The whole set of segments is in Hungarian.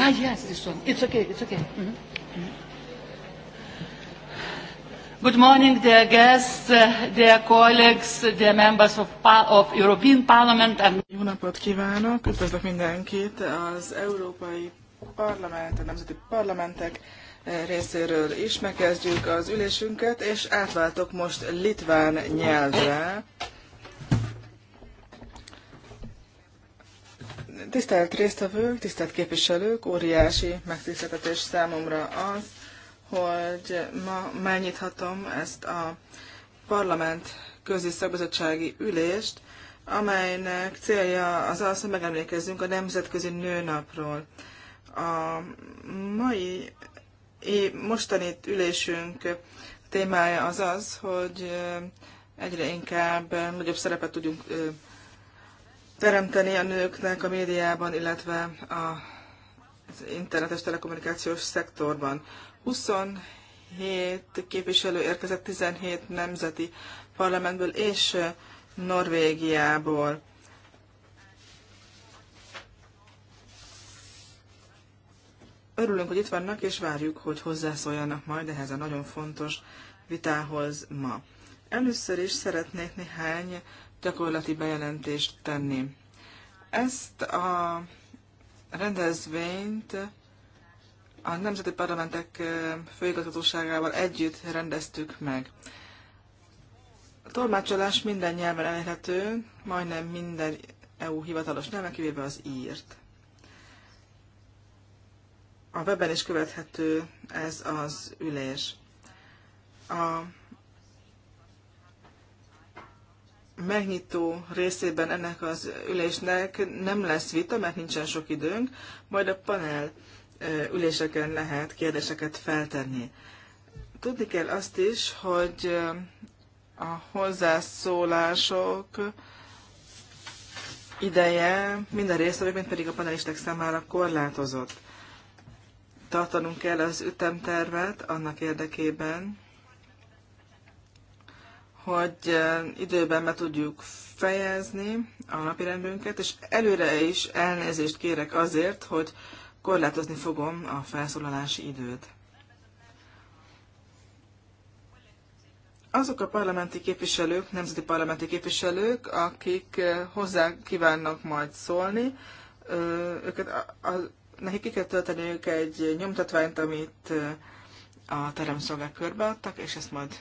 Ah, yes, this one. It's okay, it's okay. Mm-hmm. mm-hmm. Good morning, dear guests, uh, dear colleagues, dear members of, of European Parliament. And... Jó napot kívánok! Üdvözlök mindenkit az Európai Parlament, a Nemzeti Parlamentek eh, részéről is. Megkezdjük az ülésünket, és átváltok most litván nyelvre. Tisztelt résztvevők, tisztelt képviselők, óriási megtiszteltetés számomra az, hogy ma megnyithatom ezt a parlament közi szakbizottsági ülést, amelynek célja az az, hogy megemlékezzünk a Nemzetközi Nőnapról. A mai mostani ülésünk témája az az, hogy egyre inkább nagyobb szerepet tudjunk teremteni a nőknek a médiában, illetve a, az internetes telekommunikációs szektorban. 27 képviselő érkezett 17 nemzeti parlamentből és Norvégiából. Örülünk, hogy itt vannak, és várjuk, hogy hozzászóljanak majd ehhez a nagyon fontos vitához ma. Először is szeretnék néhány gyakorlati bejelentést tenni. Ezt a rendezvényt a Nemzeti Parlamentek főigazgatóságával együtt rendeztük meg. A tolmácsolás minden nyelven elérhető, majdnem minden EU hivatalos nyelven, kivéve az írt. A webben is követhető ez az ülés. A megnyitó részében ennek az ülésnek nem lesz vita, mert nincsen sok időnk, majd a panel üléseken lehet kérdéseket feltenni. Tudni kell azt is, hogy a hozzászólások ideje minden résztvevők, mint pedig a panelistek számára korlátozott. Tartanunk kell az ütemtervet annak érdekében, hogy időben be tudjuk fejezni a napirendünket, és előre is elnézést kérek azért, hogy korlátozni fogom a felszólalási időt. Azok a parlamenti képviselők, nemzeti parlamenti képviselők, akik hozzá kívánnak majd szólni, őket, a, a, nekik ki kell tölteniük egy nyomtatványt, amit a teremszolgák körbeadtak, és ezt majd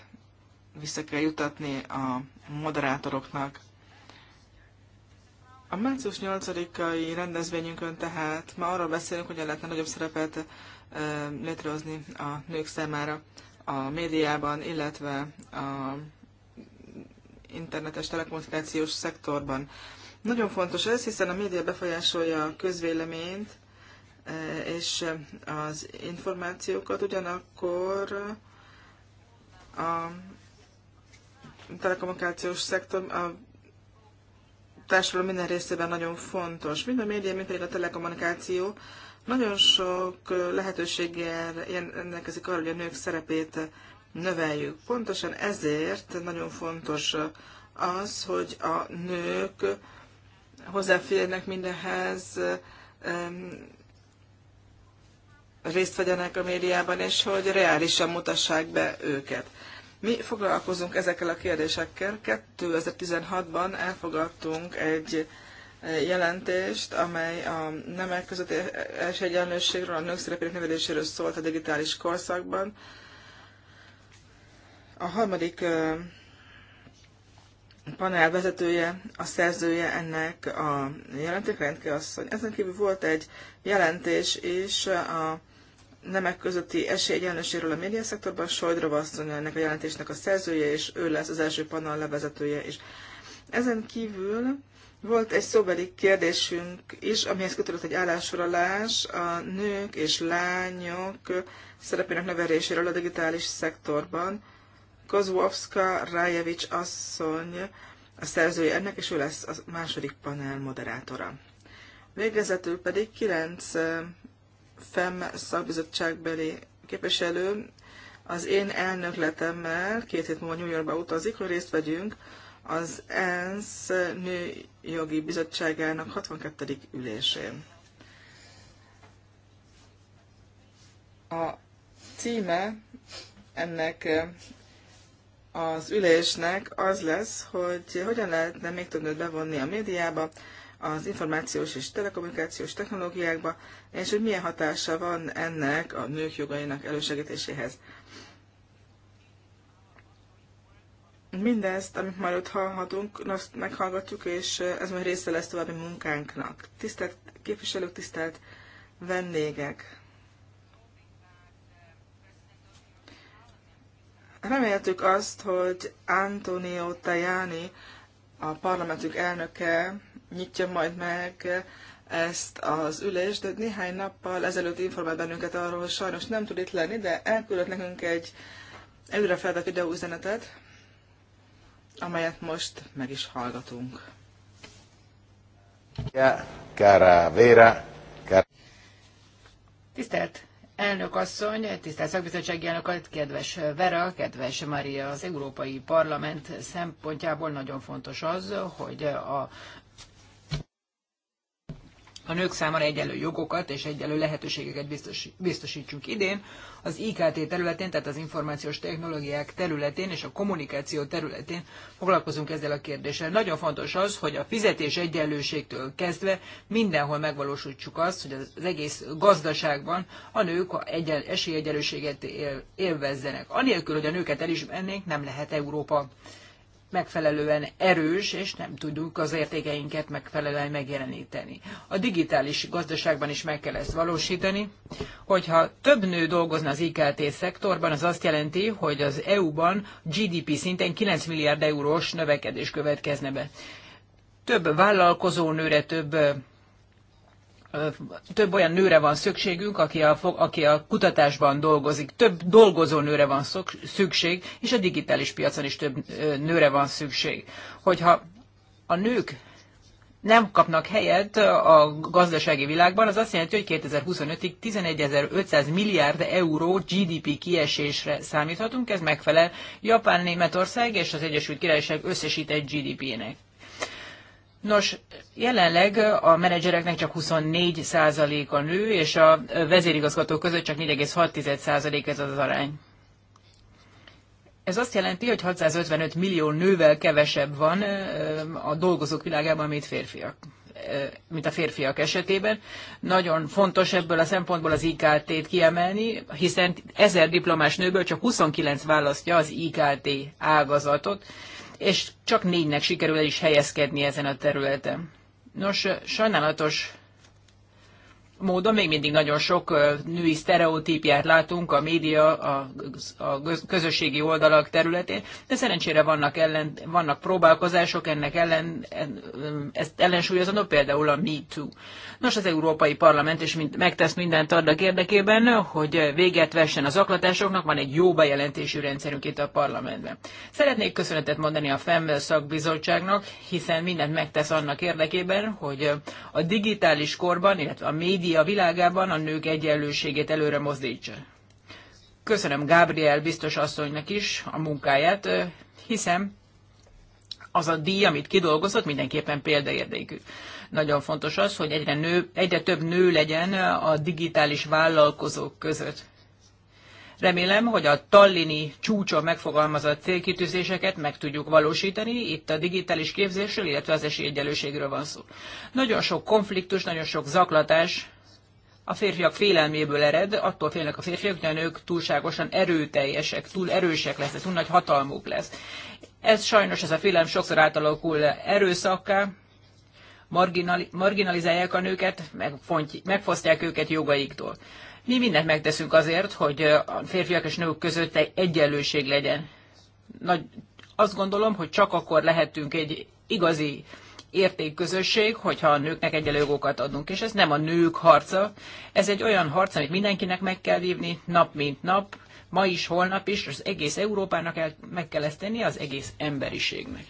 vissza kell jutatni a moderátoroknak. A március 8-ai rendezvényünkön tehát ma arra beszélünk, hogy lehetne nagyobb szerepet létrehozni a nők számára a médiában, illetve a internetes telekommunikációs szektorban. Nagyon fontos ez, hiszen a média befolyásolja a közvéleményt és az információkat, ugyanakkor a telekommunikációs szektor a társadalom minden részében nagyon fontos. Mind a média, mind pedig a telekommunikáció nagyon sok lehetőséggel rendelkezik arra, hogy a nők szerepét növeljük. Pontosan ezért nagyon fontos az, hogy a nők hozzáférnek mindenhez, részt vegyenek a médiában, és hogy reálisan mutassák be őket. Mi foglalkozunk ezekkel a kérdésekkel. 2016-ban elfogadtunk egy eh, jelentést, amely a nemek közötti esélyegyenlőségről, a nők szerepének növeléséről szólt a digitális korszakban. A harmadik eh, panel vezetője, a szerzője ennek a jelentéknek, Rendke asszony. Ezen kívül volt egy jelentés is eh, a nemek közötti esélyegyenlőségről a médiaszektorban, Sojdrova asszony ennek a jelentésnek a szerzője, és ő lesz az első panel levezetője is. Ezen kívül volt egy szóbeli kérdésünk is, amihez kötődött egy állásorolás a nők és lányok szerepének növeléséről a digitális szektorban. Kozłowska Rájevics asszony a szerzője ennek, és ő lesz a második panel moderátora. Végezetül pedig kilenc FEM szakbizottságbeli képviselő az én elnökletemmel két hét múlva New Yorkba utazik, hogy részt vegyünk az ENSZ Nőjogi Bizottságának 62. ülésén. A címe ennek eh, az ülésnek az lesz, hogy hogyan lehetne még több nőt bevonni a médiába, az információs és telekommunikációs technológiákba, és hogy milyen hatása van ennek a nők jogainak elősegítéséhez. Mindezt, amit már ott hallhatunk, azt meghallgatjuk, és ez majd része lesz további munkánknak. Tisztelt képviselők, tisztelt vendégek! Reméltük azt, hogy Antonio Tajani, a parlamentünk elnöke nyitja majd meg ezt az ülést, de néhány nappal ezelőtt informált bennünket arról, hogy sajnos nem tud itt lenni, de elküldött nekünk egy előre felvett videóüzenetet, amelyet most meg is hallgatunk. Kára Tisztelt elnök asszony, tisztelt szakbizottsági elnök, kedves Vera, kedves Maria, az Európai Parlament szempontjából nagyon fontos az, hogy a a nők számára egyenlő jogokat és egyenlő lehetőségeket biztosítsunk idén. Az IKT területén, tehát az információs technológiák területén és a kommunikáció területén foglalkozunk ezzel a kérdéssel. Nagyon fontos az, hogy a fizetés egyenlőségtől kezdve mindenhol megvalósítsuk azt, hogy az egész gazdaságban a nők egyen, esélyegyenlőséget élvezzenek. Anélkül, hogy a nőket elismernénk, nem lehet Európa megfelelően erős, és nem tudjuk az értékeinket megfelelően megjeleníteni. A digitális gazdaságban is meg kell ezt valósítani. Hogyha több nő dolgozna az IKT szektorban, az azt jelenti, hogy az EU-ban GDP szinten 9 milliárd eurós növekedés következne be. Több vállalkozónőre, több több olyan nőre van szükségünk, aki a, aki a kutatásban dolgozik, több dolgozó nőre van szükség, és a digitális piacon is több nőre van szükség. Hogyha a nők nem kapnak helyet a gazdasági világban, az azt jelenti, hogy 2025-ig 11.500 milliárd euró GDP kiesésre számíthatunk, ez megfelel Japán, Németország és az Egyesült Királyság összesített GDP-nek. Nos, jelenleg a menedzsereknek csak 24% a nő, és a vezérigazgatók között csak 4,6% ez az arány. Ez azt jelenti, hogy 655 millió nővel kevesebb van a dolgozók világában, mint férfiak mint a férfiak esetében. Nagyon fontos ebből a szempontból az IKT-t kiemelni, hiszen ezer diplomás nőből csak 29 választja az IKT ágazatot és csak négynek sikerül el is helyezkedni ezen a területen. Nos, sajnálatos módon még mindig nagyon sok női sztereotípiát látunk a média, a, a közösségi oldalak területén, de szerencsére vannak, ellen, vannak próbálkozások ennek ellen, ezt ellensúlyozanak például a Me Too. Nos, az Európai Parlament is mind, megtesz mindent annak érdekében, hogy véget vessen az aklatásoknak, van egy jó bejelentésű rendszerünk itt a parlamentben. Szeretnék köszönetet mondani a FEM szakbizottságnak, hiszen mindent megtesz annak érdekében, hogy a digitális korban, illetve a média média világában a nők egyenlőségét előre mozdítsa. Köszönöm Gabriel biztos asszonynak is a munkáját, hiszem az a díj, amit kidolgozott, mindenképpen példaérdékű. Nagyon fontos az, hogy egyre, nő, egyre több nő legyen a digitális vállalkozók között. Remélem, hogy a Tallini csúcson megfogalmazott célkitűzéseket meg tudjuk valósítani, itt a digitális képzésről, illetve az esélyegyelőségről van szó. Nagyon sok konfliktus, nagyon sok zaklatás a férfiak félelméből ered, attól félnek a férfiak, hogy a nők túlságosan erőteljesek, túl erősek lesznek, túl nagy hatalmuk lesz. Ez sajnos, ez a félelem sokszor átalakul erőszakká, marginali, marginalizálják a nőket, megfosztják őket jogaiktól. Mi mindent megteszünk azért, hogy a férfiak és nők között egy egyenlőség legyen. Nagy, azt gondolom, hogy csak akkor lehetünk egy igazi értékközösség, hogyha a nőknek egyenlő jogokat adunk. És ez nem a nők harca, ez egy olyan harc, amit mindenkinek meg kell vívni nap mint nap, ma is, holnap is, az egész Európának el, meg kell ezt tenni, az egész emberiségnek.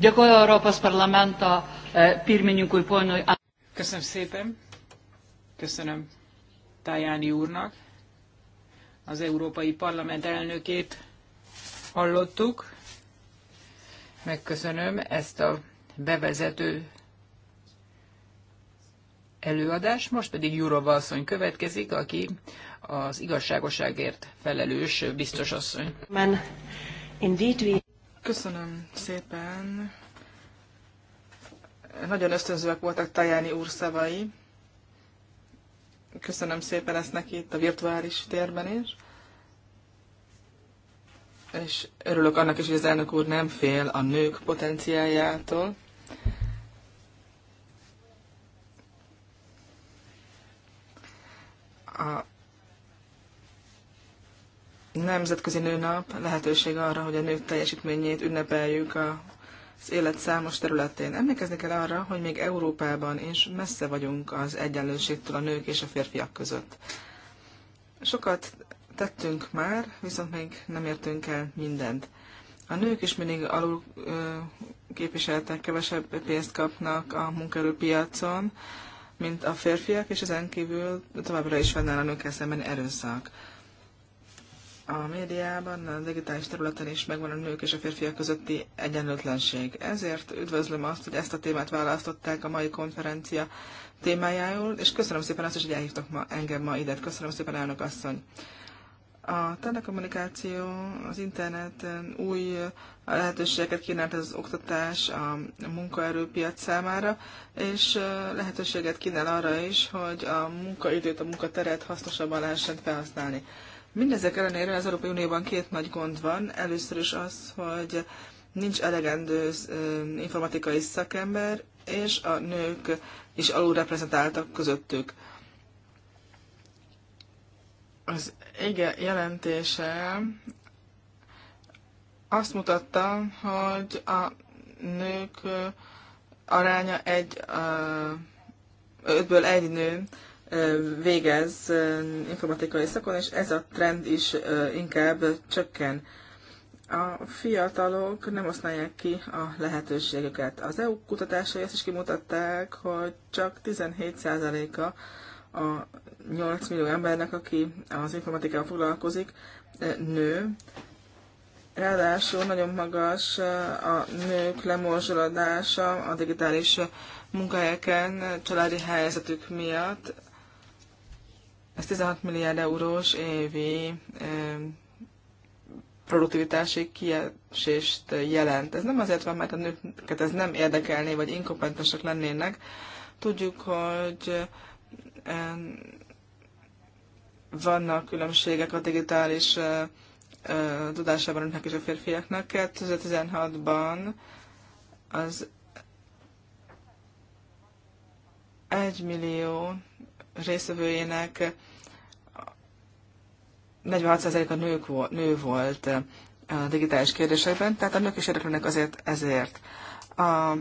E, Köszönöm szépen. Köszönöm Tajani úrnak, az Európai Parlament elnökét, hallottuk. Megköszönöm ezt a bevezető előadás, most pedig Jurova asszony következik, aki az igazságoságért felelős biztos asszony. Köszönöm szépen. Nagyon ösztönzőek voltak Tajáni úr szavai. Köszönöm szépen ezt neki itt a virtuális térben is és örülök annak is, hogy az elnök úr nem fél a nők potenciájától. A Nemzetközi Nőnap lehetőség arra, hogy a nők teljesítményét ünnepeljük az élet számos területén. Emlékezni kell arra, hogy még Európában is messze vagyunk az egyenlőségtől a nők és a férfiak között. Sokat tettünk már, viszont még nem értünk el mindent. A nők is mindig alul képviseltek, kevesebb pénzt kapnak a munkaerőpiacon, mint a férfiak, és ezen kívül továbbra is fennáll a nőkkel szemben erőszak. A médiában, a digitális területen is megvan a nők és a férfiak közötti egyenlőtlenség. Ezért üdvözlöm azt, hogy ezt a témát választották a mai konferencia témájául, és köszönöm szépen azt hogy elhívtak ma, engem ma ide. Köszönöm szépen, elnök asszony. A telekommunikáció, az internet új lehetőségeket kínált az oktatás a munkaerőpiac számára, és lehetőséget kínál arra is, hogy a munkaidőt, a munkateret hasznosabban lehessen felhasználni. Mindezek ellenére az Európai Unióban két nagy gond van. Először is az, hogy nincs elegendő informatikai szakember, és a nők is alulreprezentáltak közöttük. Az igen, jelentése azt mutatta, hogy a nők aránya egy, ötből egy nő végez informatikai szakon, és ez a trend is inkább csökken. A fiatalok nem használják ki a lehetőségeket. Az EU kutatásai azt is kimutatták, hogy csak 17%-a a 8 millió embernek, aki az informatikával foglalkozik, nő. Ráadásul nagyon magas a nők lemorzsolódása a digitális munkahelyeken, családi helyzetük miatt. Ez 16 milliárd eurós évi produktivitási kiesést jelent. Ez nem azért van, mert a nőket ez nem érdekelné, vagy inkompetensek lennének. Tudjuk, hogy vannak különbségek a digitális tudásában önnek és a férfiaknak. 2016-ban az 1 millió részvevőjének 46% a nők nő volt a digitális kérdésekben, tehát a nők is érdeklődnek azért ezért. A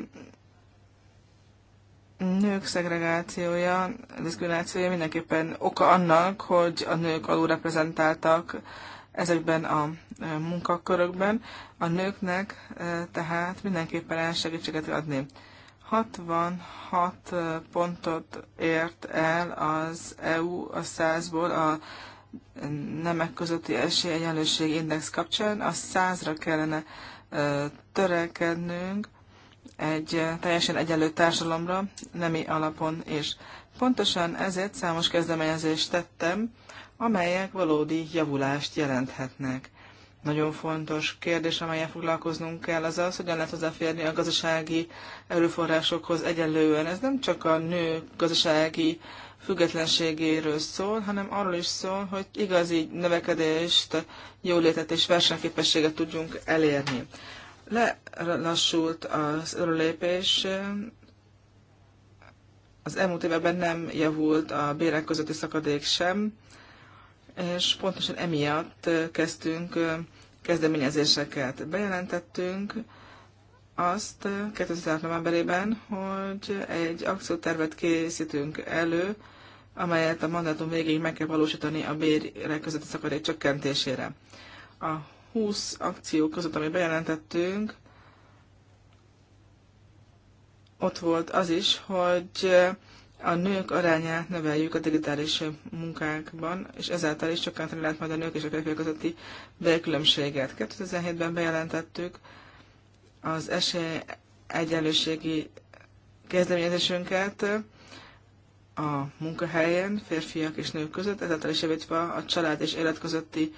nők szegregációja, diszkriminációja mindenképpen oka annak, hogy a nők alulreprezentáltak ezekben a munkakörökben. A nőknek tehát mindenképpen el segítséget adni. 66 pontot ért el az EU a 100-ból a nemek közötti esélyegyenlőség index kapcsán. A 100-ra kellene törekednünk, egy teljesen egyenlő társadalomra, nemi alapon és Pontosan ezért számos kezdeményezést tettem, amelyek valódi javulást jelenthetnek. Nagyon fontos kérdés, amelyen foglalkoznunk kell, az az, hogyan lehet hozzáférni a gazdasági erőforrásokhoz egyenlően. Ez nem csak a nő gazdasági függetlenségéről szól, hanem arról is szól, hogy igazi növekedést, jólétet és versenyképességet tudjunk elérni lelassult az örülépés, az elmúlt években nem javult a bérek közötti szakadék sem, és pontosan emiatt kezdtünk kezdeményezéseket. Bejelentettünk azt 2006 novemberében, hogy egy akciótervet készítünk elő, amelyet a mandátum végéig meg kell valósítani a bérek közötti szakadék csökkentésére. A 20 akció között, amit bejelentettünk, ott volt az is, hogy a nők arányát növeljük a digitális munkákban, és ezáltal is csökkenteni lehet majd a nők és a férfiak közötti bérkülönbséget. 2017-ben bejelentettük az esély egyenlőségi kezdeményezésünket a munkahelyen férfiak és nők között, ezáltal is javítva a család és élet közötti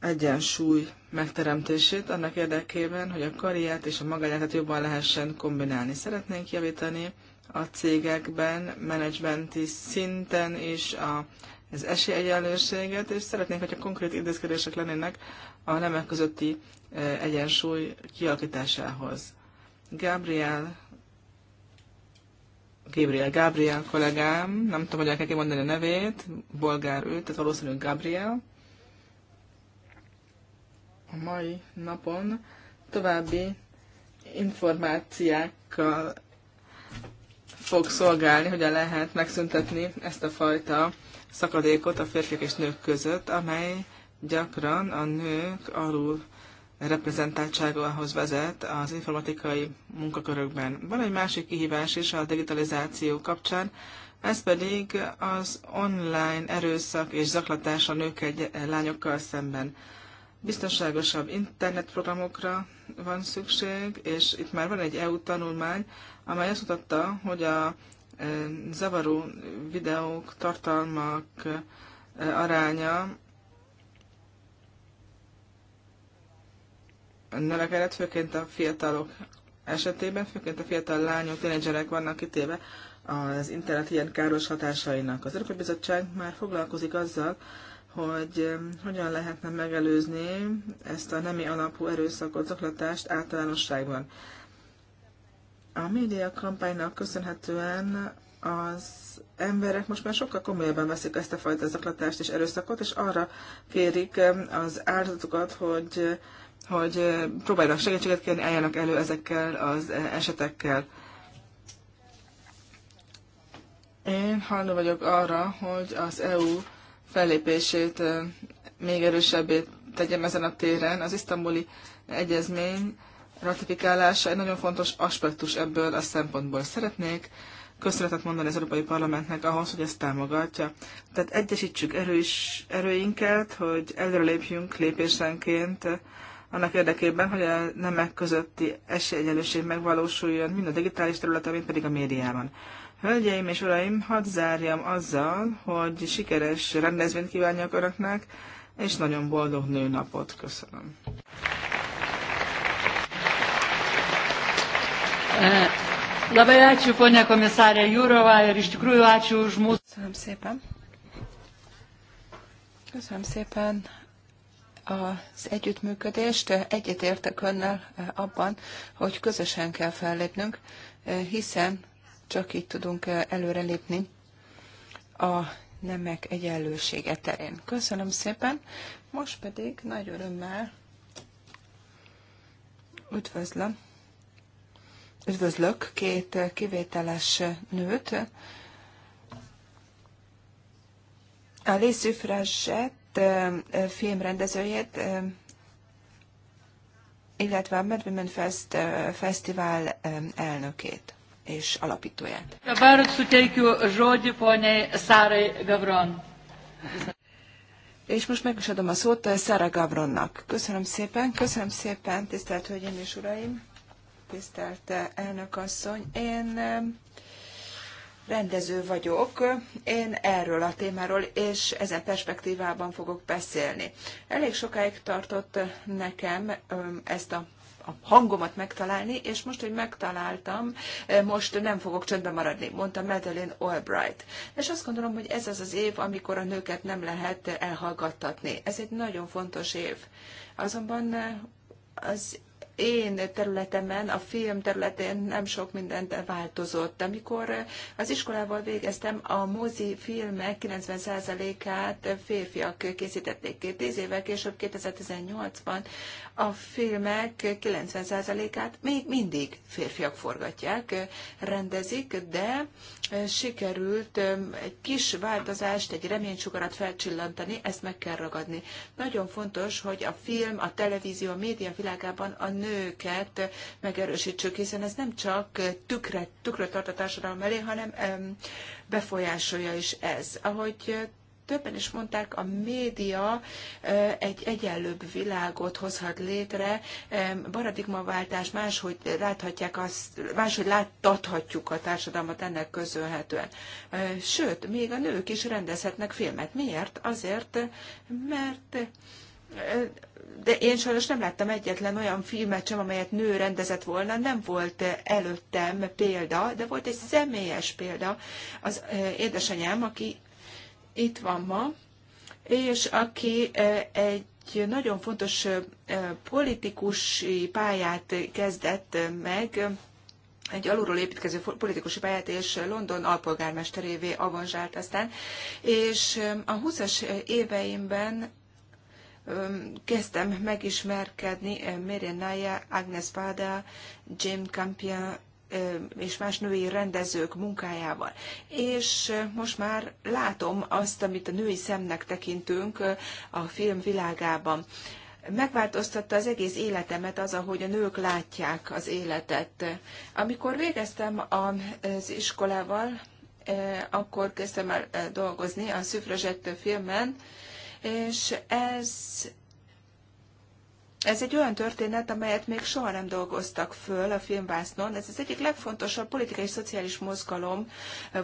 egyensúly megteremtését annak érdekében, hogy a karriert és a magánéletet jobban lehessen kombinálni. Szeretnénk javítani a cégekben, menedzsmenti szinten is a, az esélyegyenlőséget, és szeretnénk, hogyha konkrét intézkedések lennének a nemek közötti e, egyensúly kialakításához. Gabriel Gabriel, Gabriel kollégám, nem tudom, hogy el kell mondani a nevét, bolgár ő, tehát valószínűleg Gabriel a mai napon további információkkal fog szolgálni, hogyan lehet megszüntetni ezt a fajta szakadékot a férfiak és nők között, amely gyakran a nők alul reprezentáltságához vezet az informatikai munkakörökben. Van egy másik kihívás is a digitalizáció kapcsán, ez pedig az online erőszak és zaklatás a nők egy lányokkal szemben biztonságosabb internetprogramokra van szükség, és itt már van egy EU tanulmány, amely azt mutatta, hogy a e, zavaró videók, tartalmak e, aránya növekedett, főként a fiatalok esetében, főként a fiatal lányok, tínédzserek vannak kitéve az internet ilyen káros hatásainak. Az Európai Bizottság már foglalkozik azzal, hogy hogyan lehetne megelőzni ezt a nemi alapú erőszakot, zaklatást általánosságban. A média kampánynak köszönhetően az emberek most már sokkal komolyabban veszik ezt a fajta zaklatást és erőszakot, és arra kérik az áldozatokat, hogy, hogy próbáljanak segítséget kérni, álljanak elő ezekkel az e, esetekkel. Én hajlandó vagyok arra, hogy az EU fellépését még erősebbé tegyem ezen a téren. Az isztambuli egyezmény ratifikálása egy nagyon fontos aspektus ebből a szempontból. Szeretnék köszönetet mondani az Európai Parlamentnek ahhoz, hogy ezt támogatja. Tehát egyesítsük erős, erőinket, hogy előrelépjünk lépésenként annak érdekében, hogy a nemek közötti esélyegyenlőség megvalósuljon mind a digitális területen, mind pedig a médiában. Hölgyeim és uraim, hadd zárjam azzal, hogy sikeres rendezvényt kívánjak Önöknek, és nagyon boldog nőnapot köszönöm. Eh, labai ačiū, ponia komisarė Jurova, ir iš tikrųjų ačiū už mūsų. Köszönöm szépen. Köszönöm szépen az együttműködést. Egyetértek önnel eh, abban, hogy közösen kell fellépnünk, eh, hiszen csak így tudunk eh, előrelépni a nemek egyenlősége terén. Köszönöm szépen, most pedig nagy örömmel üdvözlöm, üdvözlök két eh, kivételes eh, nőt, a Les filmrendezőjét illetve a Medvimen Fest fesztivál elnökét és alapítóját. És most meg is adom a szót eh, Szára Gavronnak. Köszönöm szépen, köszönöm szépen, tisztelt Hölgyeim és Uraim, tisztelt eh, elnök asszony. Én eh, rendező vagyok, én erről a témáról és ezen perspektívában fogok beszélni. Elég sokáig tartott nekem ezt a a hangomat megtalálni, és most, hogy megtaláltam, eh, most nem fogok csöndben maradni, mondta Madeleine Albright. És azt gondolom, hogy ez az az év, amikor a nőket nem lehet elhallgattatni. Ez egy nagyon fontos év. Azonban eh, az én területemen, a film területén nem sok mindent változott. Amikor eh, az iskolával végeztem, a mozi filmek 90%-át férfiak készítették. Tíz évvel később, 2018-ban a filmek 90%-át még mindig férfiak forgatják, rendezik, de sikerült egy kis változást, egy reménysugarat felcsillantani, ezt meg kell ragadni. Nagyon fontos, hogy a film, a televízió, a média világában a nőket megerősítsük, hiszen ez nem csak tükre, tükröt tart a társadalom elé, hanem befolyásolja is ez. Ahogy többen is mondták, a média egy egyenlőbb világot hozhat létre, paradigmaváltás, máshogy láthatják azt, máshogy láttathatjuk a társadalmat ennek közönhetően. Sőt, még a nők is rendezhetnek filmet. Miért? Azért, mert de én sajnos nem láttam egyetlen olyan filmet sem, amelyet nő rendezett volna, nem volt előttem példa, de volt egy személyes példa. Az édesanyám, aki itt van ma, és aki e, egy nagyon fontos e, politikusi pályát kezdett meg, egy alulról építkező politikusi pályát, és London alpolgármesterévé avonzsált aztán, és e, a 20-as éveimben kezdtem megismerkedni Miriam Naya, Agnes Pada, Jim Campion, és más női rendezők munkájával. És most már látom azt, amit a női szemnek tekintünk a film világában. Megváltoztatta az egész életemet az, ahogy a nők látják az életet. Amikor végeztem az iskolával, akkor kezdtem el dolgozni a Szüfrözsett filmen, és ez ez egy olyan történet, amelyet még soha nem dolgoztak föl a filmvásznon. Ez az egyik legfontosabb politikai és szociális mozgalom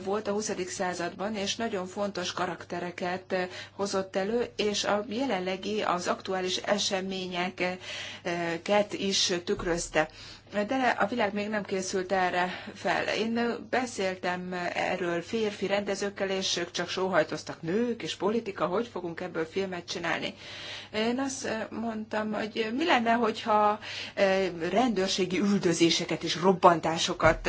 volt a 20. században, és nagyon fontos karaktereket hozott elő, és a jelenlegi, az aktuális eseményeket is tükrözte de a világ még nem készült erre fel. Én beszéltem erről férfi rendezőkkel, és ők csak sóhajtoztak nők és politika, hogy fogunk ebből filmet csinálni. Én azt mondtam, hogy mi lenne, hogyha e, rendőrségi üldözéseket és robbantásokat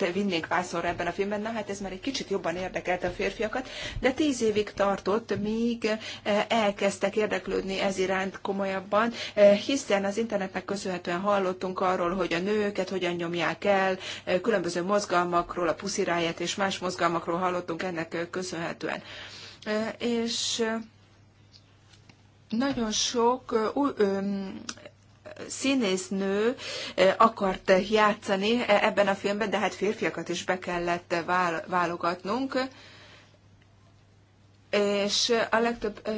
e, vinnénk pászorra ebben a filmben. Na hát ez már egy kicsit jobban érdekelte a férfiakat, de tíz évig tartott, míg e, elkezdtek érdeklődni ez iránt komolyabban, hiszen az internetnek köszönhetően hallottunk arról, hogy a nőket hogyan nyomják el, különböző mozgalmakról, a pusziráját és más mozgalmakról hallottunk ennek köszönhetően. És nagyon sok színésznő akart játszani e, ebben a filmben, de hát férfiakat is be kellett válogatnunk. És a legtöbb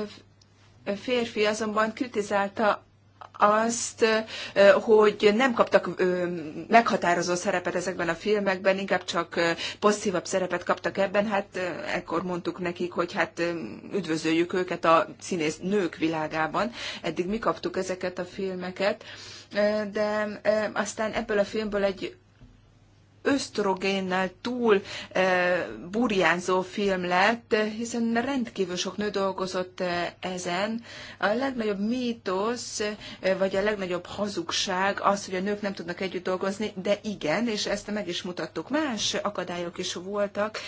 férfi azonban kritizálta azt, hogy nem kaptak meghatározó szerepet ezekben a filmekben, inkább csak passzívabb szerepet kaptak ebben, hát ekkor mondtuk nekik, hogy hát üdvözöljük őket a színész nők világában. Eddig mi kaptuk ezeket a filmeket, de aztán ebből a filmből egy ösztrogénnel túl e, burjánzó film lett, hiszen rendkívül sok nő dolgozott e, ezen. A legnagyobb mítosz, e, vagy a legnagyobb hazugság az, hogy a nők nem tudnak együtt dolgozni, de igen, és ezt meg is mutattuk. Más akadályok is voltak,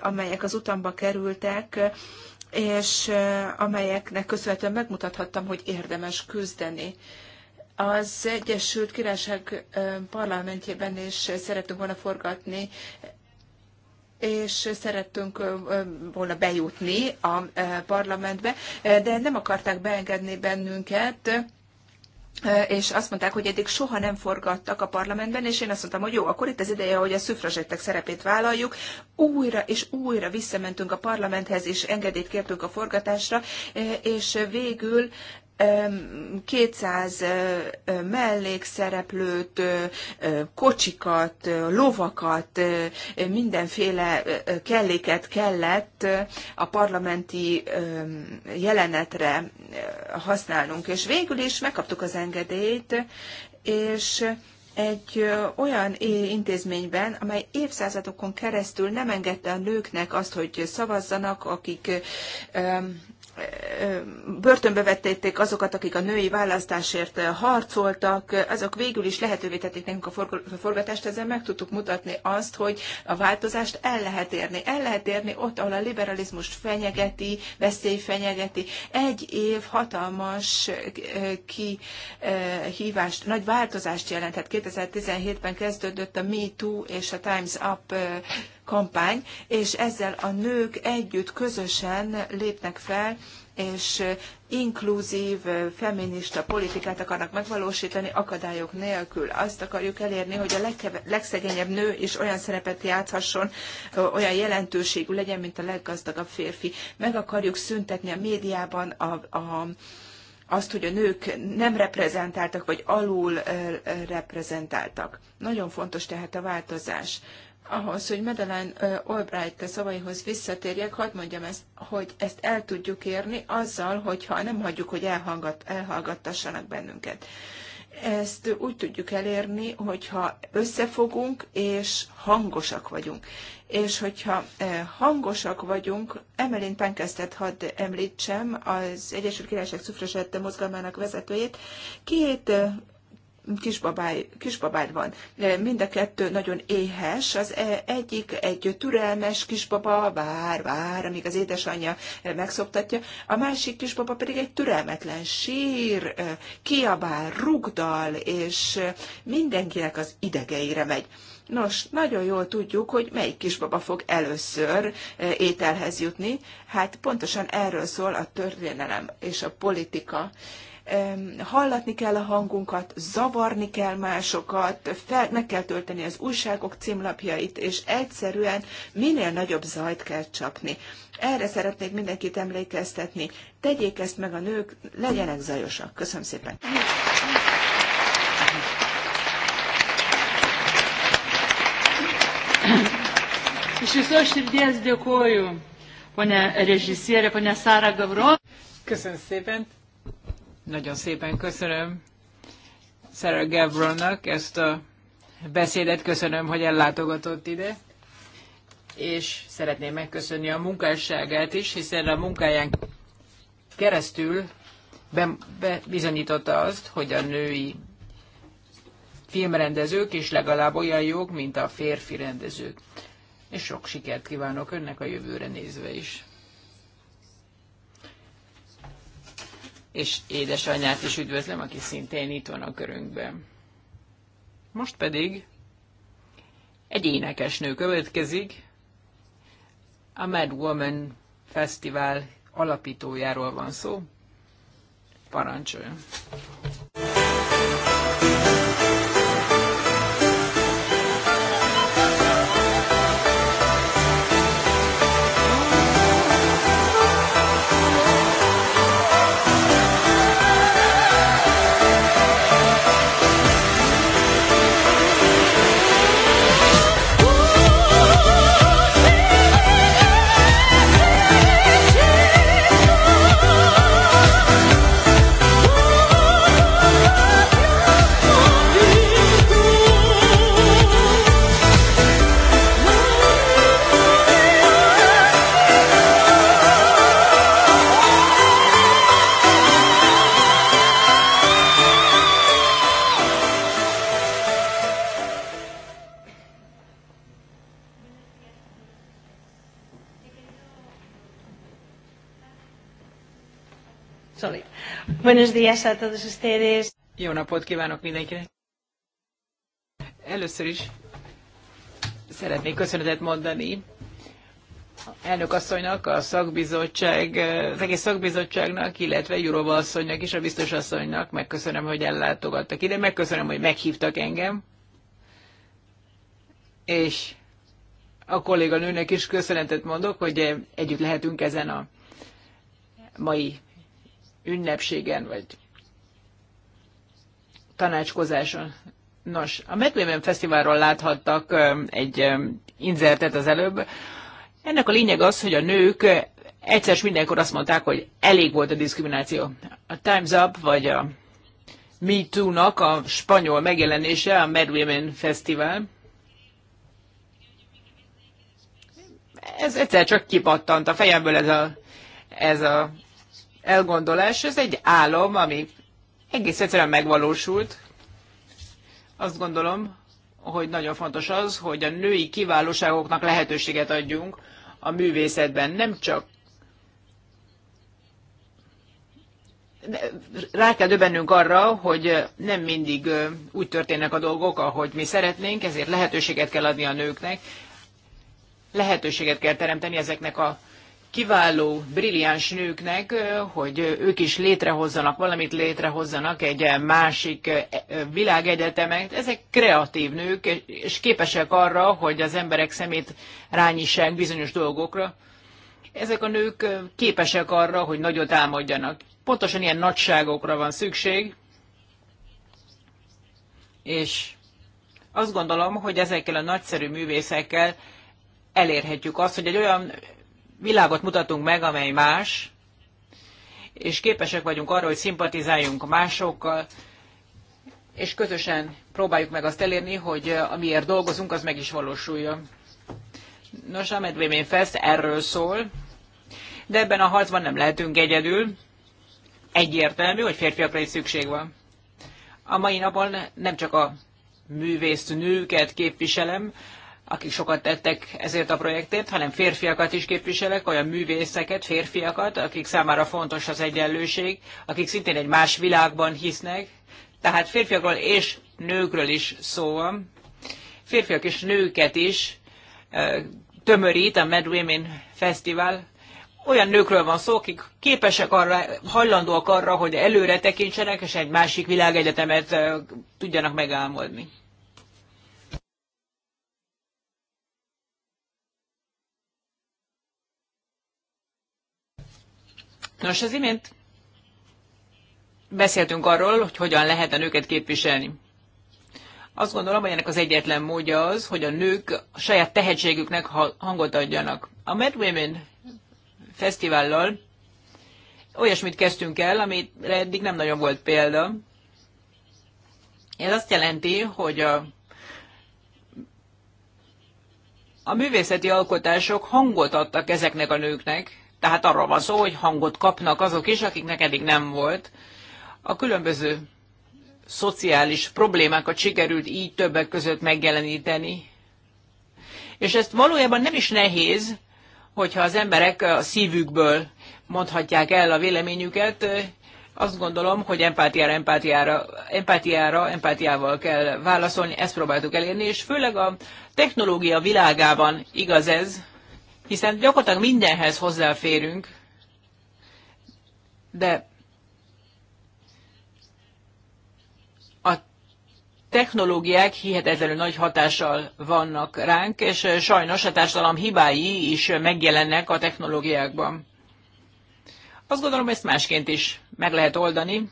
amelyek az utamba kerültek, és amelyeknek köszönhetően megmutathattam, hogy érdemes küzdeni az Egyesült Királyság parlamentjében is szerettünk volna forgatni, és szerettünk volna bejutni a parlamentbe, de nem akarták beengedni bennünket, és azt mondták, hogy eddig soha nem forgattak a parlamentben, és én azt mondtam, hogy jó, akkor itt az ideje, hogy a szüfrazsettek szerepét vállaljuk. Újra és újra visszamentünk a parlamenthez, és engedélyt kértünk a forgatásra, és végül 200 mellékszereplőt, kocsikat, lovakat, mindenféle kelléket kellett a parlamenti jelenetre használnunk. És végül is megkaptuk az engedélyt, és egy olyan intézményben, amely évszázadokon keresztül nem engedte a nőknek azt, hogy szavazzanak, akik börtönbe vették azokat, akik a női választásért harcoltak, azok végül is lehetővé tették nekünk a forgatást, ezzel meg tudtuk mutatni azt, hogy a változást el lehet érni. El lehet érni ott, ahol a liberalizmust fenyegeti, veszély fenyegeti. Egy év hatalmas kihívást, nagy változást jelenthet. 2017-ben kezdődött a Me Too és a Times Up kampány, és ezzel a nők együtt, közösen lépnek fel, és inkluzív, feminista politikát akarnak megvalósítani akadályok nélkül. Azt akarjuk elérni, hogy a legszegényebb nő is olyan szerepet játszhasson, olyan jelentőségű legyen, mint a leggazdagabb férfi. Meg akarjuk szüntetni a médiában a, a azt, hogy a nők nem reprezentáltak, vagy alul reprezentáltak. Nagyon fontos tehát a változás ahhoz, hogy Madeleine Albright szavaihoz visszatérjek, hadd mondjam ezt, hogy ezt el tudjuk érni azzal, hogyha nem hagyjuk, hogy elhallgat, elhallgattassanak bennünket. Ezt úgy tudjuk elérni, hogyha összefogunk és hangosak vagyunk. És hogyha hangosak vagyunk, Emelin Pankesztet hadd említsem, az Egyesült Királyság Szufrasette mozgalmának vezetőjét, két kisbabáj, kisbabád van. Mind a kettő nagyon éhes. Az e, egyik egy türelmes kisbaba, vár, vár, amíg az édesanyja e, megszoptatja. A másik kisbaba pedig egy türelmetlen sír, e, kiabál, rugdal, és mindenkinek az idegeire megy. Nos, nagyon jól tudjuk, hogy melyik kisbaba fog először ételhez jutni. Hát pontosan erről szól a történelem és a politika hallatni kell a hangunkat, zavarni kell másokat, fel, meg kell tölteni az újságok címlapjait, és egyszerűen minél nagyobb zajt kell csapni. Erre szeretnék mindenkit emlékeztetni. Tegyék ezt meg a nők, legyenek zajosak. Köszönöm szépen! Iš visos širdies dėkoju, ponia režisierė, ponia Sara Gavro. Köszönöm szépen, nagyon szépen köszönöm Sarah Gavronnak ezt a beszédet, köszönöm, hogy ellátogatott ide, és szeretném megköszönni a munkásságát is, hiszen a munkáján keresztül be, be bizonyította azt, hogy a női filmrendezők is legalább olyan jók, mint a férfi rendezők. És sok sikert kívánok önnek a jövőre nézve is. és édesanyját is üdvözlöm, aki szintén itt van a körünkben. Most pedig egy énekesnő következik, a Mad Woman Festival alapítójáról van szó. Parancsoljon! Buenos días a todos ustedes. Jó napot kívánok mindenkinek. Először is szeretnék köszönetet mondani elnök asszonynak, a szakbizottság, az egész szakbizottságnak, illetve Jurova asszonynak és a biztos asszonynak. Megköszönöm, hogy ellátogattak ide, megköszönöm, hogy meghívtak engem. És a kolléganőnek is köszönetet mondok, hogy együtt lehetünk ezen a mai ünnepségen, vagy tanácskozáson. Nos, a Medvéven Fesztiválról láthattak egy inzertet az előbb. Ennek a lényeg az, hogy a nők egyszer mindenkor azt mondták, hogy elég volt a diszkrimináció. A Time's Up, vagy a Me Too-nak a spanyol megjelenése, a Mad Women Festival. Ez egyszer csak kipattant a fejemből ez a, ez a elgondolás, ez egy álom, ami egész egyszerűen megvalósult. Azt gondolom, hogy nagyon fontos az, hogy a női kiválóságoknak lehetőséget adjunk a művészetben. Nem csak rá kell döbennünk arra, hogy nem mindig úgy történnek a dolgok, ahogy mi szeretnénk, ezért lehetőséget kell adni a nőknek, lehetőséget kell teremteni ezeknek a kiváló, brilliáns nőknek, hogy ők is létrehozzanak valamit, létrehozzanak egy másik világegyetemet. Ezek kreatív nők, és képesek arra, hogy az emberek szemét rányissák bizonyos dolgokra. Ezek a nők képesek arra, hogy nagyot álmodjanak. Pontosan ilyen nagyságokra van szükség, és azt gondolom, hogy ezekkel a nagyszerű művészekkel elérhetjük azt, hogy egy olyan világot mutatunk meg, amely más, és képesek vagyunk arra, hogy szimpatizáljunk másokkal, és közösen próbáljuk meg azt elérni, hogy amiért dolgozunk, az meg is valósuljon. Nos, a Medvémén Fest erről szól, de ebben a harcban nem lehetünk egyedül. Egyértelmű, hogy férfiakra is szükség van. A mai napon nem csak a művész nőket képviselem, akik sokat tettek ezért a projektért, hanem férfiakat is képviselek, olyan művészeket, férfiakat, akik számára fontos az egyenlőség, akik szintén egy más világban hisznek. Tehát férfiakról és nőkről is szó van. Férfiak és nőket is tömörít a Mad Women Festival. Olyan nőkről van szó, akik képesek arra, hajlandóak arra, hogy előre tekintsenek, és egy másik világegyetemet tudjanak megálmodni. Nos, az imént beszéltünk arról, hogy hogyan lehet a nőket képviselni. Azt gondolom, hogy ennek az egyetlen módja az, hogy a nők a saját tehetségüknek hangot adjanak. A Mad Women fesztivállal olyasmit kezdtünk el, amire eddig nem nagyon volt példa. Ez azt jelenti, hogy a, a művészeti alkotások hangot adtak ezeknek a nőknek, tehát arról van szó, hogy hangot kapnak azok is, akiknek eddig nem volt. A különböző szociális problémákat sikerült így többek között megjeleníteni. És ezt valójában nem is nehéz, hogyha az emberek a szívükből mondhatják el a véleményüket, azt gondolom, hogy empátiára, empátiára, empátiára, empátiával kell válaszolni, ezt próbáltuk elérni, és főleg a technológia világában igaz ez, hiszen gyakorlatilag mindenhez hozzáférünk, de a technológiák hihetetlenül nagy hatással vannak ránk, és sajnos a társadalom hibái is megjelennek a technológiákban. Azt gondolom, ezt másként is meg lehet oldani.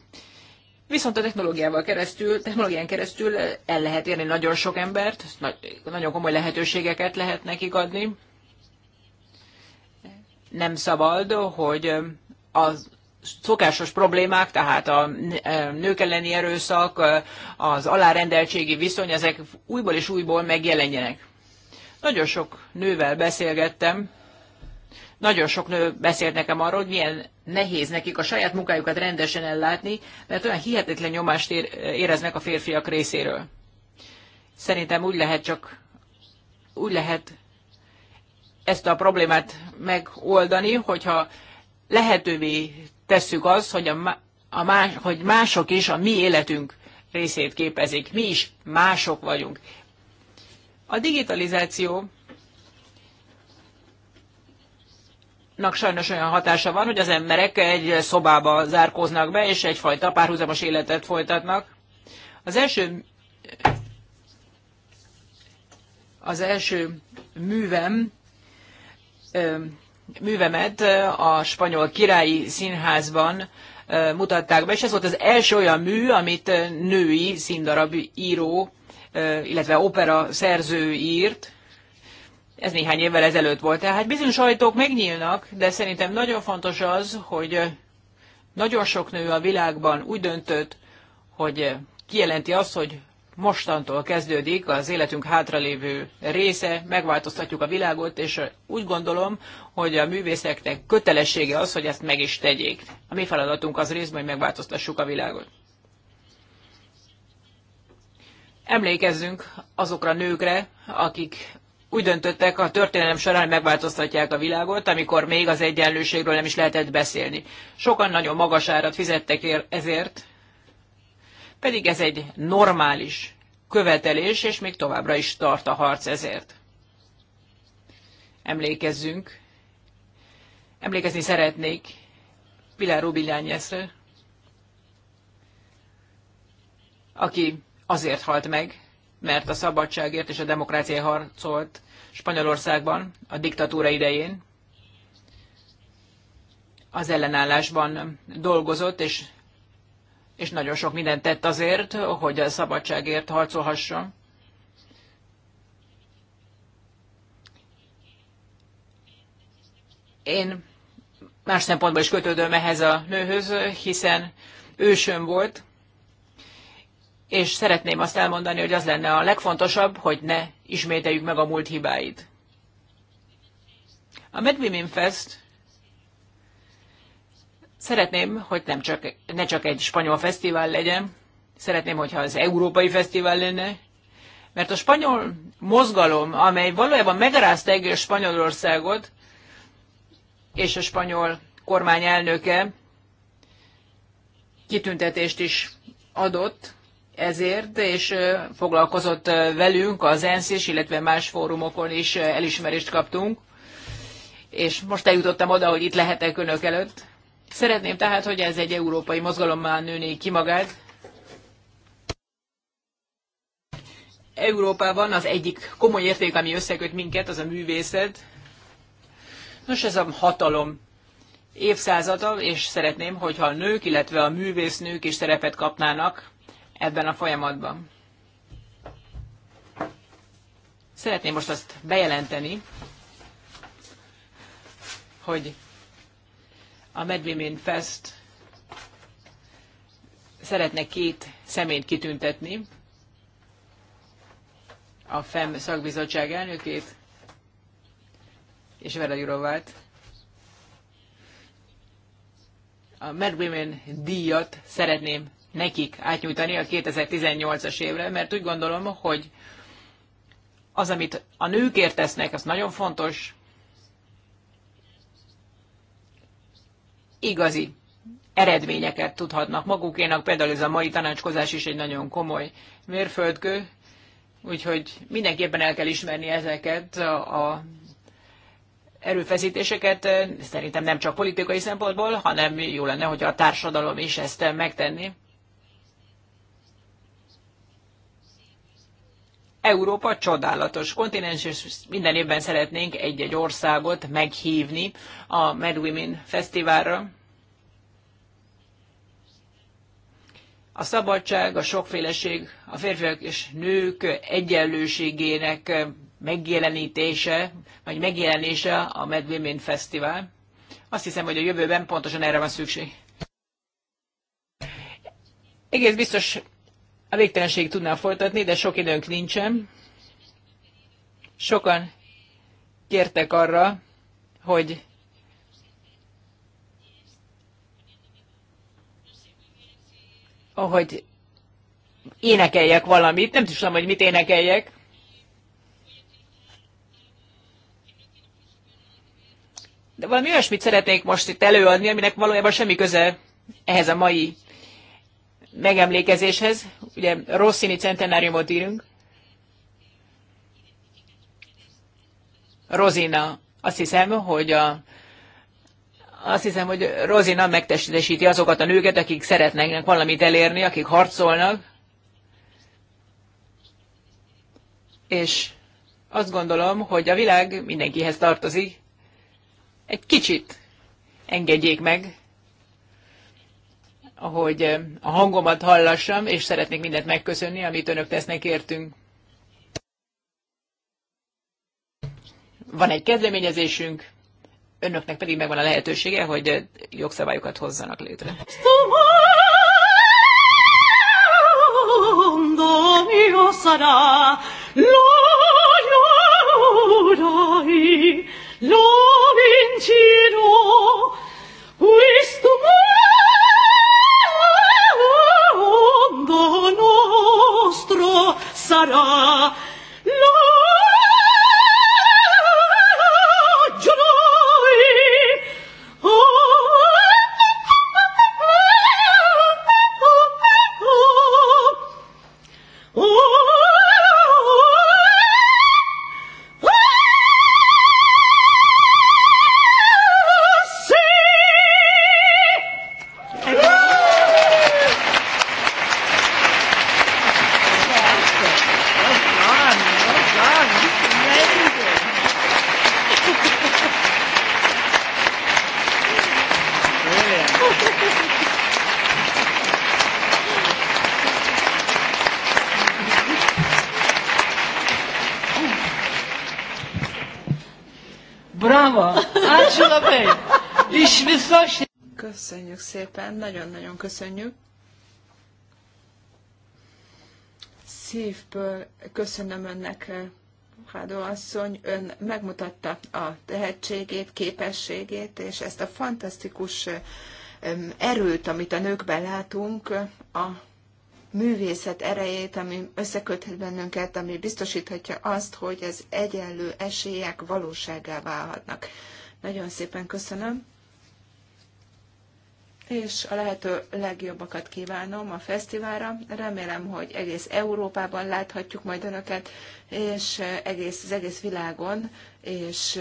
Viszont a technológiával keresztül, technológián keresztül el lehet érni nagyon sok embert, nagyon komoly lehetőségeket lehet nekik adni. Nem szabad, hogy a szokásos problémák, tehát a nők elleni erőszak, az alárendeltségi viszony, ezek újból és újból megjelenjenek. Nagyon sok nővel beszélgettem, nagyon sok nő beszélt nekem arról, hogy milyen nehéz nekik a saját munkájukat rendesen ellátni, mert olyan hihetetlen nyomást éreznek a férfiak részéről. Szerintem úgy lehet csak, úgy lehet ezt a problémát megoldani, hogyha lehetővé tesszük azt, hogy, a, a más, hogy mások is a mi életünk részét képezik. Mi is mások vagyunk. A digitalizáció nak sajnos olyan hatása van, hogy az emberek egy szobába zárkóznak be, és egyfajta párhuzamos életet folytatnak. Az első az első művem művemet a spanyol királyi színházban mutatták be, és ez volt az első olyan mű, amit női színdarab író, illetve opera szerző írt. Ez néhány évvel ezelőtt volt. Tehát bizonyos ajtók megnyílnak, de szerintem nagyon fontos az, hogy nagyon sok nő a világban úgy döntött, hogy kijelenti azt, hogy mostantól kezdődik az életünk hátralévő része, megváltoztatjuk a világot, és úgy gondolom, hogy a művészeknek kötelessége az, hogy ezt meg is tegyék. A mi feladatunk az részben, hogy megváltoztassuk a világot. Emlékezzünk azokra a nőkre, akik úgy döntöttek a történelem során, megváltoztatják a világot, amikor még az egyenlőségről nem is lehetett beszélni. Sokan nagyon magas árat fizettek ezért, pedig ez egy normális követelés, és még továbbra is tart a harc ezért. Emlékezzünk, emlékezni szeretnék Pilar Rubilányeszre, aki azért halt meg, mert a szabadságért és a demokrácia harcolt Spanyolországban a diktatúra idején. Az ellenállásban dolgozott, és és nagyon sok mindent tett azért, hogy a szabadságért harcolhasson. Én más szempontból is kötődöm ehhez a nőhöz, hiszen ősöm volt, és szeretném azt elmondani, hogy az lenne a legfontosabb, hogy ne ismételjük meg a múlt hibáit. A Medvimin Fest Szeretném, hogy nem csak, ne csak egy spanyol fesztivál legyen, szeretném, hogyha az európai fesztivál lenne, mert a spanyol mozgalom, amely valójában megarázta egész Spanyolországot, és a spanyol kormány elnöke kitüntetést is adott ezért, és foglalkozott velünk az ENSZ is, illetve más fórumokon is elismerést kaptunk, és most eljutottam oda, hogy itt lehetek önök előtt. Szeretném tehát, hogy ez egy európai mozgalommal nőné ki magát. Európában az egyik komoly érték, ami összeköt minket, az a művészet. Nos, ez a hatalom évszázada, és szeretném, hogyha a nők, illetve a művésznők is szerepet kapnának ebben a folyamatban. Szeretném most azt bejelenteni, hogy a medvimin Fest szeretne két szemét kitüntetni, a FEM szakbizottság elnökét és Vera Jurovát. A Mad Women díjat szeretném nekik átnyújtani a 2018-as évre, mert úgy gondolom, hogy az, amit a nőkért tesznek, az nagyon fontos, igazi eredményeket tudhatnak magukénak. Például ez a mai tanácskozás is egy nagyon komoly mérföldkő, úgyhogy mindenképpen el kell ismerni ezeket a, a erőfeszítéseket, szerintem nem csak politikai szempontból, hanem jó lenne, hogy a társadalom is ezt megtenni. Európa csodálatos kontinens, és minden évben szeretnénk egy-egy országot meghívni a Mad Women Fesztiválra. A szabadság, a sokféleség, a férfiak és nők egyenlőségének megjelenítése, vagy megjelenése a Mad Women Fesztivál. Azt hiszem, hogy a jövőben pontosan erre van szükség. Egész biztos a végtelenség tudnám folytatni, de sok időnk nincsen. Sokan kértek arra, hogy hogy énekeljek valamit, nem tudom, hogy mit énekeljek. De valami olyasmit szeretnék most itt előadni, aminek valójában semmi köze ehhez a mai megemlékezéshez. Ugye Rossini centenáriumot írunk. Rozina, azt hiszem, hogy a azt hiszem, hogy Rozina megtestesíti azokat a nőket, akik szeretnének valamit elérni, akik harcolnak. És azt gondolom, hogy a világ mindenkihez tartozik. Egy kicsit engedjék meg, hogy eh, a hangomat hallassam, és szeretnék mindent megköszönni, amit önök tesznek értünk. Van egy kezdeményezésünk, önöknek pedig megvan a lehetősége, hogy eh, jogszabályokat hozzanak létre. Lo vincirò, questo határa, Köszönjük szépen, nagyon-nagyon köszönjük. Szívből köszönöm önnek, Rádó asszony, ön megmutatta a tehetségét, képességét, és ezt a fantasztikus erőt, amit a nőkben látunk, a művészet erejét, ami összeköthet bennünket, ami biztosíthatja azt, hogy az egyenlő esélyek valóságá válhatnak. Nagyon szépen köszönöm és a lehető legjobbakat kívánom a fesztiválra. Remélem, hogy egész Európában láthatjuk majd Önöket, és egész, az egész világon, és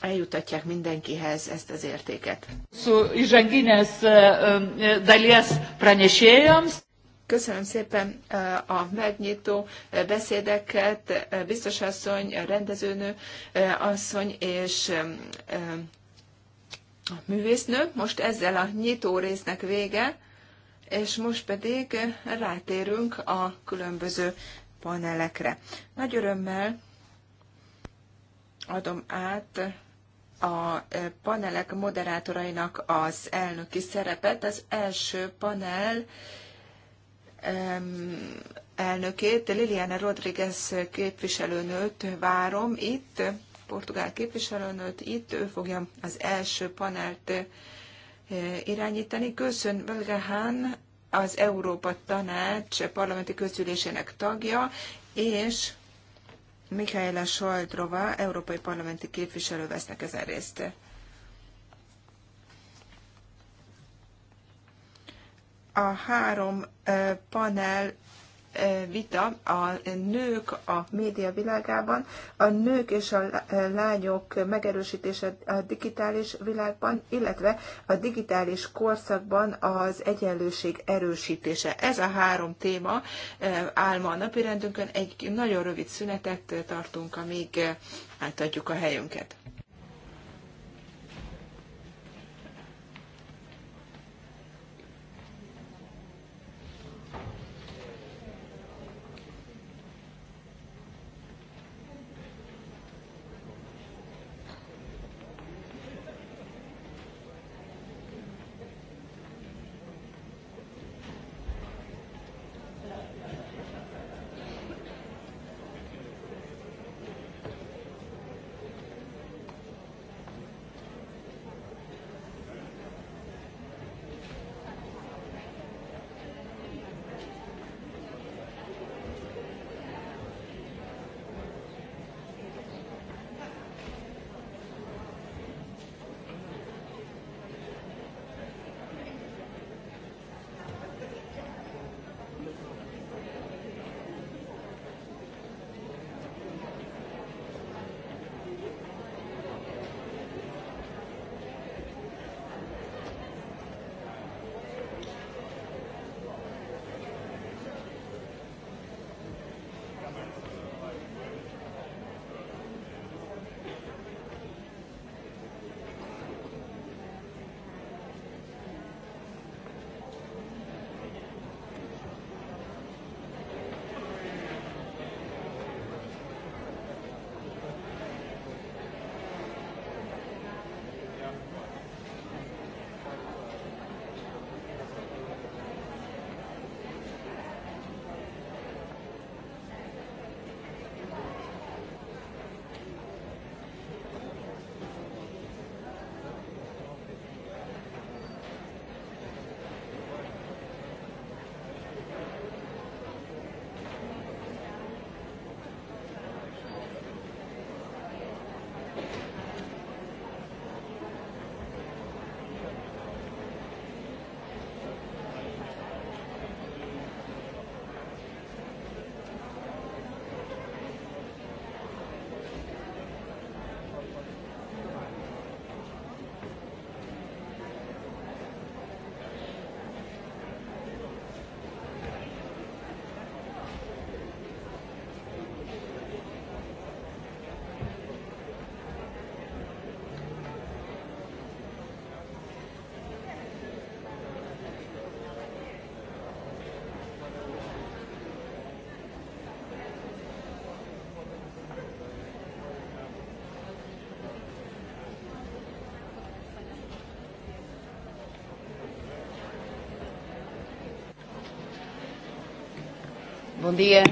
eljutatják mindenkihez ezt az értéket. Köszönöm szépen a megnyitó beszédeket, biztosasszony, rendezőnő asszony és a művésznő. Most ezzel a nyitó résznek vége, és most pedig rátérünk a különböző panelekre. Nagy örömmel adom át a panelek moderátorainak az elnöki szerepet. Az első panel elnökét, Liliana Rodriguez képviselőnőt várom itt, portugál képviselőnőt itt, ő fogja az első panelt eh, irányítani. Köszön Belgehán az Európa Tanács parlamenti közülésének tagja, és Mikaela Soldrova, európai parlamenti képviselő vesznek ezen részt. A három eh, panel vita a nők a média világában, a nők és a lányok megerősítése a digitális világban, illetve a digitális korszakban az egyenlőség erősítése. Ez a három téma eh, áll ma a napirendünkön. Egy nagyon rövid szünetet tartunk, amíg eh, átadjuk a helyünket. Bom dia.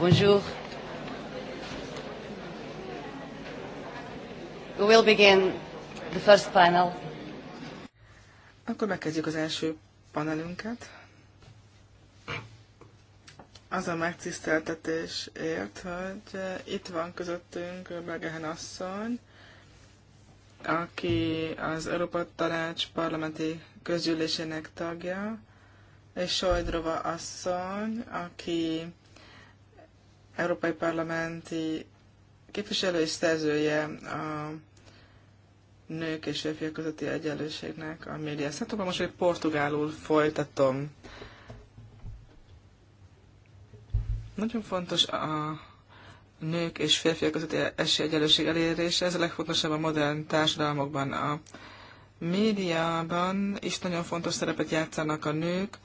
Bonjour. We will begin the first panel. Akkor megkezdjük az első panelünket. Az a megtiszteltetésért, hogy eh, itt van közöttünk Begehen asszony, aki az Európa Tanács parlamenti közgyűlésének tagja, és asszony, aki Európai Parlamenti képviselő és szerzője a nők és férfiak közötti egyenlőségnek a média szektorban. Most, egy portugálul folytatom. Nagyon fontos a nők és férfiak közötti esélyegyenlőség elérése. Ez a legfontosabb a modern társadalmakban. A médiában is nagyon fontos szerepet játszanak a nők,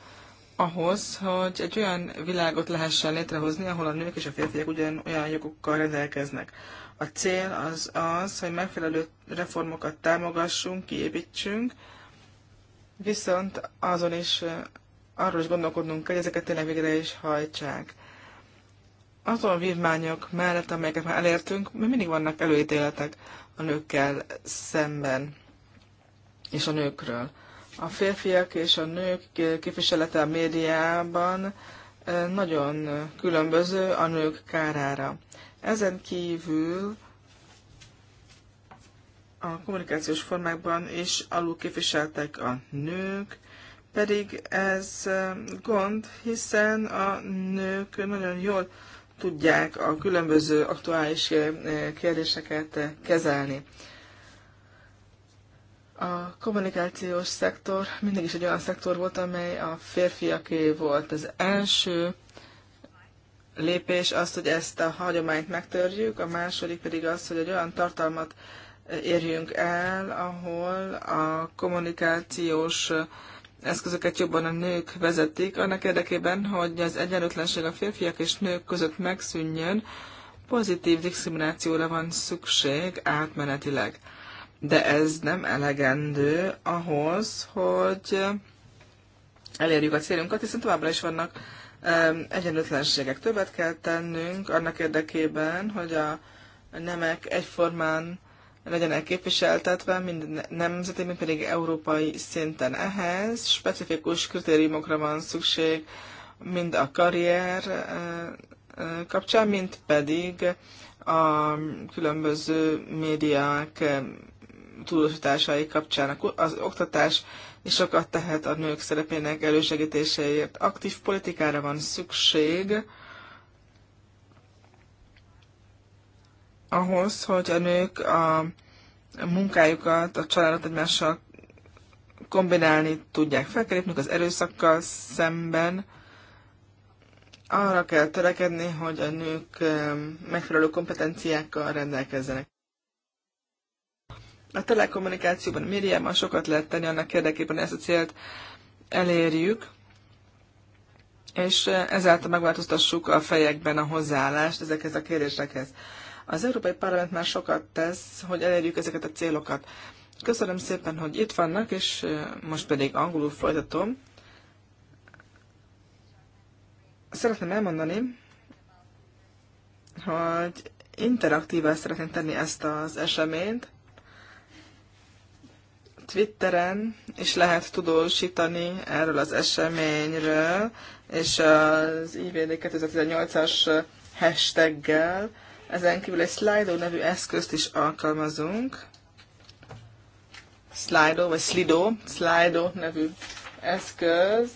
ahhoz, hogy egy olyan világot lehessen létrehozni, ahol a nők és a férfiak ugyanolyan jogokkal rendelkeznek. A cél az az, hogy megfelelő reformokat támogassunk, kiépítsünk, viszont azon is arról is gondolkodnunk kell, hogy ezeket tényleg végre is hajtsák. Azon vívmányok mellett, amelyeket már elértünk, még mindig vannak előítéletek a nőkkel szemben és a nőkről a férfiak és a nők képviselete a médiában nagyon különböző a nők kárára. Ezen kívül a kommunikációs formákban is alul képviseltek a nők, pedig ez gond, hiszen a nők nagyon jól tudják a különböző aktuális kérdéseket kezelni. A kommunikációs szektor mindig is egy olyan szektor volt, amely a férfiaké volt. Az első lépés az, hogy ezt a hagyományt megtörjük, a második pedig az, hogy egy olyan tartalmat eh, érjünk el, ahol a kommunikációs eh, eszközöket jobban a nők vezetik, annak érdekében, hogy az egyenlőtlenség a férfiak és nők között megszűnjön, pozitív diszkriminációra van szükség átmenetileg de ez nem elegendő ahhoz, hogy elérjük a célunkat, hiszen továbbra is vannak egyenlőtlenségek. Többet kell tennünk annak érdekében, hogy a nemek egyformán legyenek képviseltetve, mind nemzeti, mind pedig európai szinten. Ehhez specifikus kritériumokra van szükség, mind a karrier eh, eh, kapcsán, mint pedig a különböző médiák eh, tudósításai kapcsán. Az oktatás is sokat tehet a nők szerepének elősegítéséért. Aktív politikára van szükség ahhoz, hogy a nők a munkájukat, a családot egymással kombinálni tudják. Fel kell az erőszakkal szemben, arra kell törekedni, hogy a nők megfelelő kompetenciákkal rendelkezzenek. A telekommunikációban, médiában sokat lehet tenni annak érdekében, hogy ezt a célt elérjük, és ezáltal megváltoztassuk a fejekben a hozzáállást ezekhez a kérdésekhez. Az Európai Parlament már sokat tesz, hogy elérjük ezeket a célokat. Köszönöm szépen, hogy itt vannak, és most pedig angolul folytatom. Szeretném elmondani, hogy interaktívá szeretném tenni ezt az eseményt, Twitteren is lehet tudósítani erről az eseményről, és az IVD 2018-as hashtaggel. Ezen kívül egy Slido nevű eszközt is alkalmazunk. Slido, vagy Slido, Slido nevű eszköz,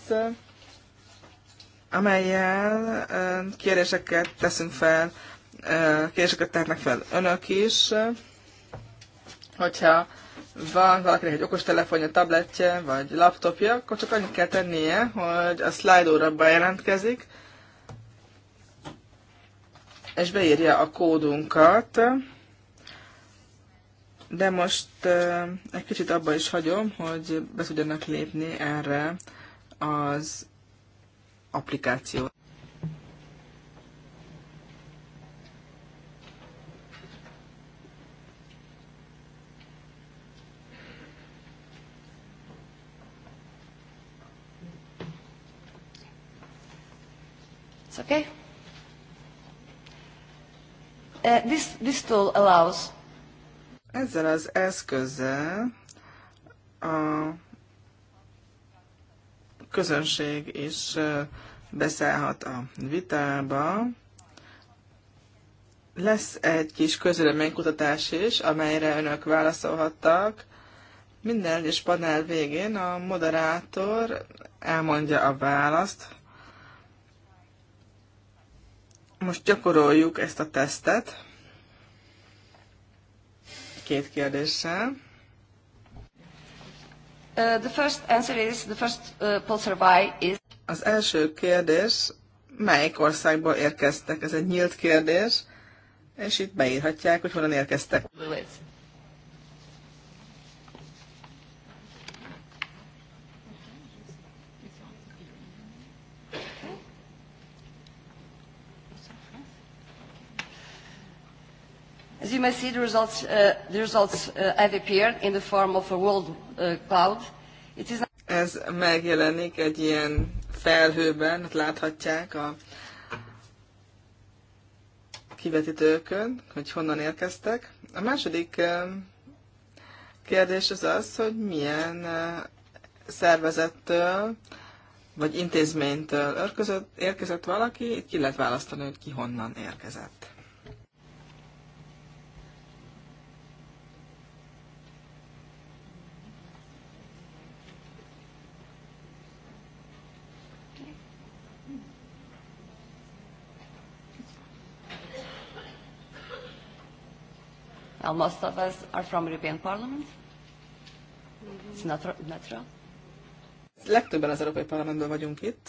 amelyel kérdéseket teszünk fel, kérdéseket tehetnek fel önök is, hogyha van valakinek egy okostelefonja, tabletje vagy laptopja, akkor csak annyit kell tennie, hogy a slide ra bejelentkezik, és beírja a kódunkat. De most egy kicsit abba is hagyom, hogy be tudjanak lépni erre az applikációt. okay? Uh, this, this tool allows. Ezzel az eszközzel a közönség is beszállhat a vitába. Lesz egy kis kutatás is, amelyre önök válaszolhattak. Minden egyes panel végén a moderátor elmondja a választ, most gyakoroljuk ezt a tesztet. Két kérdéssel. Uh, the first answer is, the first uh, is... Az első kérdés, melyik országból érkeztek? Ez egy nyílt kérdés, és itt beírhatják, hogy honnan érkeztek. As you may see, the results, uh, the results uh, have appeared in the form of a world uh, cloud. It is Ez megjelenik egy ilyen felhőben, hát láthatják a kivetítőkön, hogy honnan érkeztek. A második kérdés az az, hogy milyen szervezettől vagy intézménytől érkezett valaki, itt ki lehet választani, hogy ki honnan érkezett. Well, most of us are from European Parliament. It's natural. natural. Legtöbben az Európai Parlamentben vagyunk itt.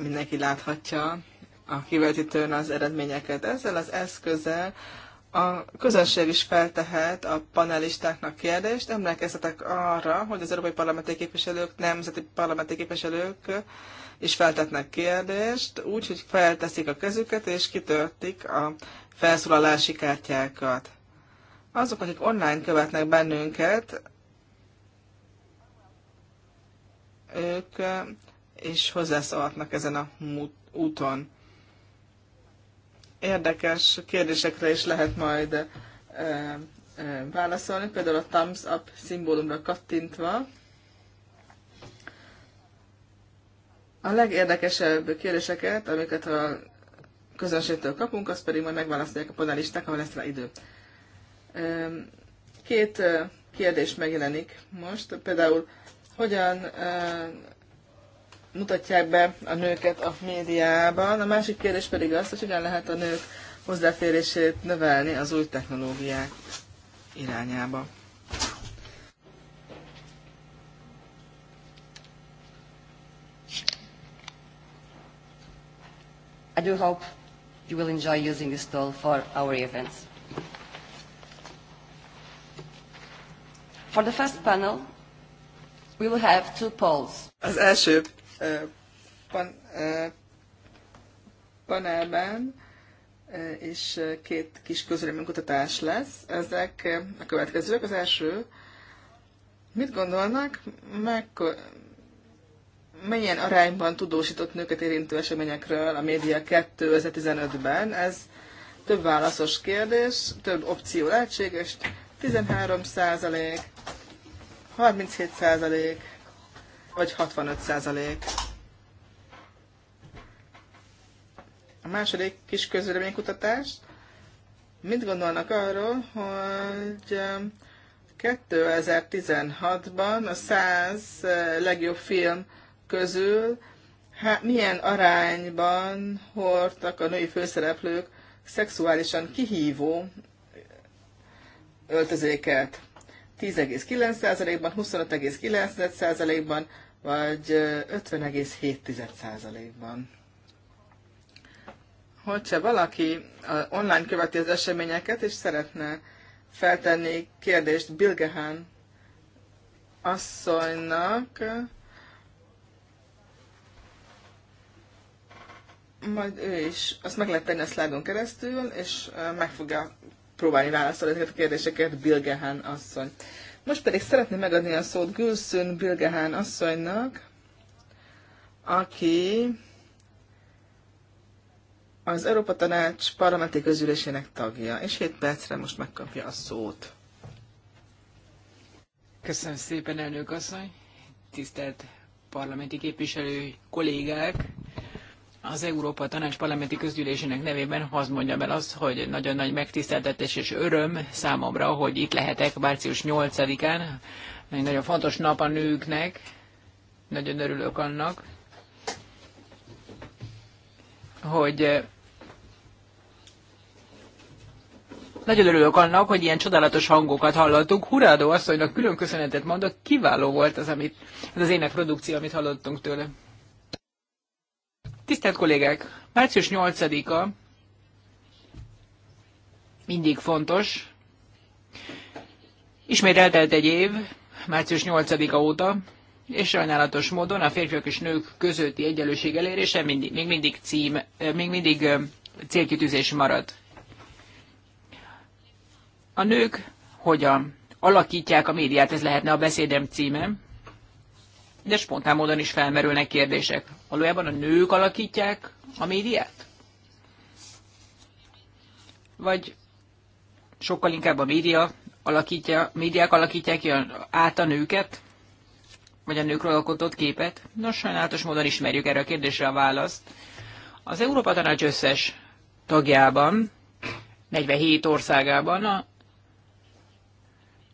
Mindenki láthatja a kivetítőn az eredményeket. Ezzel az eszközzel a közönség is feltehet a panelistáknak kérdést. Emlékeztetek arra, hogy az európai parlamenti képviselők, nemzeti parlamenti képviselők is feltetnek kérdést, Úgyhogy felteszik a kezüket és kitörtik a felszólalási kártyákat. Azok, akik online követnek bennünket, ők is hozzászólhatnak ezen a úton. Érdekes kérdésekre is lehet majd válaszolni, például a thumbs up szimbólumra kattintva. A legérdekesebb kérdéseket, amiket a közönségtől kapunk, azt pedig majd megválasztják a panelisták, ahol lesz rá idő. Két kérdés megjelenik most, például hogyan mutatják be a nőket a médiában, a másik kérdés pedig az, hogy hogyan lehet a nők hozzáférését növelni az új technológiák irányába. I do hope you will enjoy using this tool for our events. For the first panel, we will have two polls. Az első uh, pan, uh, panelben uh, és két kis közvéleménykutatás lesz. Ezek uh, a következők. Az első, mit gondolnak, meg, milyen arányban tudósított nőket érintő eseményekről a média 2015-ben. Ez több válaszos kérdés, több opció lehetséges, 13 százalék, 37 százalék, vagy 65 százalék. A második kis közvéleménykutatás. Mit gondolnak arról, hogy 2016-ban um, a 100 uh, legjobb film közül há, milyen arányban hordtak a női főszereplők szexuálisan kihívó öltözéket. 10,9%-ban, 25,9%-ban, vagy 50,7%-ban. Hogyha valaki online követi az eseményeket, és szeretne feltenni kérdést Bilgehán asszonynak, majd ő is, azt meg lehet tenni a szlájdon keresztül, és meg fogja próbálni válaszolni ezeket a kérdéseket Bilgehán asszony. Most pedig szeretném megadni a szót Gülszön Bilgehán asszonynak, aki az Európa Tanács parlamenti közülésének tagja, és 7 percre most megkapja a szót. Köszönöm szépen, elnök asszony, tisztelt parlamenti képviselő kollégák, az Európa Tanács Parlamenti Közgyűlésének nevében hadd mondjam el azt, hogy nagyon nagy megtiszteltetés és öröm számomra, hogy itt lehetek március 8-án. Egy nagyon fontos nap a nőknek. Nagyon örülök annak, hogy eh, Nagyon örülök annak, hogy ilyen csodálatos hangokat hallottunk. Hurádó asszonynak külön köszönetet mondok, kiváló volt az, amit, az, az ének produkció, amit hallottunk tőle. Tisztelt kollégák, március 8-a mindig fontos. Ismét eltelt egy év, március 8-a óta, és sajnálatos módon a férfiak és nők közötti egyenlőség elérése mindig, még mindig cím, eh, még mindig eh, célkitűzés marad. A nők hogyan alakítják a médiát, ez lehetne a beszédem címe de spontán módon is felmerülnek kérdések. Valójában a nők alakítják a médiát? Vagy sokkal inkább a média alakítja, médiák alakítják át a nőket? Vagy a nőkről alkotott képet? Nos, sajnálatos módon ismerjük erre a kérdésre a választ. Az Európa Tanács összes tagjában, 47 országában a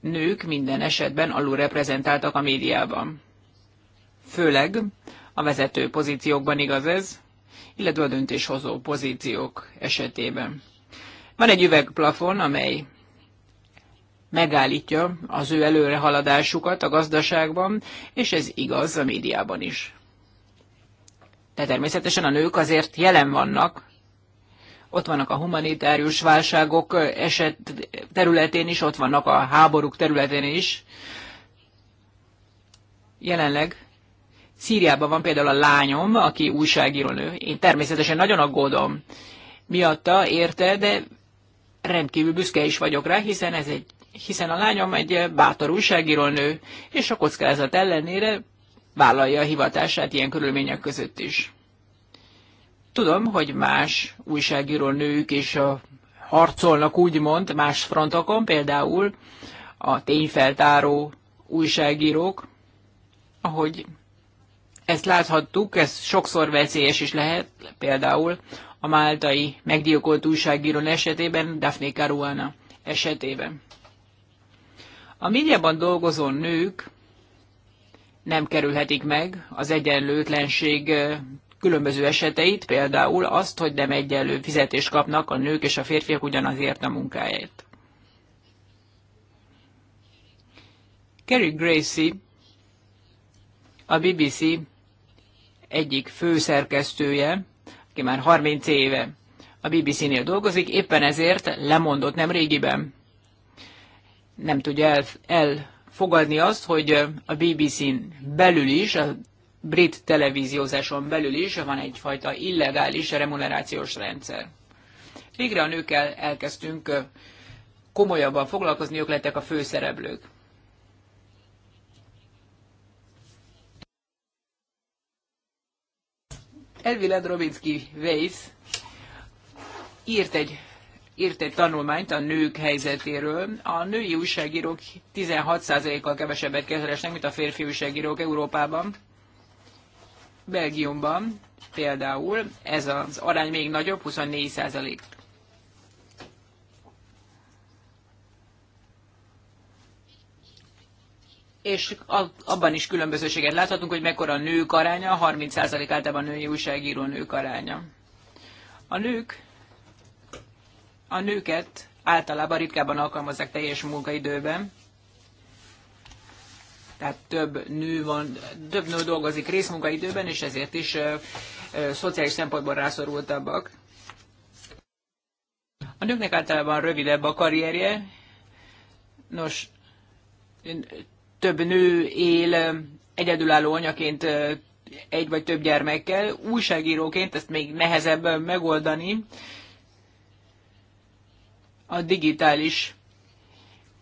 nők minden esetben alulreprezentáltak a médiában főleg a vezető pozíciókban igaz ez, illetve a döntéshozó pozíciók esetében. Van egy üvegplafon, amely megállítja az ő előrehaladásukat a gazdaságban, és ez igaz a médiában is. De természetesen a nők azért jelen vannak, ott vannak a humanitárius válságok eset területén is, ott vannak a háborúk területén is. Jelenleg Szíriában van például a lányom, aki újságírónő. Én természetesen nagyon aggódom miatta, érte, de rendkívül büszke is vagyok rá, hiszen ez egy hiszen a lányom egy bátor újságírónő, és a kockázat ellenére vállalja a hivatását ilyen körülmények között is. Tudom, hogy más újságíró nők is harcolnak úgymond más frontokon, például a tényfeltáró újságírók, ahogy ezt láthattuk, ez sokszor veszélyes is lehet, például a máltai meggyilkolt újságíró esetében, Daphne Caruana esetében. A médiában dolgozó nők nem kerülhetik meg az egyenlőtlenség különböző eseteit, például azt, hogy nem egyenlő fizetést kapnak a nők és a férfiak ugyanazért a munkáért. Kerry Gracie, a BBC egyik főszerkesztője, aki már 30 éve a BBC-nél dolgozik, éppen ezért lemondott nem régiben. Nem tudja el, elfogadni azt, hogy a BBC-n belül is, a brit televíziózáson belül is van egyfajta illegális remunerációs rendszer. Végre a nőkkel elkezdtünk komolyabban foglalkozni, ők lettek a főszereplők. Elvileg Robinski Weiss írt egy, írt egy tanulmányt a nők helyzetéről. A női újságírók 16%-kal kevesebbet keresnek, mint a férfi újságírók Európában. Belgiumban például ez az arány még nagyobb, 24 százalék. és abban is különbözőséget láthatunk, hogy mekkora a nők aránya, 30% általában női újságíró nők aránya. A nők, a nőket általában ritkábban alkalmazzák teljes munkaidőben, tehát több nő van, több nő dolgozik részmunkaidőben, és ezért is ö, ö, szociális szempontból rászorultabbak. A nőknek általában rövidebb a karrierje, nos, több nő él egyedülálló anyaként egy vagy több gyermekkel. Újságíróként ezt még nehezebb megoldani. A digitális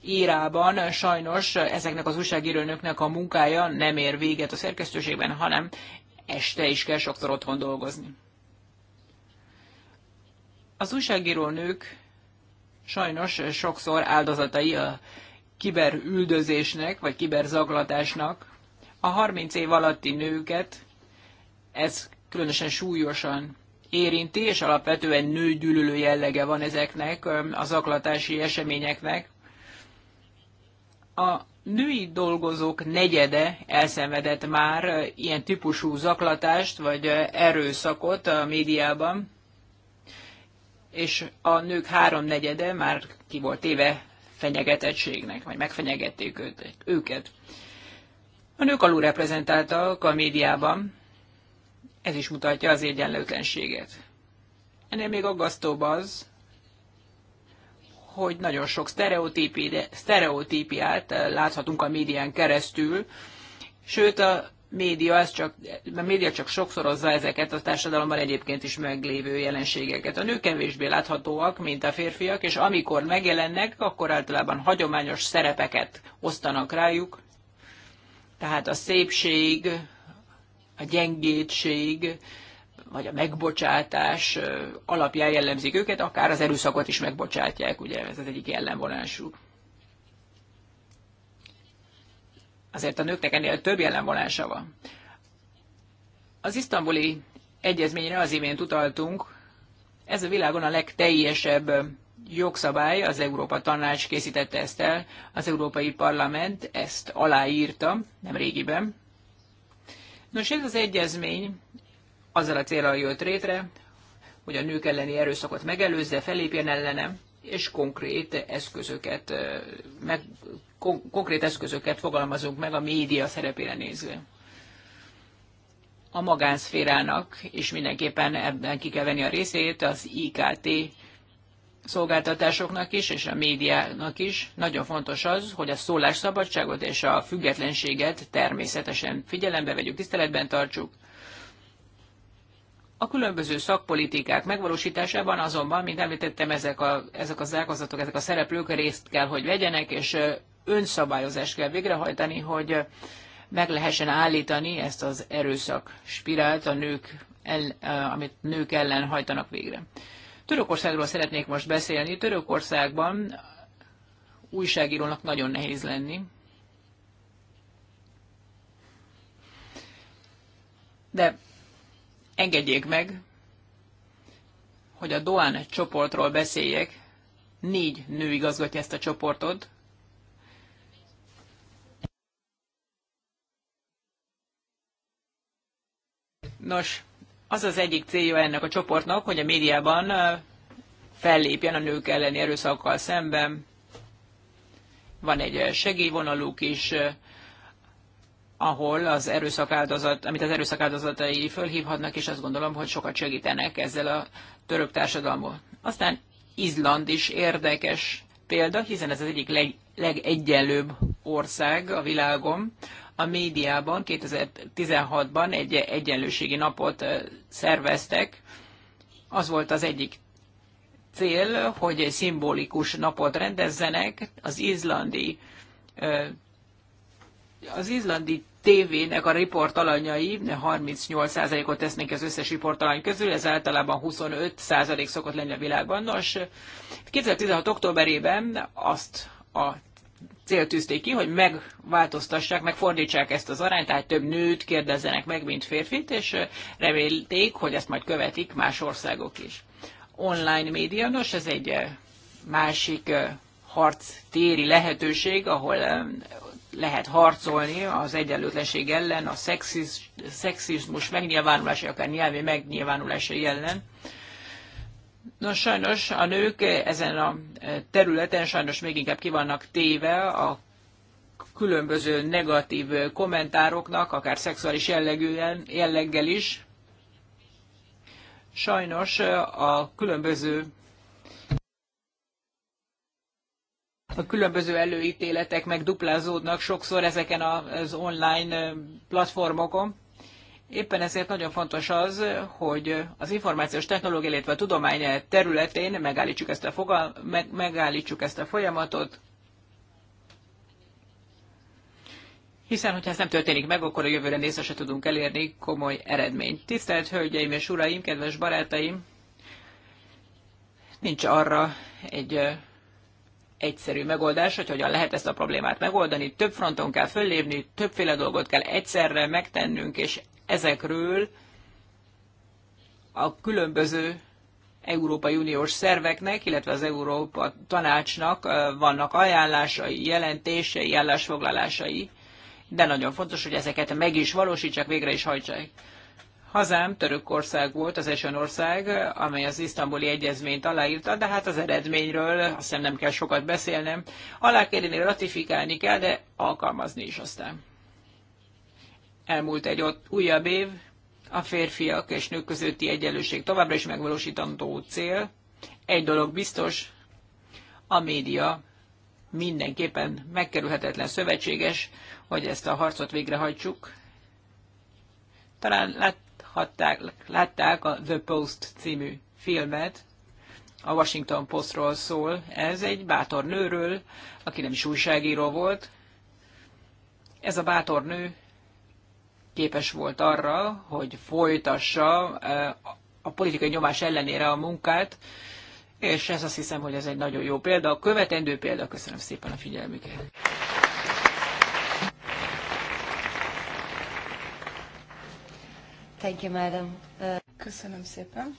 írában sajnos ezeknek az újságírónöknek a munkája nem ér véget a szerkesztőségben, hanem este is kell sokszor otthon dolgozni. Az újságírónők sajnos sokszor áldozatai a kiberüldözésnek, vagy kiberzaglatásnak a 30 év alatti nőket ez különösen súlyosan érinti, és alapvetően nőgyűlölő jellege van ezeknek a zaklatási eseményeknek. A női dolgozók negyede elszenvedett már ilyen típusú zaklatást vagy erőszakot a médiában, és a nők háromnegyede már ki volt éve fenyegetettségnek, vagy megfenyegették őt, őket. A nők alul reprezentáltak a médiában, ez is mutatja az egyenlőtlenséget. Ennél még aggasztóbb az, hogy nagyon sok sztereotípiát láthatunk a médián keresztül, sőt a média, ez csak, a média csak sokszorozza ezeket a társadalomban egyébként is meglévő jelenségeket. A nők kevésbé láthatóak, mint a férfiak, és amikor megjelennek, akkor általában hagyományos szerepeket osztanak rájuk. Tehát a szépség, a gyengétség, vagy a megbocsátás alapján jellemzik őket, akár az erőszakot is megbocsátják, ugye ez az egyik jellemvonásuk. azért a nőknek ennél több jellemvonása van. Az isztambuli egyezményre az imént utaltunk, ez a világon a legteljesebb jogszabály, az Európa Tanács készítette ezt el, az Európai Parlament ezt aláírta nem régiben. Nos, ez az egyezmény azzal a célral jött rétre, hogy a nők elleni erőszakot megelőzze, felépjen ellene, és konkrét eszközöket, meg, konkrét eszközöket fogalmazunk meg a média szerepére nézve. A magánszférának, és mindenképpen ebben ki kell venni a részét, az IKT szolgáltatásoknak is, és a médiának is nagyon fontos az, hogy a szólásszabadságot és a függetlenséget természetesen figyelembe vegyük, tiszteletben tartsuk. A különböző szakpolitikák megvalósításában azonban, mint említettem, ezek, a, ezek az ágazatok, ezek a szereplők részt kell, hogy vegyenek, és önszabályozást kell végrehajtani, hogy meg lehessen állítani ezt az erőszak spirált, a nők el, amit nők ellen hajtanak végre. Törökországról szeretnék most beszélni. Törökországban újságírónak nagyon nehéz lenni. De engedjék meg, hogy a Doán csoportról beszéljek. Négy nő igazgatja ezt a csoportot, Nos, az az egyik célja ennek a csoportnak, hogy a médiában fellépjen a nők elleni erőszakkal szemben. Van egy segélyvonaluk is, ahol az erőszak áldozat, amit az erőszak áldozatai fölhívhatnak, és azt gondolom, hogy sokat segítenek ezzel a török társadalmon. Aztán Izland is érdekes példa, hiszen ez az egyik leg, legegyenlőbb ország a világon a médiában 2016-ban egy egyenlőségi napot szerveztek. Az volt az egyik cél, hogy egy szimbolikus napot rendezzenek az izlandi az izlandi tévének a riportalanyai 38%-ot tesznek az összes riportalany közül, ez általában 25% szokott lenni a világban. Nos, 2016. októberében azt a cél tűzték ki, hogy megváltoztassák, megfordítsák ezt az arányt, tehát több nőt kérdezzenek meg, mint férfit, és remélték, hogy ezt majd követik más országok is. Online média, nos, ez egy másik harc téri lehetőség, ahol lehet harcolni az egyenlőtlenség ellen, a szexizmus megnyilvánulása, akár nyelvi megnyilvánulása ellen. Nos, sajnos a nők ezen a e, területen sajnos még inkább kivannak téve a különböző negatív kommentároknak, akár szexuális jellegűen, jelleggel is. Sajnos e, a különböző a különböző előítéletek megduplázódnak sokszor ezeken az online e, platformokon. Éppen ezért nagyon fontos az, hogy az információs technológia, illetve a tudomány területén megállítsuk ezt a, fogal, meg, megállítsuk ezt a folyamatot, hiszen hogyha ez nem történik meg, akkor a jövőre nézve se tudunk elérni komoly eredményt. Tisztelt Hölgyeim és Uraim, kedves barátaim, nincs arra egy egyszerű megoldás, hogy hogyan lehet ezt a problémát megoldani. Több fronton kell föllépni, többféle dolgot kell egyszerre megtennünk, és ezekről a különböző Európai Uniós szerveknek, illetve az Európa Tanácsnak vannak ajánlásai, jelentései, állásfoglalásai, de nagyon fontos, hogy ezeket meg is valósítsák, végre is hajtsák. Hazám Törökország volt az első ország, amely az isztambuli egyezményt aláírta, de hát az eredményről azt hiszem nem kell sokat beszélnem. Alá kell ratifikálni kell, de alkalmazni is aztán elmúlt egy ott újabb év, a férfiak és nők közötti egyenlőség továbbra is megvalósítandó cél. Egy dolog biztos, a média mindenképpen megkerülhetetlen szövetséges, hogy ezt a harcot végrehajtsuk. Talán láthatták, látták a The Post című filmet, a Washington Postról szól. Ez egy bátor nőről, aki nem is újságíró volt. Ez a bátor nő képes volt arra, hogy folytassa e, a politikai nyomás ellenére a munkát, és ez azt hiszem, hogy ez egy nagyon jó példa. A követendő példa, köszönöm szépen a figyelmüket. Thank you, madam. Uh, köszönöm szépen.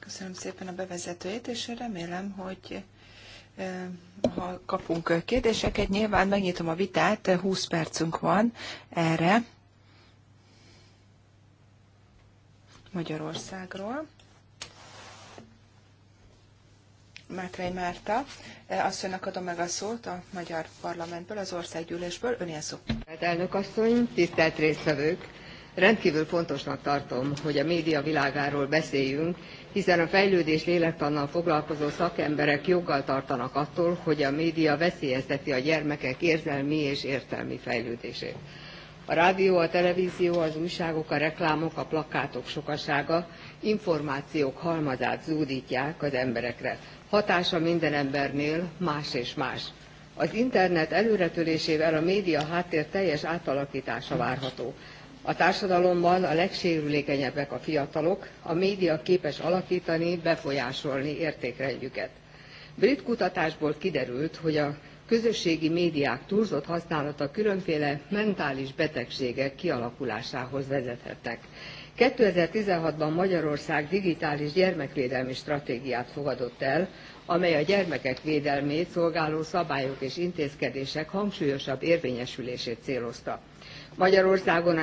Köszönöm szépen a bevezetőjét, és remélem, hogy e, ha kapunk kérdéseket, nyilván megnyitom a vitát, 20 percünk van erre. Magyarországról. Mátrei Márta, eh, asszonynak adom meg a szót a Magyar Parlamentből, az országgyűlésből. Önél szó. Hát, elnök asszony, tisztelt résztvevők! Rendkívül fontosnak tartom, hogy a média világáról beszéljünk, hiszen a fejlődés lélektannal foglalkozó szakemberek joggal tartanak attól, hogy a média veszélyezteti a gyermekek érzelmi és értelmi fejlődését. A rádió, a televízió, az újságok, a reklámok, a plakátok sokasága információk halmazát zúdítják az emberekre. Hatása minden embernél más és más. Az internet előretörésével a média háttér teljes átalakítása várható. A társadalomban a legsérülékenyebbek a fiatalok, a média képes alakítani, befolyásolni értékrendjüket. Brit kutatásból kiderült, hogy a közösségi médiák túlzott használata különféle mentális betegségek kialakulásához vezethetnek. 2016-ban Magyarország digitális gyermekvédelmi stratégiát fogadott el, amely a gyermekek védelmét szolgáló szabályok és intézkedések hangsúlyosabb érvényesülését célozta. Magyarországon a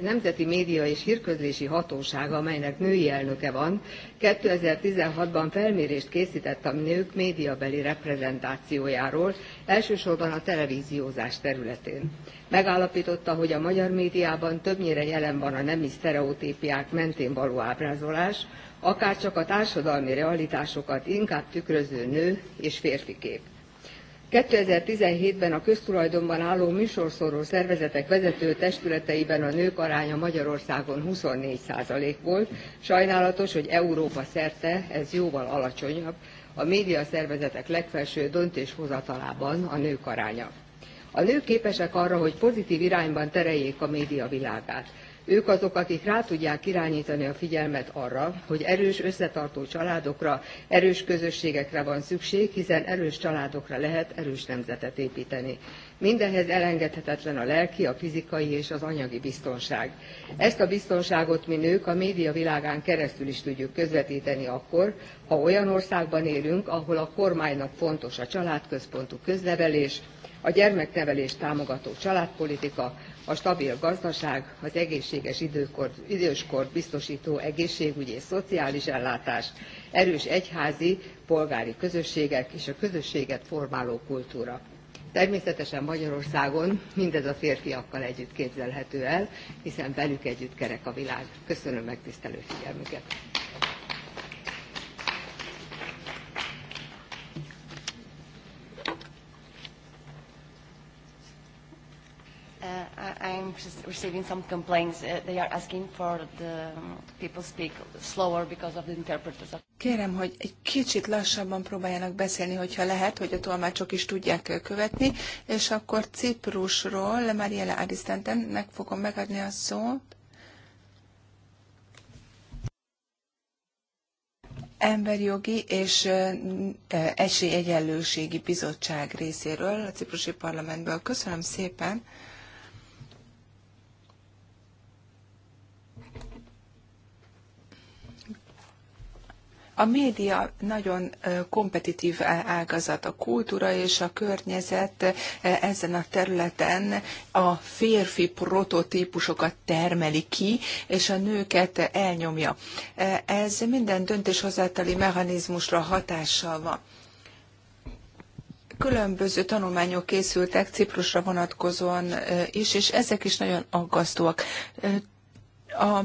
Nemzeti Média és Hírközlési Hatóság, amelynek női elnöke van, 2016-ban felmérést készített a nők médiabeli reprezentációjáról, elsősorban a televíziózás területén. Megállapította, hogy a magyar médiában többnyire jelen van a nemi sztereotípiák mentén való ábrázolás, akárcsak a társadalmi realitásokat inkább tükröző nő és férfikép. 2017-ben a köztulajdonban álló műsorszóró szervezetek vezető testületeiben a nők aránya Magyarországon 24% volt. Sajnálatos, hogy Európa szerte ez jóval alacsonyabb, a média szervezetek legfelső döntéshozatalában a nők aránya. A nők képesek arra, hogy pozitív irányban tereljék a média világát. Ők azok, akik rá tudják irányítani a figyelmet arra, hogy erős összetartó családokra, erős közösségekre van szükség, hiszen erős családokra lehet erős nemzetet építeni. Mindenhez elengedhetetlen a lelki, a fizikai és az anyagi biztonság. Ezt a biztonságot mi nők a média világán keresztül is tudjuk közvetíteni akkor, ha olyan országban élünk, ahol a kormánynak fontos a családközpontú köznevelés, a gyermeknevelést támogató családpolitika, a stabil gazdaság, az egészséges időkor, időskort biztosító egészségügyi és szociális ellátás, erős egyházi, polgári közösségek és a közösséget formáló kultúra. Természetesen Magyarországon mindez a férfiakkal együtt képzelhető el, hiszen velük együtt kerek a világ. Köszönöm megtisztelő figyelmüket! I'm receiving some complaints. Uh, they are asking for the um, people speak slower because of the interpreters. Kérem, hogy egy kicsit lassabban próbáljanak beszélni, hogyha lehet, hogy a tolmácsok is tudják uh, követni, és akkor Ciprusról Mariela Arisztentennek fogom megadni a szót. Emberjogi és uh, Esélyegyenlőségi Bizottság részéről a Ciprusi Parlamentből. Köszönöm szépen! A média nagyon kompetitív e, ágazat, a kultúra és a környezet ezen a területen a férfi prototípusokat termeli ki, és a nőket elnyomja. E, ez minden döntéshozatali mechanizmusra hatással van különböző tanulmányok készültek Ciprusra vonatkozóan is, és ezek is nagyon aggasztóak. A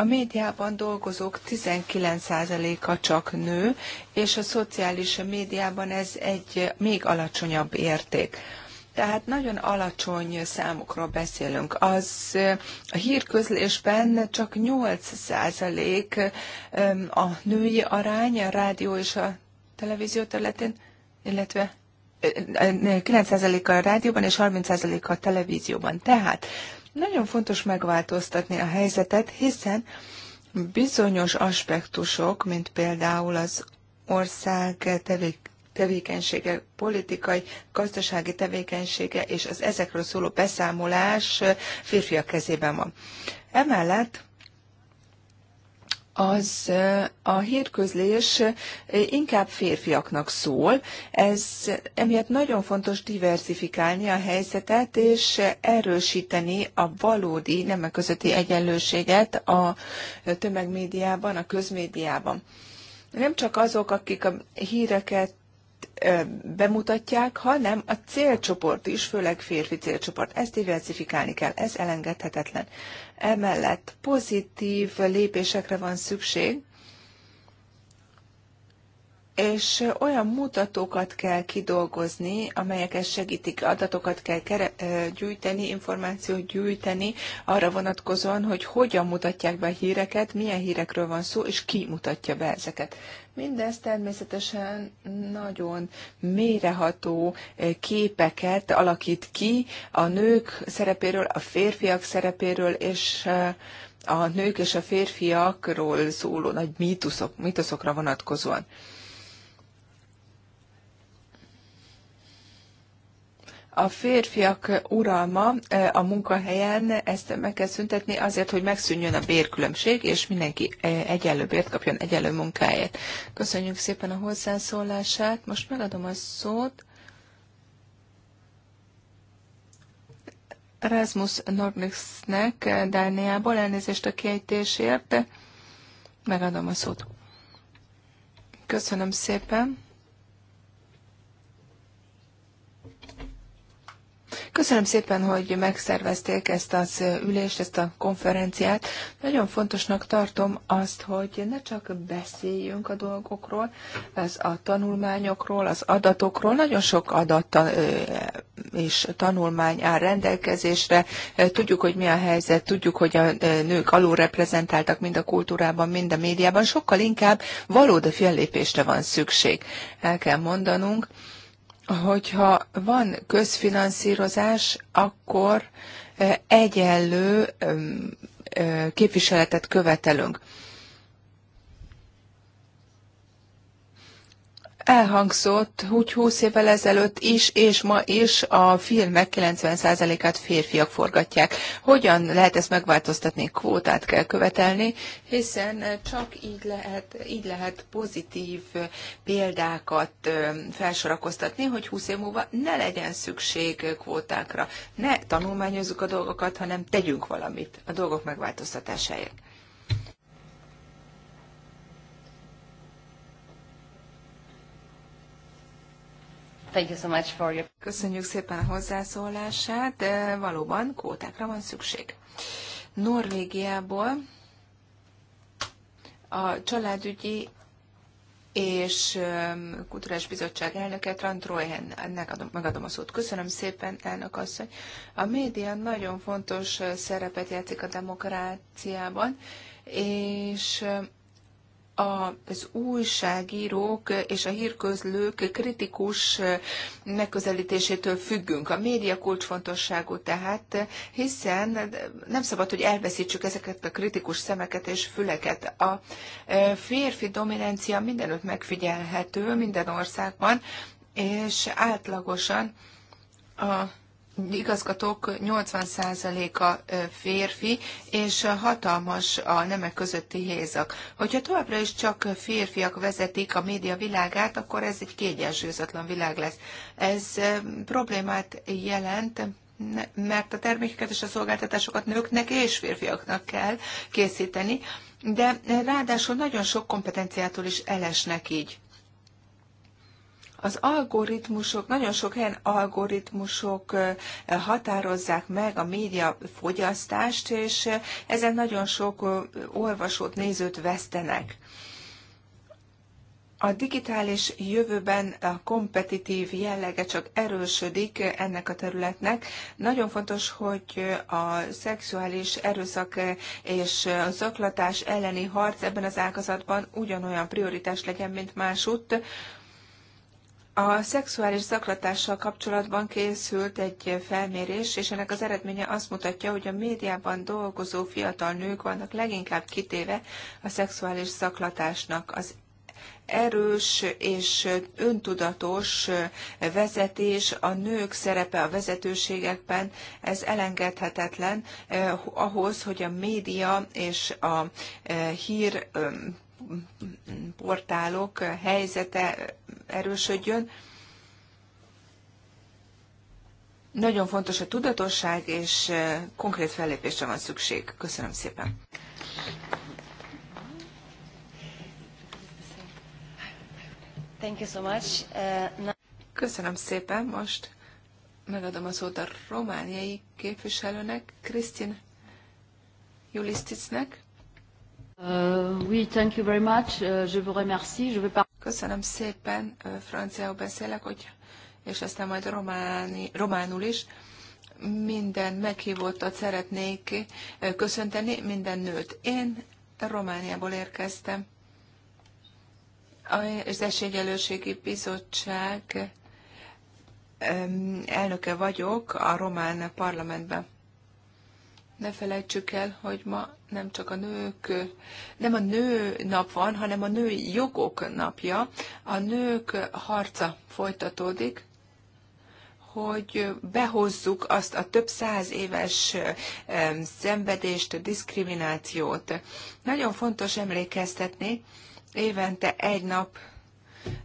a médiában dolgozók 19%-a csak nő, és a szociális médiában ez egy még alacsonyabb érték. Tehát nagyon alacsony számokról beszélünk. Az a hírközlésben csak 8% a női arány a rádió és a televízió területén, illetve 9% a rádióban és 30% a televízióban. Tehát nagyon fontos megváltoztatni a helyzetet, hiszen bizonyos aspektusok, mint például az ország tevék, tevékenysége, politikai, gazdasági tevékenysége és az ezekről szóló beszámolás férfiak kezében van. Emellett az eh, a hírközlés eh, inkább férfiaknak szól. Ez emiatt nagyon fontos diversifikálni a helyzetet, és erősíteni a valódi nemek közötti egyenlőséget a tömegmédiában, a közmédiában. Nem csak azok, akik a híreket bemutatják, hanem a célcsoport is, főleg férfi célcsoport. Ezt diversifikálni kell, ez elengedhetetlen. Emellett pozitív lépésekre van szükség, és olyan mutatókat kell kidolgozni, amelyeket segítik, adatokat kell kere- gyűjteni, információt gyűjteni, arra vonatkozóan, hogy hogyan mutatják be a híreket, milyen hírekről van szó, és ki mutatja be ezeket. Mindez természetesen nagyon méreható képeket alakít ki a nők szerepéről, a férfiak szerepéről, és a nők és a férfiakról szóló nagy mítuszok, mítuszokra vonatkozóan. a férfiak uralma e, a munkahelyen, ezt meg kell szüntetni azért, hogy megszűnjön a bérkülönbség, és mindenki e, egyenlő bért kapjon egyenlő munkáját. Köszönjük szépen a hozzászólását. Most megadom a szót Rasmus Nordnixnek, e, Dániából, elnézést a kiejtésért. Megadom a szót. Köszönöm szépen. Köszönöm szépen, hogy megszervezték ezt az ülést, ezt a konferenciát. Nagyon fontosnak tartom azt, hogy ne csak beszéljünk a dolgokról, ez a tanulmányokról, az adatokról. Nagyon sok adat és tanulmány áll rendelkezésre. Tudjuk, hogy mi a helyzet, tudjuk, hogy a nők alulreprezentáltak mind a kultúrában, mind a médiában. Sokkal inkább valódi fellépésre van szükség. El kell mondanunk, hogyha van közfinanszírozás, akkor eh, egyenlő eh, képviseletet követelünk. elhangzott, úgy 20 évvel ezelőtt is, és ma is a filmek 90%-át férfiak forgatják. Hogyan lehet ezt megváltoztatni? Kvótát kell követelni, hiszen csak így lehet, így lehet pozitív példákat felsorakoztatni, hogy 20 év múlva ne legyen szükség kvótákra. Ne tanulmányozzuk a dolgokat, hanem tegyünk valamit a dolgok megváltoztatásáért. Thank you so much for your... Köszönjük szépen a hozzászólását, de valóban kótákra van szükség. Norvégiából a családügyi és Kulturális Bizottság elnöke, Trant ennek adom, megadom a szót. Köszönöm szépen, elnök asszony. A média nagyon fontos szerepet játszik a demokráciában, és az újságírók és a hírközlők kritikus megközelítésétől függünk. A média kulcsfontosságú tehát, hiszen nem szabad, hogy elveszítsük ezeket a kritikus szemeket és füleket. A e, férfi dominancia mindenütt megfigyelhető, minden országban, és átlagosan a igazgatók 80%-a férfi, és hatalmas a nemek közötti hézak. Hogyha továbbra is csak férfiak vezetik a média világát, akkor ez egy kiegyensúlyozatlan világ lesz. Ez problémát jelent, mert a termékeket és a szolgáltatásokat nőknek és férfiaknak kell készíteni, de ráadásul nagyon sok kompetenciától is elesnek így. Az algoritmusok, nagyon sok helyen algoritmusok határozzák meg a média fogyasztást, és ezen nagyon sok olvasót, nézőt vesztenek. A digitális jövőben a kompetitív jellege csak erősödik ennek a területnek. Nagyon fontos, hogy a szexuális erőszak és a zaklatás elleni harc ebben az ágazatban ugyanolyan prioritás legyen, mint másutt. A szexuális zaklatással kapcsolatban készült egy felmérés, és ennek az eredménye azt mutatja, hogy a médiában dolgozó fiatal nők vannak leginkább kitéve a szexuális zaklatásnak. Az erős és öntudatos vezetés, a nők szerepe a vezetőségekben, ez elengedhetetlen eh, ahhoz, hogy a média és a eh, hír eh, portálok helyzete erősödjön. Nagyon fontos a tudatosság, és konkrét fellépésre van szükség. Köszönöm szépen. Thank you so much. Uh, Köszönöm szépen. Most megadom a szót a romániai képviselőnek, Krisztin Julisticnek. Uh, thank you very much. Uh, Köszönöm szépen, uh, franciául beszélek, hogy, és aztán majd románi, románul is. Minden meghívottat szeretnék köszönteni, minden nőt. Én Romániából érkeztem. Az Esélyegyelőségi Bizottság um, elnöke vagyok a román parlamentben. Ne felejtsük el, hogy ma nem csak a nők, nem a nő nap van, hanem a női jogok napja. A nők harca folytatódik, hogy behozzuk azt a több száz éves szenvedést, diszkriminációt. Nagyon fontos emlékeztetni évente egy nap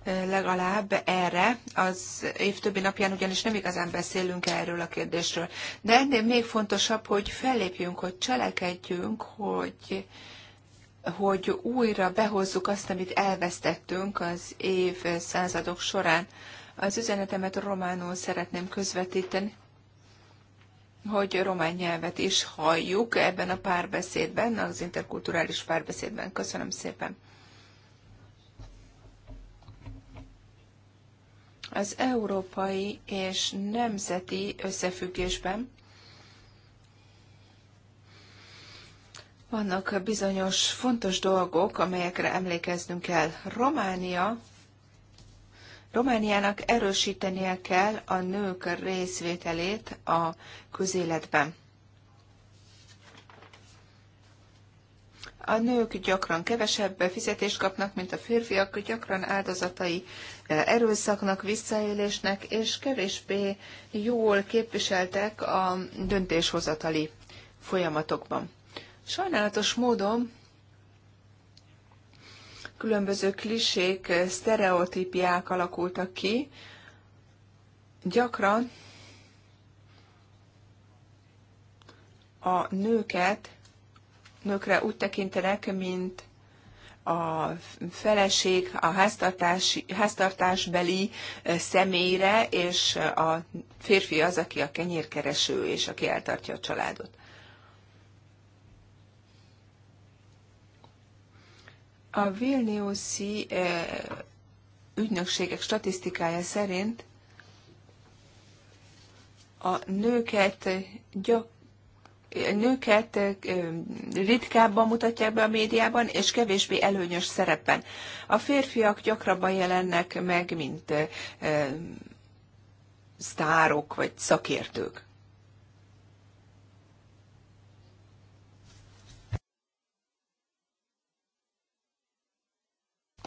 legalább erre. Az év többi napján ugyanis nem igazán beszélünk erről a kérdésről. De ennél még fontosabb, hogy fellépjünk, hogy cselekedjünk, hogy hogy újra behozzuk azt, amit elvesztettünk az év századok során. Az üzenetemet románul szeretném közvetíteni hogy román nyelvet is halljuk ebben a párbeszédben, az interkulturális párbeszédben. Köszönöm szépen! az európai és nemzeti összefüggésben. Vannak bizonyos fontos dolgok, amelyekre emlékeznünk kell. Románia, Romániának erősítenie kell a nők részvételét a közéletben. A nők gyakran kevesebb fizetést kapnak, mint a férfiak, gyakran áldozatai erőszaknak, visszaélésnek, és kevésbé jól képviseltek a döntéshozatali folyamatokban. Sajnálatos módon különböző klisék, sztereotípiák alakultak ki, gyakran a nőket, nőkre úgy tekintenek, mint a feleség, a háztartási háztartásbeli személyre, és a férfi az, aki a kenyérkereső, és aki eltartja a családot. A Vilniuszi ügynökségek statisztikája szerint a nőket gyak, nőket ritkábban mutatják be a médiában, és kevésbé előnyös szerepen. A férfiak gyakrabban jelennek meg, mint sztárok vagy szakértők.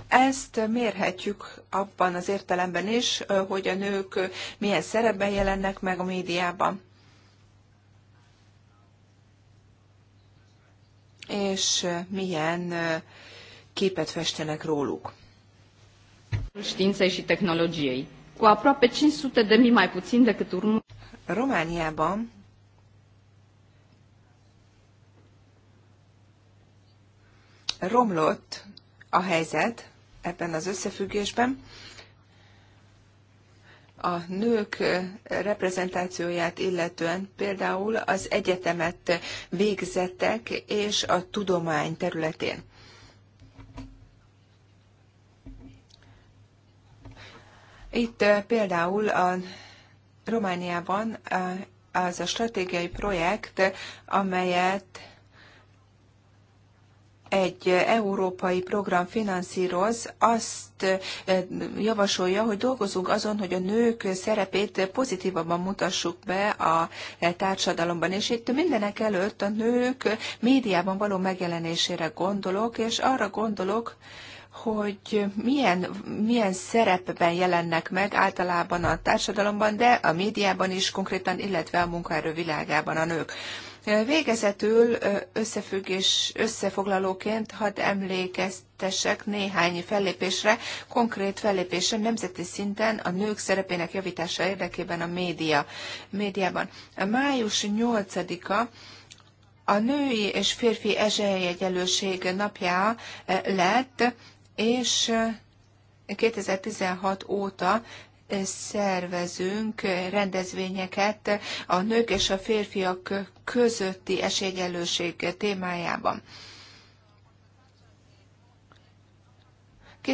Ezt mérhetjük abban az értelemben is, hogy a nők milyen szerepben jelennek meg a médiában. és milyen képet festenek róluk. Științei și tehnologiei. Cu aproape 500 de mii mai puțin decât urmă. Romániában romlott a helyzet ebben az összefüggésben a nők reprezentációját illetően például az egyetemet végzettek és a tudomány területén. Itt eh, például a Romániában eh, az a stratégiai projekt, amelyet egy európai program finanszíroz, azt javasolja, hogy dolgozunk azon, hogy a nők szerepét pozitívabban mutassuk be a e, társadalomban. És itt mindenek előtt a nők médiában való megjelenésére gondolok, és arra gondolok, hogy milyen, milyen szerepben jelennek meg általában a társadalomban, de a médiában is konkrétan, illetve a munkaerő világában a nők. Végezetül összefüggés, összefoglalóként hadd emlékeztessek néhány fellépésre, konkrét fellépésre nemzeti szinten a nők szerepének javítása érdekében a média, médiában. A május 8-a a női és férfi esélyegyelőség napjá lett, és 2016 óta szervezünk rendezvényeket a nők és a férfiak közötti esélyegyenlőség témájában.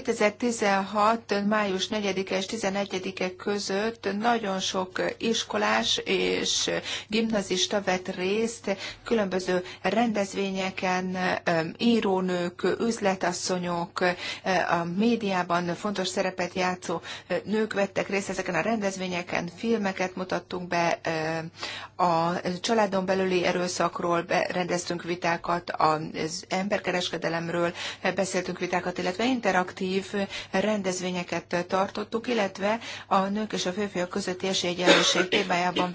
2016. május 4 és 11-e között nagyon sok iskolás és gimnazista vett részt különböző rendezvényeken, írónők, üzletasszonyok, a médiában fontos szerepet játszó nők vettek részt ezeken a rendezvényeken, filmeket mutattunk be, a családon belüli erőszakról rendeztünk vitákat, az emberkereskedelemről beszéltünk vitákat, illetve interaktív integratív rendezvényeket tartottuk, illetve a nők és a férfiak közötti esélyegyenlőség témájában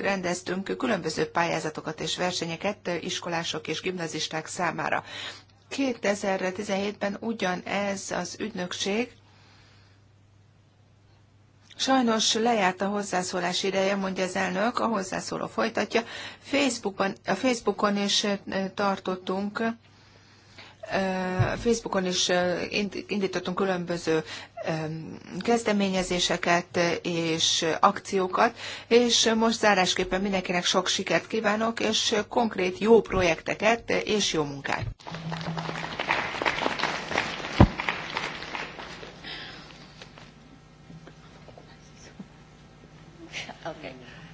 rendeztünk különböző pályázatokat és versenyeket iskolások és gimnazisták számára. 2017-ben ugyanez az ügynökség Sajnos lejárt a hozzászólás ideje, mondja az elnök, a hozzászóló folytatja. Facebookon, a Facebookon is tartottunk Facebookon is indítottunk különböző kezdeményezéseket és akciókat, és most zárásképpen mindenkinek sok sikert kívánok, és konkrét jó projekteket és jó munkát! Okay.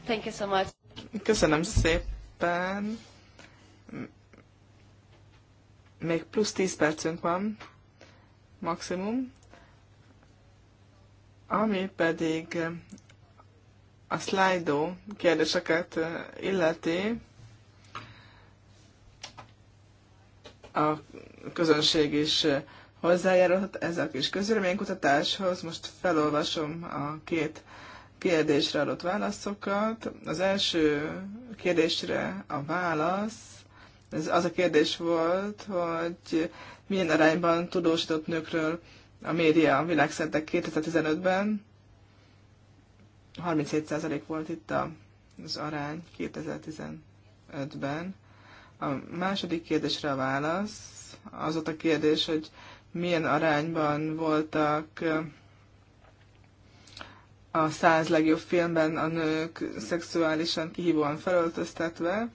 Thank you so much. Köszönöm szépen még plusz 10 percünk van maximum, ami pedig eh, a Slido kérdéseket eh, illeti, a közönség is eh, hozzájárulhat ez a kis közvéleménykutatáshoz. Most felolvasom a két kérdésre adott válaszokat. Az első kérdésre a válasz ez az a kérdés volt, hogy milyen arányban tudósított nőkről a média világszerte 2015-ben. 37% volt itt az arány 2015-ben. A második kérdésre a válasz az ott a kérdés, hogy milyen arányban voltak a száz legjobb filmben a nők szexuálisan kihívóan felöltöztetve.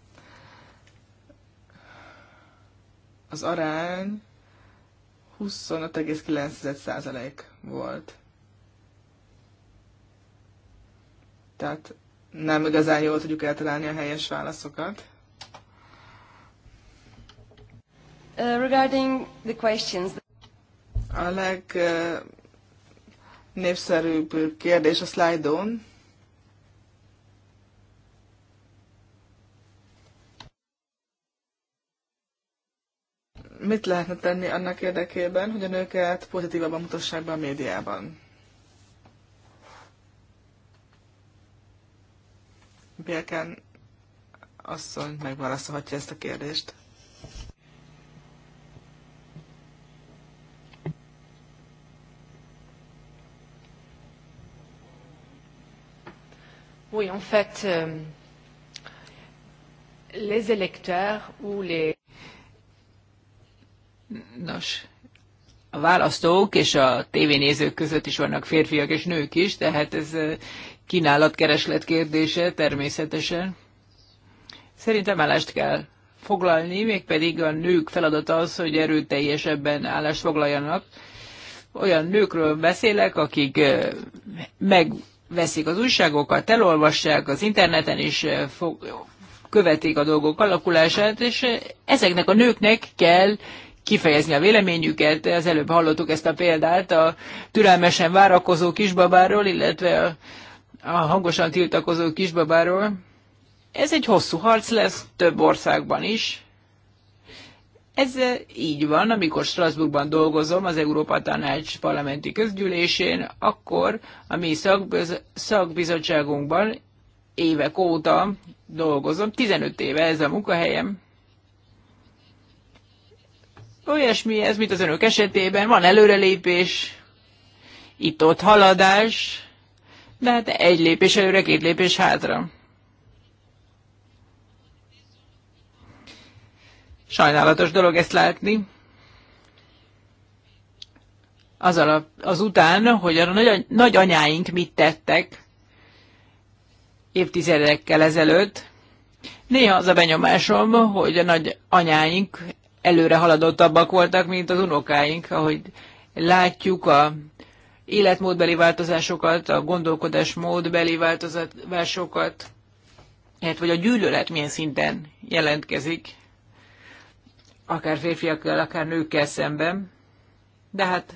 az arány 25,9% volt. Tehát nem igazán jól tudjuk eltalálni a helyes válaszokat. Uh, regarding the questions. A legnépszerűbb kérdés a slide-on. mit lehetne tenni annak érdekében, hogy a nőket pozitívabban mutassák be a médiában? Bélken asszony megválaszolhatja ezt a kérdést. Oui, en fait, euh, les électeurs ou les Nos, a választók és a tévénézők között is vannak férfiak és nők is, tehát ez kínálat-kereslet kérdése természetesen. Szerintem állást kell foglalni, mégpedig a nők feladata az, hogy erőteljesebben állást foglaljanak. Olyan nőkről beszélek, akik megveszik az újságokat, elolvassák az interneten, és követik a dolgok alakulását, és ezeknek a nőknek kell kifejezni a véleményüket. Az előbb hallottuk ezt a példát a türelmesen várakozó kisbabáról, illetve a, a hangosan tiltakozó kisbabáról. Ez egy hosszú harc lesz több országban is. Ez így van, amikor Strasbourgban dolgozom az Európa Tanács parlamenti közgyűlésén, akkor a mi szakbiz- szakbizottságunkban évek óta dolgozom, 15 éve ez a munkahelyem, Olyasmi ez, mint az önök esetében, van előrelépés, itt-ott haladás, de hát egy lépés előre, két lépés hátra. Sajnálatos dolog ezt látni. Az, alap, azután, hogy a nagy, nagyanyáink mit tettek évtizedekkel ezelőtt, néha az a benyomásom, hogy a nagy anyáink előre haladottabbak voltak, mint az unokáink, ahogy látjuk a életmódbeli változásokat, a gondolkodásmódbeli változásokat, illetve hogy a gyűlölet milyen szinten jelentkezik, akár férfiakkal, akár nőkkel szemben. De hát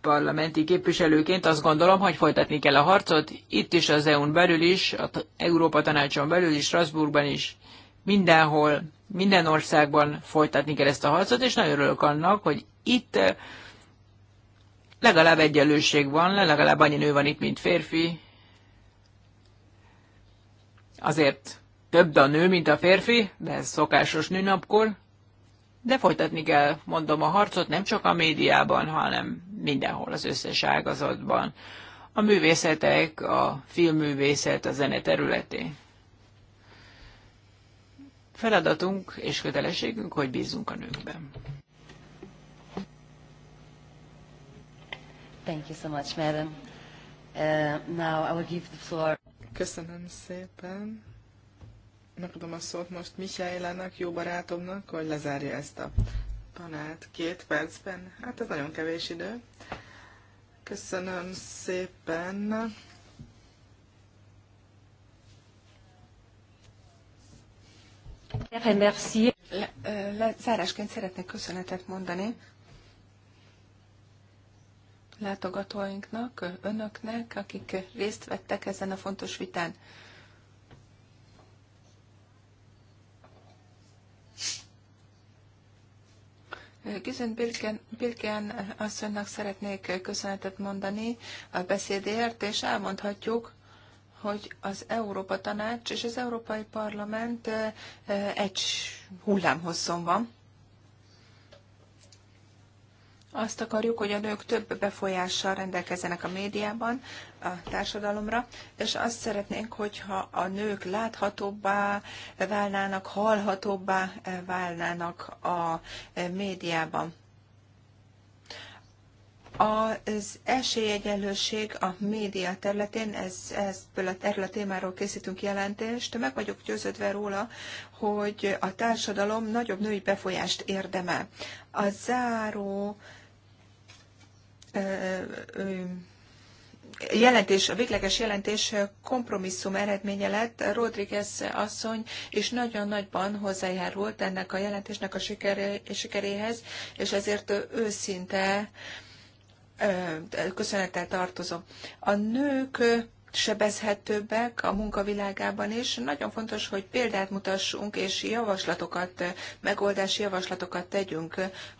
parlamenti képviselőként azt gondolom, hogy folytatni kell a harcot, itt is az EU-n belül is, az Európa Tanácson belül is, Strasbourgban is, mindenhol, minden országban folytatni kell ezt a harcot, és nagyon örülök annak, hogy itt eh, legalább egyenlőség van, legalább annyi nő van itt, mint férfi. Azért több a nő, mint a férfi, de ez szokásos nőnapkor. De folytatni kell, mondom, a harcot nem csak a médiában, hanem mindenhol, az összes ágazatban. A művészetek, a filmművészet, a zene területén. Feladatunk és kötelességünk, hogy bízzunk a nőkben. Thank you so much, madam. Uh, now I will give the floor. Köszönöm szépen. Megadom a szót most Michaelának, jó barátomnak, hogy lezárja ezt a panát két percben. Hát ez nagyon kevés idő. Köszönöm szépen. zárásként szeretnék köszönetet mondani látogatóinknak, önöknek, akik részt vettek ezen a fontos vitán. Gizen Birken, Birken asszonynak szeretnék köszönetet mondani a beszédért, és elmondhatjuk, hogy az Európa Tanács és az Európai Parlament egy hullámhosszon van. Azt akarjuk, hogy a nők több befolyással rendelkezzenek a médiában, a társadalomra, és azt szeretnénk, hogyha a nők láthatóbbá válnának, hallhatóbbá válnának a médiában. Az esélyegyenlőség a média területén, ez, ez, erről a témáról készítünk jelentést, meg vagyok győződve róla, hogy a társadalom nagyobb női befolyást érdemel. A záró ö, ö, jelentés, a végleges jelentés kompromisszum eredménye lett. Rodriguez asszony is nagyon nagyban hozzájárult ennek a jelentésnek a sikeré, sikeréhez, és ezért őszinte köszönettel tartozom. A nők sebezhetőbbek a munkavilágában is. Nagyon fontos, hogy példát mutassunk, és javaslatokat, megoldási javaslatokat tegyünk.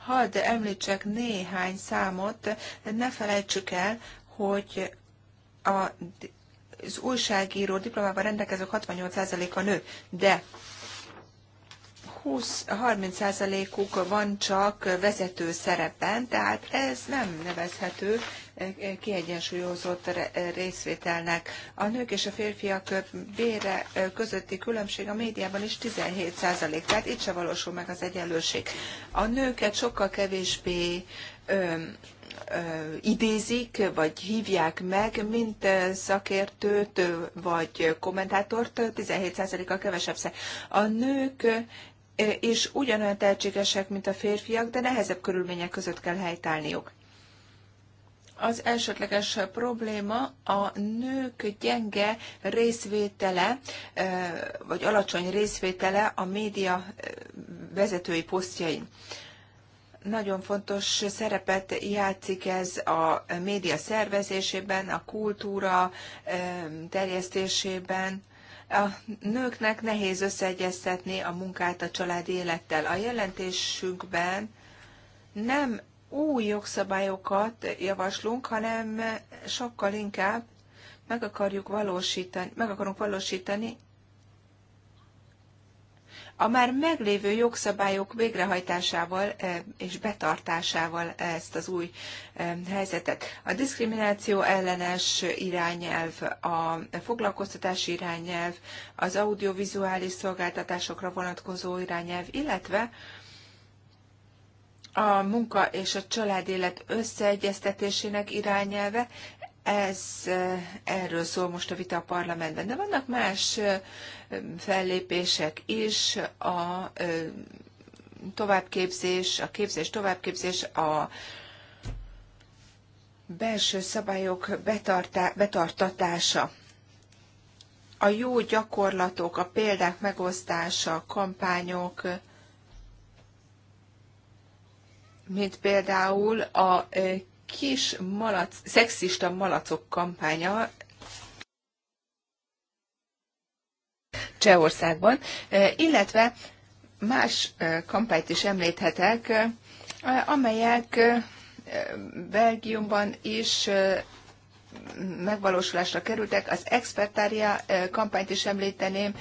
Hadd említsek néhány számot, ne felejtsük el, hogy a, az újságíró diplomával rendelkezők 68%-a nő, de 20-30%-uk van csak vezető szerepen, tehát ez nem nevezhető eh, eh, kiegyensúlyozott eh, részvételnek. A nők és a férfiak bére közötti különbség a médiában is 17%, tehát itt se valósul meg az egyenlőség. A nőket sokkal kevésbé ö, idézik, vagy hívják meg, mint szakértőt, vagy kommentátort, 17 a kevesebb. A nők és ugyanolyan tehetségesek, mint a férfiak, de nehezebb körülmények között kell helytállniuk. Az elsődleges probléma a nők gyenge részvétele, vagy alacsony részvétele a média vezetői posztjain. Nagyon fontos szerepet játszik ez a média szervezésében, a kultúra terjesztésében, a nőknek nehéz összeegyeztetni a munkát a családi élettel. A jelentésünkben nem új jogszabályokat javaslunk, hanem sokkal inkább meg akarjuk valósítani, meg akarunk valósítani a már meglévő jogszabályok végrehajtásával e, és betartásával ezt az új e, helyzetet. A diszkrimináció ellenes irányelv, a foglalkoztatási irányelv, az audiovizuális szolgáltatásokra vonatkozó irányelv, illetve a munka és a család élet összeegyeztetésének irányelve, ez, eh, erről szól most a vita a parlamentben, de vannak más eh, fellépések is, a eh, továbbképzés, a képzés továbbképzés, a belső szabályok betartá, betartatása, a jó gyakorlatok, a példák megosztása, kampányok, mint például a kis malac, szexista malacok kampánya Csehországban, e, illetve más e, kampányt is említhetek, e, amelyek Belgiumban is megvalósulásra kerültek. Az expertária kampányt is említeném,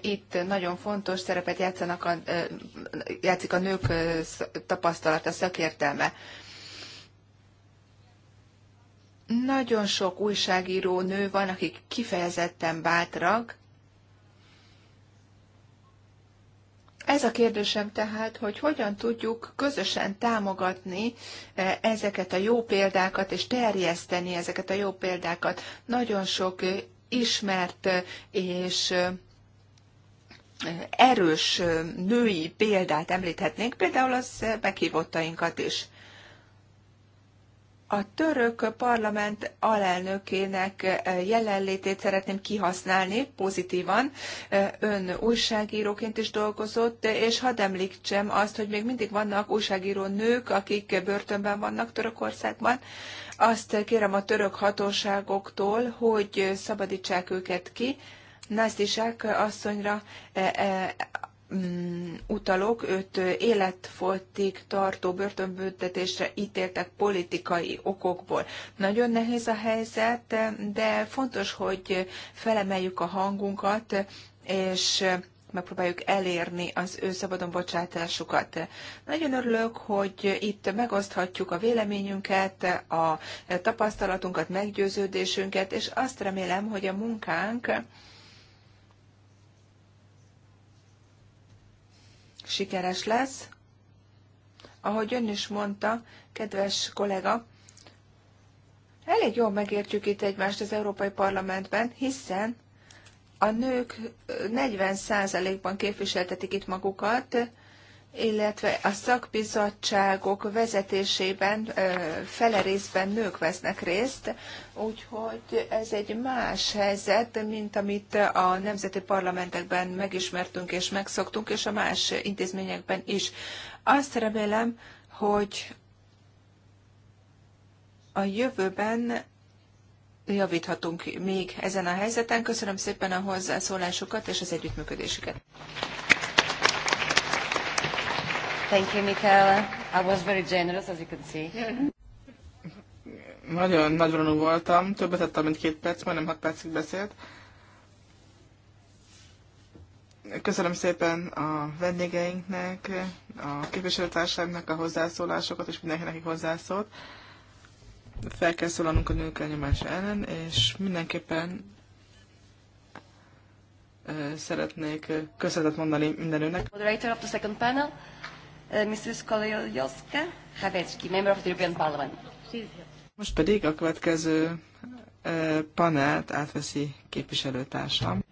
itt nagyon fontos szerepet játszanak a, játszik a nők tapasztalata, szakértelme. Nagyon sok újságíró nő van, akik kifejezetten bátrak. Ez a kérdésem tehát, hogy hogyan tudjuk közösen támogatni e, ezeket a jó példákat, és terjeszteni ezeket a jó példákat. Nagyon sok e, ismert e, és erős női példát említhetnénk, például az meghívottainkat is. A török parlament alelnökének eh, jelenlétét szeretném kihasználni pozitívan. Eh, ön újságíróként is dolgozott, és hadd említsem azt, hogy még mindig vannak újságíró nők, akik börtönben vannak Törökországban. Azt kérem a török hatóságoktól, hogy szabadítsák őket ki. Násztisák asszonyra eh, Mm, utalok, őt életfoltig tartó börtönbüntetésre ítéltek politikai okokból. Nagyon nehéz a helyzet, de fontos, hogy felemeljük a hangunkat, és megpróbáljuk elérni az ő szabadon bocsátásukat. Nagyon örülök, hogy itt megoszthatjuk a véleményünket, a tapasztalatunkat, meggyőződésünket, és azt remélem, hogy a munkánk sikeres lesz. Ahogy ön is mondta, kedves kollega, elég jól megértjük itt egymást az Európai Parlamentben, hiszen a nők 40%-ban képviseltetik itt magukat, illetve a szakbizottságok vezetésében fele részben nők vesznek részt, úgyhogy ez egy más helyzet, mint amit a nemzeti parlamentekben megismertünk és megszoktunk, és a más intézményekben is. Azt remélem, hogy a jövőben javíthatunk még ezen a helyzeten. Köszönöm szépen a hozzászólásokat és az együttműködésüket. Thank you, Michaela. I was very generous, as you can see. Nagyon nagyvonalú voltam, többet tettem, mint két perc, majdnem hat percig beszélt. Köszönöm szépen a vendégeinknek, a képviselőtársaimnak a hozzászólásokat, és mindenkinek, aki hozzászólt. Fel kell szólalnunk a nők elnyomása ellen, és mindenképpen szeretnék köszönetet mondani mindenőnek. Moderator of the second panel. Uh, Mrs. Kolejowska Havecki, Member of the European Parliament. Most pedig a következő uh, panelt átveszi képviselőtársam.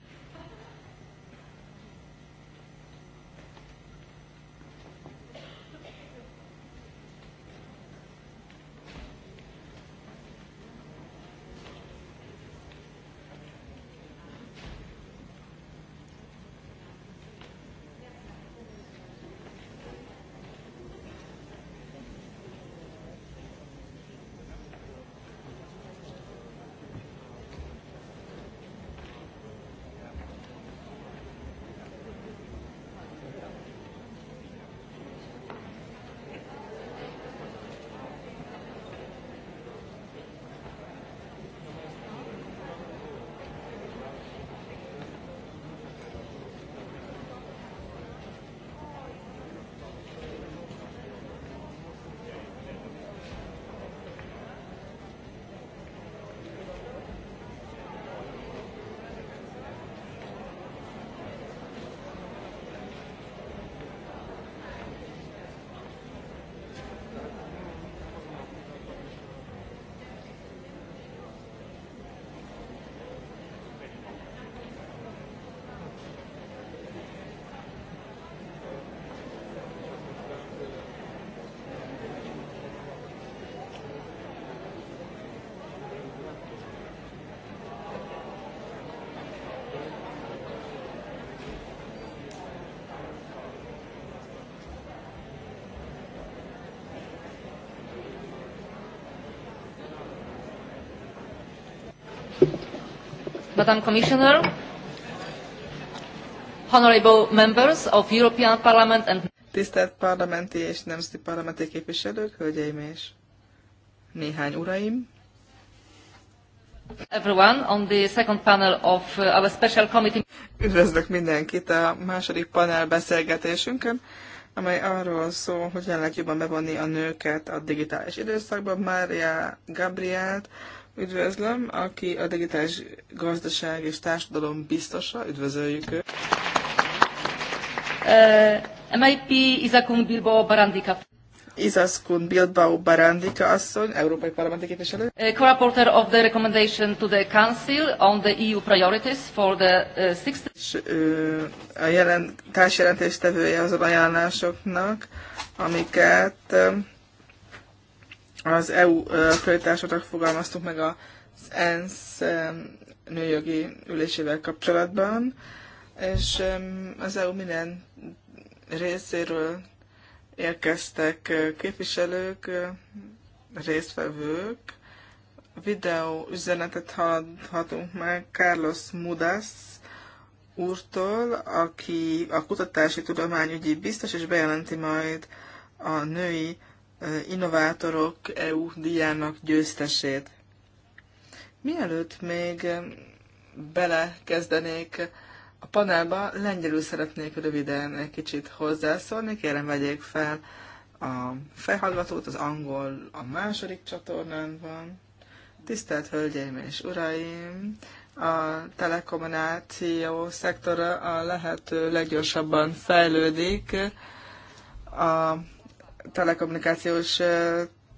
Madam Commissioner, honorable members of European Parliament and Tisztelt parlamenti és nemzeti parlamenti képviselők, hölgyeim és néhány uraim. Everyone on the second panel of uh, our special committee. Üdvözlök mindenkit a második panel beszélgetésünkön, amely arról szól, hogy jelenleg jobban bevonni a nőket a digitális időszakban. Mária Gabrielt, Üdvözlöm, aki a digitális gazdaság és társadalom biztosa, üdvözöljük őt. Uh, MIP Izakun Bilbao Barandika. Izaskun Bilbao Barandika asszony, Európai Parlamenti képviselő. Uh, Co-rapporteur of the recommendation to the Council on the EU priorities for the uh, sixth... És, uh, a jelen, társjelentéstevője az ajánlásoknak, amiket uh, az EU prioritásokat fogalmaztuk meg az ENSZ nőjogi ülésével kapcsolatban, és az EU minden részéről érkeztek képviselők, résztvevők. Videó üzenetet hallhatunk meg Carlos Mudas úrtól, aki a kutatási tudományügyi biztos, és bejelenti majd a női Innovátorok EU díjának győztesét. Mielőtt még belekezdenék a panelba, lengyelül szeretnék röviden egy kicsit hozzászólni. Kérem, vegyék fel a felhallgatót, az angol a második csatornán van. Tisztelt Hölgyeim és Uraim! a telekommunikáció szektora a lehető leggyorsabban fejlődik. A telekommunikációs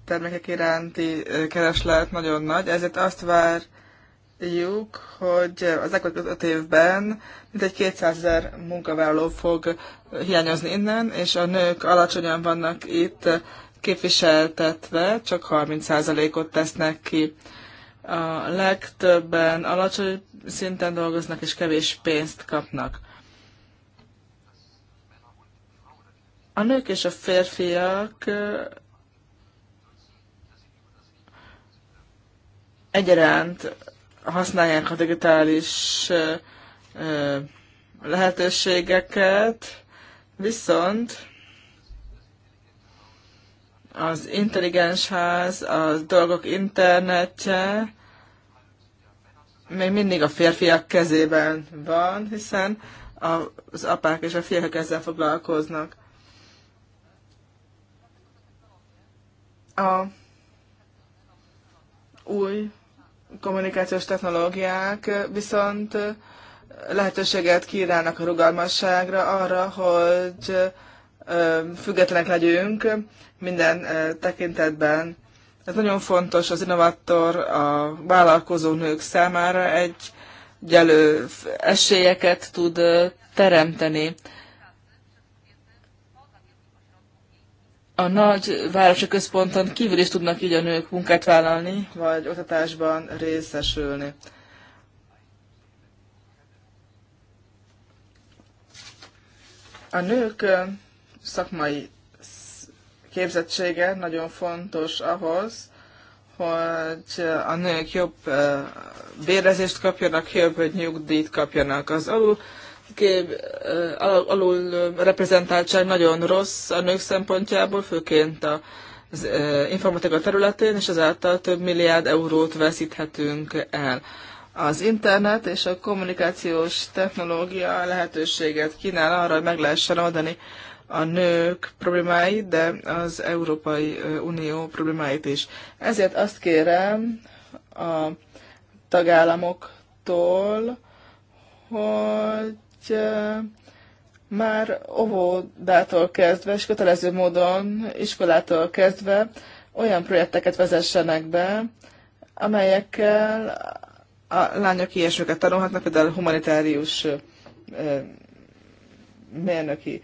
termékek iránti kereslet nagyon nagy, ezért azt várjuk, hogy az elkövetkező öt évben mintegy 200 ezer munkavállaló fog hiányozni innen, és a nők alacsonyan vannak itt képviseltetve, csak 30%-ot tesznek ki. A legtöbben alacsony szinten dolgoznak és kevés pénzt kapnak. A nők és a férfiak egyaránt használják a digitális lehetőségeket, viszont az intelligens ház, a dolgok internetje még mindig a férfiak kezében van, hiszen az apák és a fiak ezzel foglalkoznak. a új kommunikációs technológiák viszont lehetőséget kínálnak a rugalmasságra arra, hogy függetlenek legyünk minden tekintetben. Ez nagyon fontos az innovátor, a vállalkozó nők számára egy gyelő esélyeket tud teremteni. a nagy városi központon kívül is tudnak így a nők munkát vállalni, vagy oktatásban részesülni. A nők szakmai képzettsége nagyon fontos ahhoz, hogy a nők jobb bérezést kapjanak, jobb nyugdíjt kapjanak. Az alul kép, alul reprezentáltság nagyon rossz a nők szempontjából, főként a az informatika területén, és ezáltal több milliárd eurót veszíthetünk el. Az internet és a kommunikációs technológia lehetőséget kínál arra, hogy meg lehessen oldani a nők problémáit, de az Európai Unió problémáit is. Ezért azt kérem a tagállamoktól, hogy már óvodától kezdve és kötelező módon iskolától kezdve olyan projekteket vezessenek be, amelyekkel a lányok ilyesmiket tanulhatnak, például humanitárius mérnöki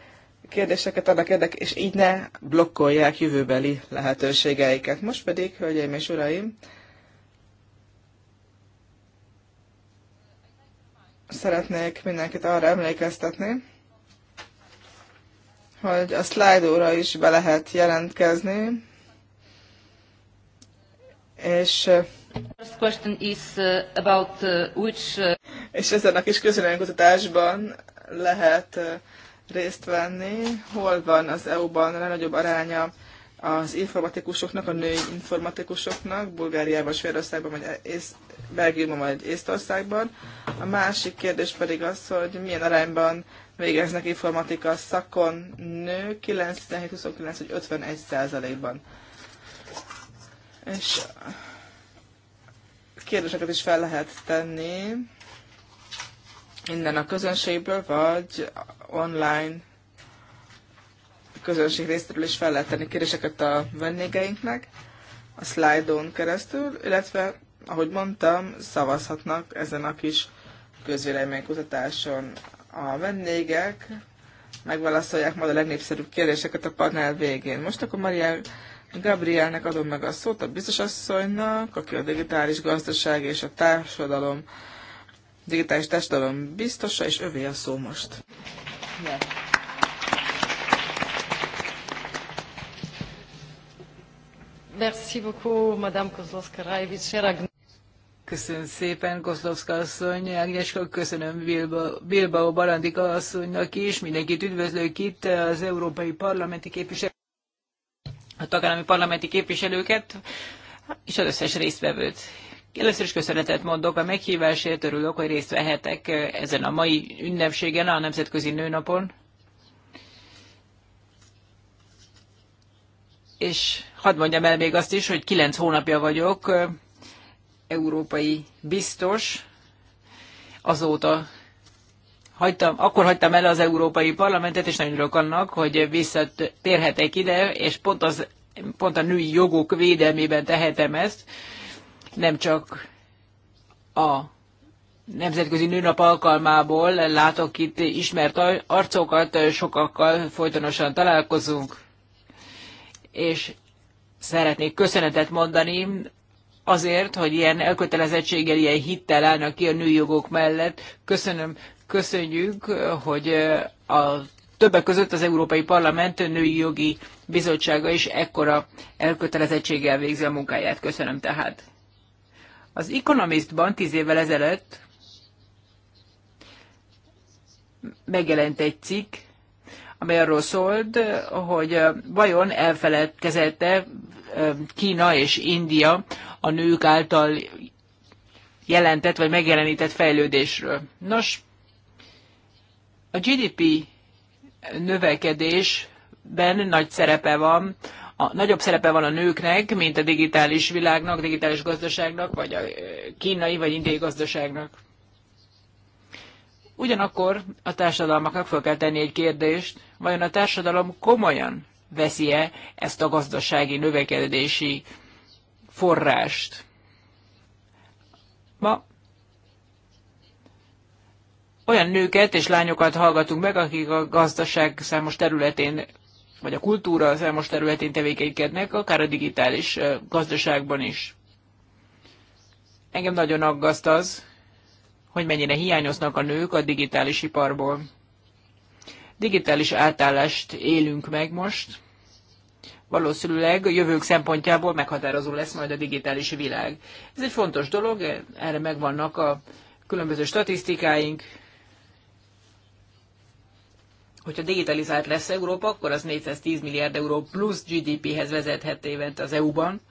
kérdéseket adnak érdek, és így ne blokkolják jövőbeli lehetőségeiket. Most pedig, hölgyeim és uraim, szeretnék mindenkit arra emlékeztetni, hogy a Slido-ra is be lehet jelentkezni, és First question is about which... És ezen a kis közönkutatásban lehet részt venni, hol van az EU-ban a legnagyobb aránya az informatikusoknak, a női informatikusoknak, Bulgáriában, Svédországban, vagy ész, Belgiumban, vagy Észtországban. A másik kérdés pedig az, hogy milyen arányban végeznek informatika szakon nő 97-29 vagy 51 százalékban. És kérdéseket is fel lehet tenni innen a közönségből, vagy online közönség részéről is fel lehet tenni kéréseket a vendégeinknek a slide-on keresztül, illetve, ahogy mondtam, szavazhatnak ezen a kis közvéleménykutatáson a vendégek, megválaszolják majd a legnépszerűbb kérdéseket a panel végén. Most akkor Maria Gabrielnek adom meg a szót, a biztosasszonynak, aki a digitális gazdaság és a társadalom, digitális társadalom biztosa, és övé a szó most. Yeah. Merci beaucoup, Madame kozlovska Köszönöm szépen, Koszlovszka asszony, Agnieszka, köszönöm Bilba, Bilbao Barandika asszonynak is, mindenkit üdvözlök itt, az európai parlamenti a tagállami parlamenti képviselőket, és az összes résztvevőt. Először is köszönetet mondok a meghívásért, örülök, hogy részt vehetek ezen a mai ünnepségen, a Nemzetközi Nőnapon. és hadd mondjam el még azt is, hogy kilenc hónapja vagyok európai biztos, azóta hagytam, akkor hagytam el az Európai Parlamentet, és nagyon örülök annak, hogy visszatérhetek ide, és pont, az, pont a női jogok védelmében tehetem ezt, nem csak a Nemzetközi Nőnap alkalmából látok itt ismert arcokat, sokakkal folytonosan találkozunk és szeretnék köszönetet mondani azért, hogy ilyen elkötelezettséggel, ilyen hittel állnak ki a nőjogok mellett. Köszönöm, köszönjük, hogy eh, a többek között az Európai Parlament Női Jogi Bizottsága is ekkora elkötelezettséggel végzi a munkáját. Köszönöm tehát. Az Economistban tíz évvel ezelőtt megjelent egy cikk, amely arról szólt, hogy vajon elfeledkezette Kína és India a nők által jelentett vagy megjelenített fejlődésről. Nos, a GDP növekedésben nagy szerepe van, a, nagyobb szerepe van a nőknek, mint a digitális világnak, digitális gazdaságnak, vagy a kínai vagy indiai gazdaságnak. Ugyanakkor a társadalmaknak fel kell tenni egy kérdést, vajon a társadalom komolyan veszi-e ezt a gazdasági növekedési forrást. Ma olyan nőket és lányokat hallgatunk meg, akik a gazdaság számos területén, vagy a kultúra számos területén tevékenykednek, akár a digitális gazdaságban is. Engem nagyon aggaszt az, hogy mennyire hiányoznak a nők a digitális iparból. Digitális átállást élünk meg most. Valószínűleg a jövők szempontjából meghatározó lesz majd a digitális világ. Ez egy fontos dolog, erre megvannak a különböző statisztikáink, hogyha digitalizált lesz Európa, akkor az 410 milliárd euró plusz GDP-hez vezethet évente az EU-ban.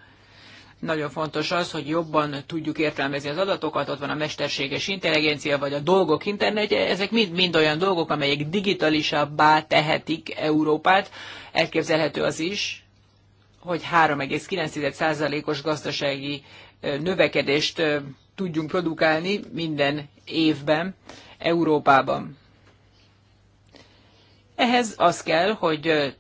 Nagyon fontos az, hogy jobban tudjuk értelmezni az adatokat, ott van a mesterséges intelligencia, vagy a dolgok internetje, ezek mind-mind olyan dolgok, amelyek digitalisabbá tehetik Európát. Elképzelhető az is, hogy 3,9%-os gazdasági növekedést tudjunk produkálni minden évben Európában. Ehhez az kell, hogy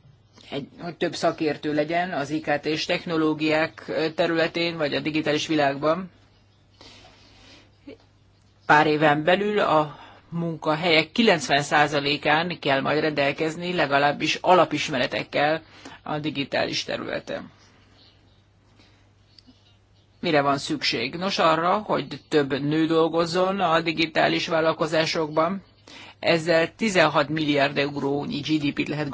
egy, hogy több szakértő legyen az IKT és technológiák területén, vagy a digitális világban. Pár éven belül a munkahelyek 90%-án kell majd rendelkezni legalábbis alapismeretekkel a digitális területen. Mire van szükség? Nos, arra, hogy több nő dolgozzon a digitális vállalkozásokban, ezzel 16 milliárd eurónyi GDP-t lehet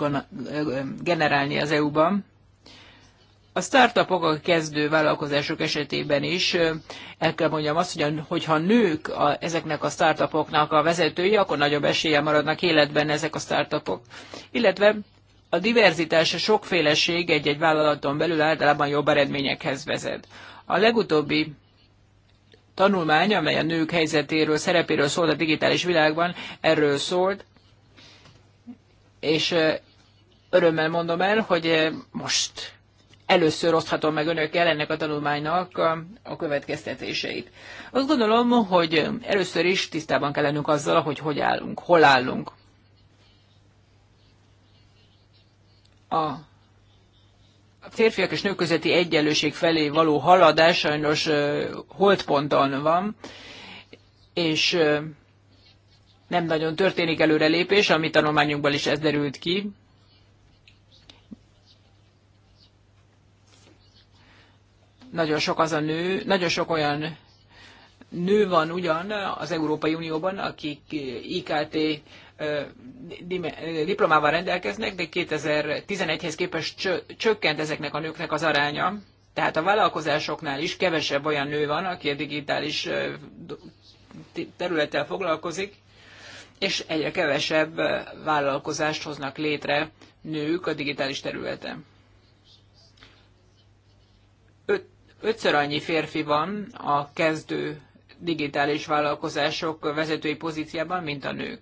generálni az EU-ban. A startupok, a kezdő vállalkozások esetében is el kell mondjam azt, hogy ha nők a, ezeknek a startupoknak a vezetői, akkor nagyobb esélye maradnak életben ezek a startupok. Illetve a diverzitás, a sokféleség egy-egy vállalaton belül általában jobb eredményekhez vezet. A legutóbbi tanulmány, amely a nők helyzetéről, szerepéről szólt a digitális világban, erről szólt, és örömmel mondom el, hogy most először oszthatom meg önökkel ennek a tanulmánynak a következtetéseit. Azt gondolom, hogy először is tisztában kell lennünk azzal, hogy hogy állunk, hol állunk. A férfiak és nők közötti egyenlőség felé való haladás sajnos holdponton van, és nem nagyon történik előrelépés, ami tanulmányunkból is ez derült ki. Nagyon sok az a nő, nagyon sok olyan nő van ugyan az Európai Unióban, akik IKT diplomával rendelkeznek, de 2011-hez képest csökkent ezeknek a nőknek az aránya. Tehát a vállalkozásoknál is kevesebb olyan nő van, aki a digitális területtel foglalkozik, és egyre kevesebb vállalkozást hoznak létre nők a digitális területen. Öt, ötször annyi férfi van a kezdő digitális vállalkozások vezetői pozíciában, mint a nők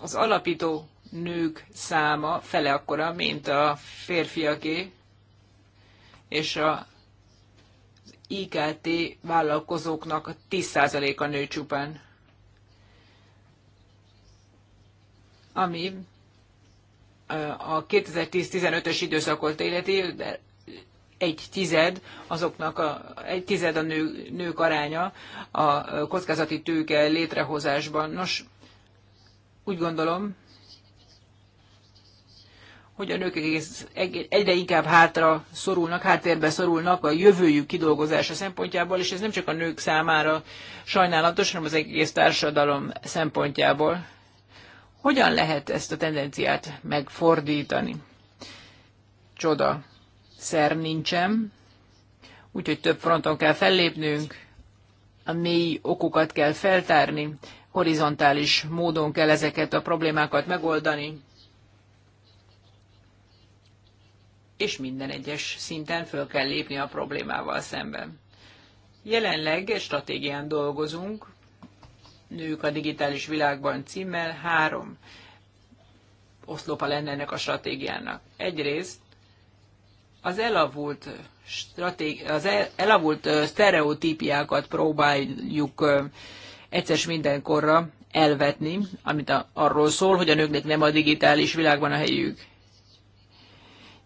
az alapító nők száma fele akkora, mint a férfiaké, és a IKT vállalkozóknak a 10%-a nő csupán. Ami a 2010-15-ös időszakot életi, de egy tized, azoknak a, egy tized a nő, nők aránya a kockázati tőke létrehozásban. Nos, úgy gondolom, hogy a nők egész, egyre inkább hátra szorulnak, háttérbe szorulnak a jövőjük kidolgozása szempontjából, és ez nem csak a nők számára sajnálatos, hanem az egész társadalom szempontjából. Hogyan lehet ezt a tendenciát megfordítani? Csoda szer nincsen, úgyhogy több fronton kell fellépnünk, a mély okokat kell feltárni, horizontális módon kell ezeket a problémákat megoldani, és minden egyes szinten föl kell lépni a problémával szemben. Jelenleg egy stratégián dolgozunk, Nők a digitális világban címmel három oszlopa lenne ennek a stratégiának. Egyrészt az elavult, stratégi- az elavult sztereotípiákat próbáljuk egyszer mindenkorra elvetni, amit a, arról szól, hogy a nőknek nem a digitális világban a helyük.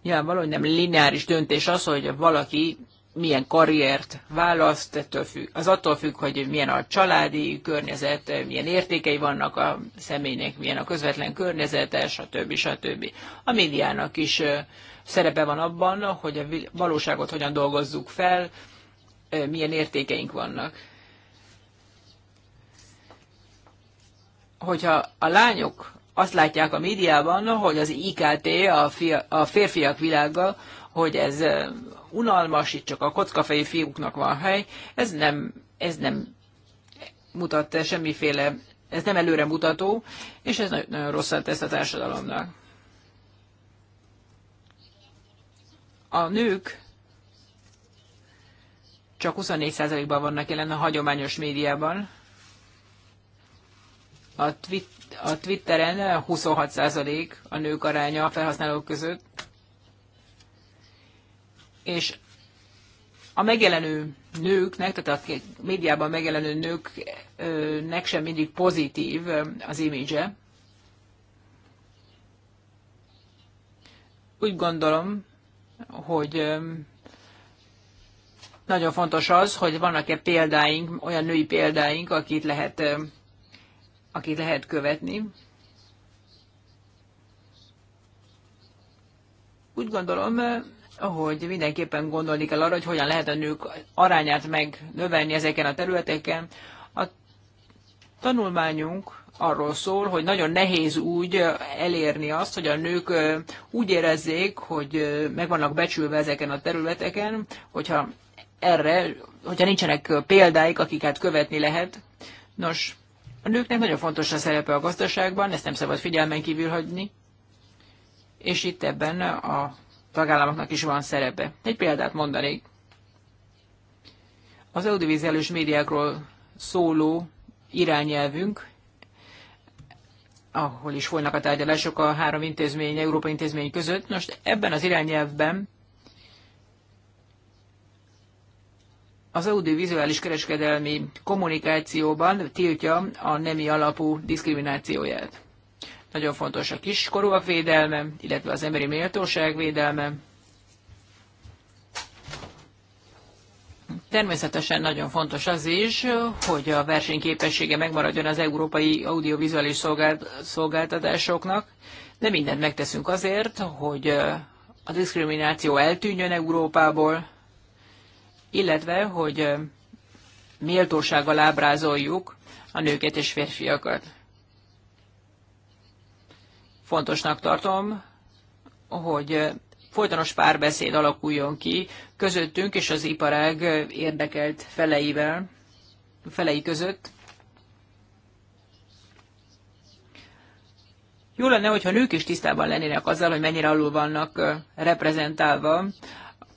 valahogy nem lineáris döntés az, hogy valaki milyen karriert választ, ettől függ, az attól függ, hogy milyen a családi környezet, milyen értékei vannak a személynek, milyen a közvetlen környezete, stb. stb. A médiának is szerepe van abban, hogy a valóságot hogyan dolgozzuk fel, milyen értékeink vannak. hogyha a lányok azt látják a médiában, hogy az IKT a, fia, a férfiak világa, hogy ez unalmas, itt csak a kockafejű fiúknak van hely, ez nem, ez nem mutat semmiféle, ez nem előre mutató, és ez nagyon, nagyon rosszat tesz a társadalomnak. A nők csak 24%-ban vannak jelen a hagyományos médiában, a, twit a Twitteren 26% eh, a nők aránya a felhasználók között, és a megjelenő nőknek, tehát a médiában megjelenő nőknek sem mindig pozitív eh, az imidzse. Úgy gondolom, hogy eh, nagyon fontos az, hogy vannak-e példáink, olyan női példáink, akit lehet akit lehet követni. Úgy gondolom, hogy mindenképpen gondolni kell arra, hogy hogyan lehet a nők arányát megnövelni ezeken a területeken. A tanulmányunk arról szól, hogy nagyon nehéz úgy elérni azt, hogy a nők úgy érezzék, hogy meg vannak becsülve ezeken a területeken, hogyha erre, hogyha nincsenek példáik, akiket követni lehet. Nos, a nőknek nagyon fontos a szerepe a gazdaságban, ezt nem szabad figyelmen kívül hagyni, és itt ebben a tagállamoknak is van szerepe. Egy példát mondanék. Az audiovizuális médiákról szóló irányelvünk, ahol is folynak a tárgyalások a három intézmény, Európa intézmény között. Most ebben az irányelvben az audiovizuális kereskedelmi kommunikációban tiltja a nemi alapú diszkriminációját. Nagyon fontos a kiskorúak védelme, illetve az emberi méltóság védelme. Természetesen nagyon fontos az is, hogy a versenyképessége megmaradjon az európai audiovizuális szolgáltatásoknak, de mindent megteszünk azért, hogy a diszkrimináció eltűnjön Európából, illetve hogy méltósággal ábrázoljuk a nőket és férfiakat. Fontosnak tartom, hogy folytonos párbeszéd alakuljon ki közöttünk és az iparág érdekelt feleivel, felei között. Jó lenne, hogyha nők is tisztában lennének azzal, hogy mennyire alul vannak reprezentálva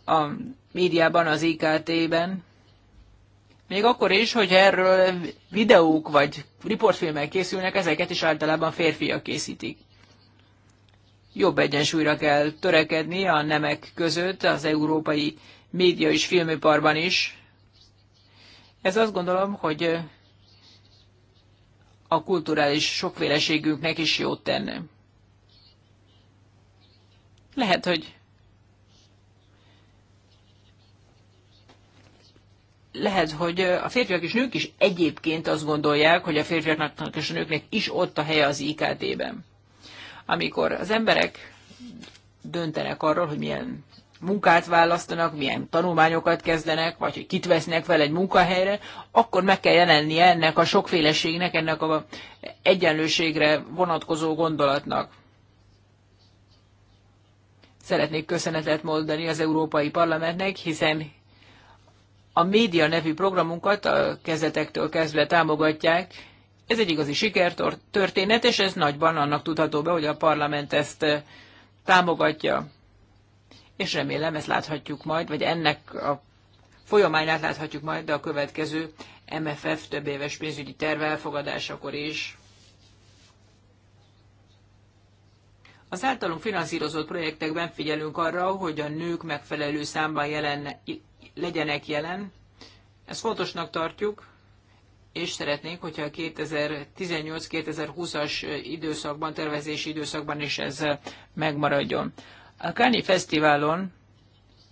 a médiában, az IKT-ben. Még akkor is, hogy erről videók vagy riportfilmek készülnek, ezeket is általában férfiak készítik. Jobb egyensúlyra kell törekedni a nemek között, az európai média és filmiparban is. Ez azt gondolom, hogy a kulturális sokféleségünknek is jót tenne. Lehet, hogy lehet, hogy a férfiak és nők is egyébként azt gondolják, hogy a férfiaknak és a nőknek is ott a helye az IKT-ben. Amikor az emberek döntenek arról, hogy milyen munkát választanak, milyen tanulmányokat kezdenek, vagy hogy kit vesznek fel egy munkahelyre, akkor meg kell jelennie ennek a sokféleségnek, ennek a egyenlőségre vonatkozó gondolatnak. Szeretnék köszönetet mondani az Európai Parlamentnek, hiszen a média nevű programunkat a kezetektől kezdve támogatják. Ez egy igazi sikertörténet, és ez nagyban annak tudható be, hogy a parlament ezt támogatja. És remélem, ezt láthatjuk majd, vagy ennek a folyamányát láthatjuk majd De a következő MFF több éves pénzügyi terve elfogadásakor is. Az általunk finanszírozott projektekben figyelünk arra, hogy a nők megfelelő számban jelen, legyenek jelen. Ezt fontosnak tartjuk, és szeretnénk, hogyha a 2018-2020-as időszakban, tervezési időszakban is ez megmaradjon. A Káni Fesztiválon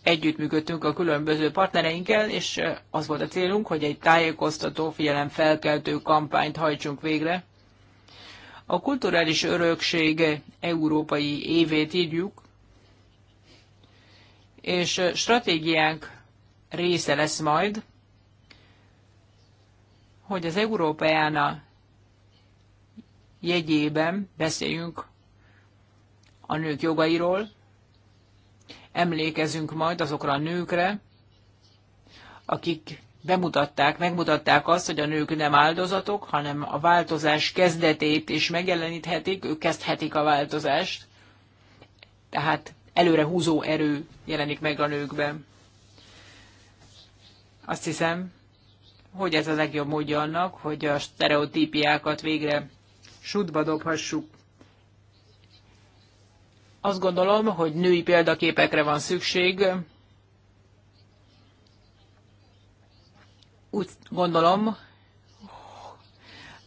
együttműködtünk a különböző partnereinkkel, és az volt a célunk, hogy egy tájékoztató, figyelemfelkeltő kampányt hajtsunk végre. A kulturális örökség európai évét írjuk, és stratégiánk része lesz majd, hogy az a jegyében beszéljünk a nők jogairól, emlékezünk majd azokra a nőkre, akik bemutatták, megmutatták azt, hogy a nők nem áldozatok, hanem a változás kezdetét is megjeleníthetik, ők kezdhetik a változást. Tehát előre húzó erő jelenik meg a nőkben. Azt hiszem, hogy ez a legjobb módja annak, hogy a sztereotípiákat végre sútba dobhassuk. Azt gondolom, hogy női példaképekre van szükség. Úgy gondolom,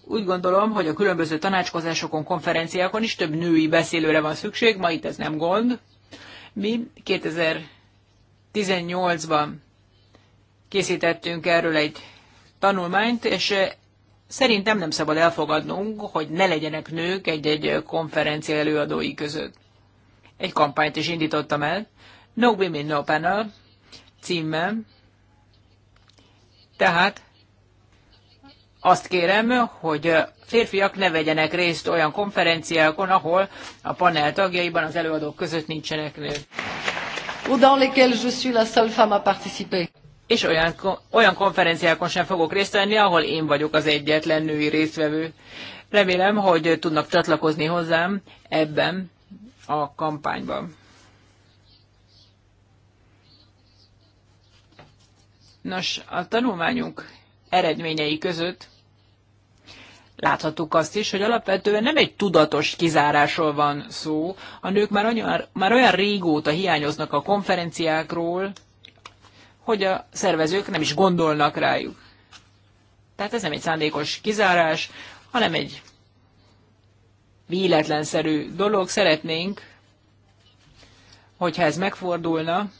úgy gondolom, hogy a különböző tanácskozásokon, konferenciákon is több női beszélőre van szükség, ma itt ez nem gond. Mi 2018-ban készítettünk erről egy tanulmányt, és eh, szerintem nem szabad elfogadnunk, hogy ne legyenek nők egy-egy eh, konferencia előadói között. Egy kampányt is indítottam el, No Women No Panel címmel. Tehát azt kérem, hogy eh, férfiak ne vegyenek részt olyan konferenciákon, ahol a panel tagjaiban az előadók között nincsenek nők. Ou dans lesquels je suis la seule femme à participer és olyan, olyan konferenciákon sem fogok részt venni, ahol én vagyok az egyetlen női résztvevő. Remélem, hogy tudnak csatlakozni hozzám ebben a kampányban. Nos, a tanulmányunk eredményei között láthattuk azt is, hogy alapvetően nem egy tudatos kizárásról van szó. A nők már, olyan, már olyan régóta hiányoznak a konferenciákról, hogy a szervezők nem is gondolnak rájuk. Tehát ez nem egy szándékos kizárás, hanem egy véletlenszerű dolog. Szeretnénk, hogyha ez megfordulna,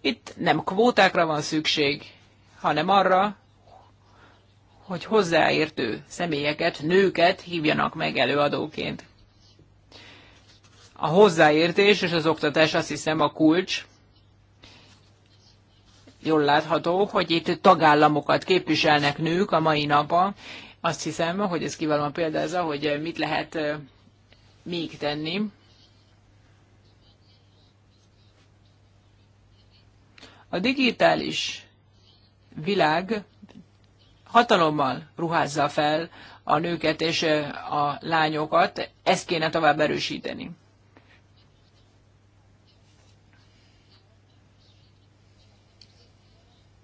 itt nem kvótákra van szükség, hanem arra, hogy hozzáértő személyeket, nőket hívjanak meg előadóként. A hozzáértés és az oktatás azt hiszem a kulcs jól látható, hogy itt tagállamokat képviselnek nők a mai napon. Azt hiszem, hogy ez kiválóan az, hogy mit lehet még tenni. A digitális világ hatalommal ruházza fel a nőket és a lányokat, ezt kéne tovább erősíteni.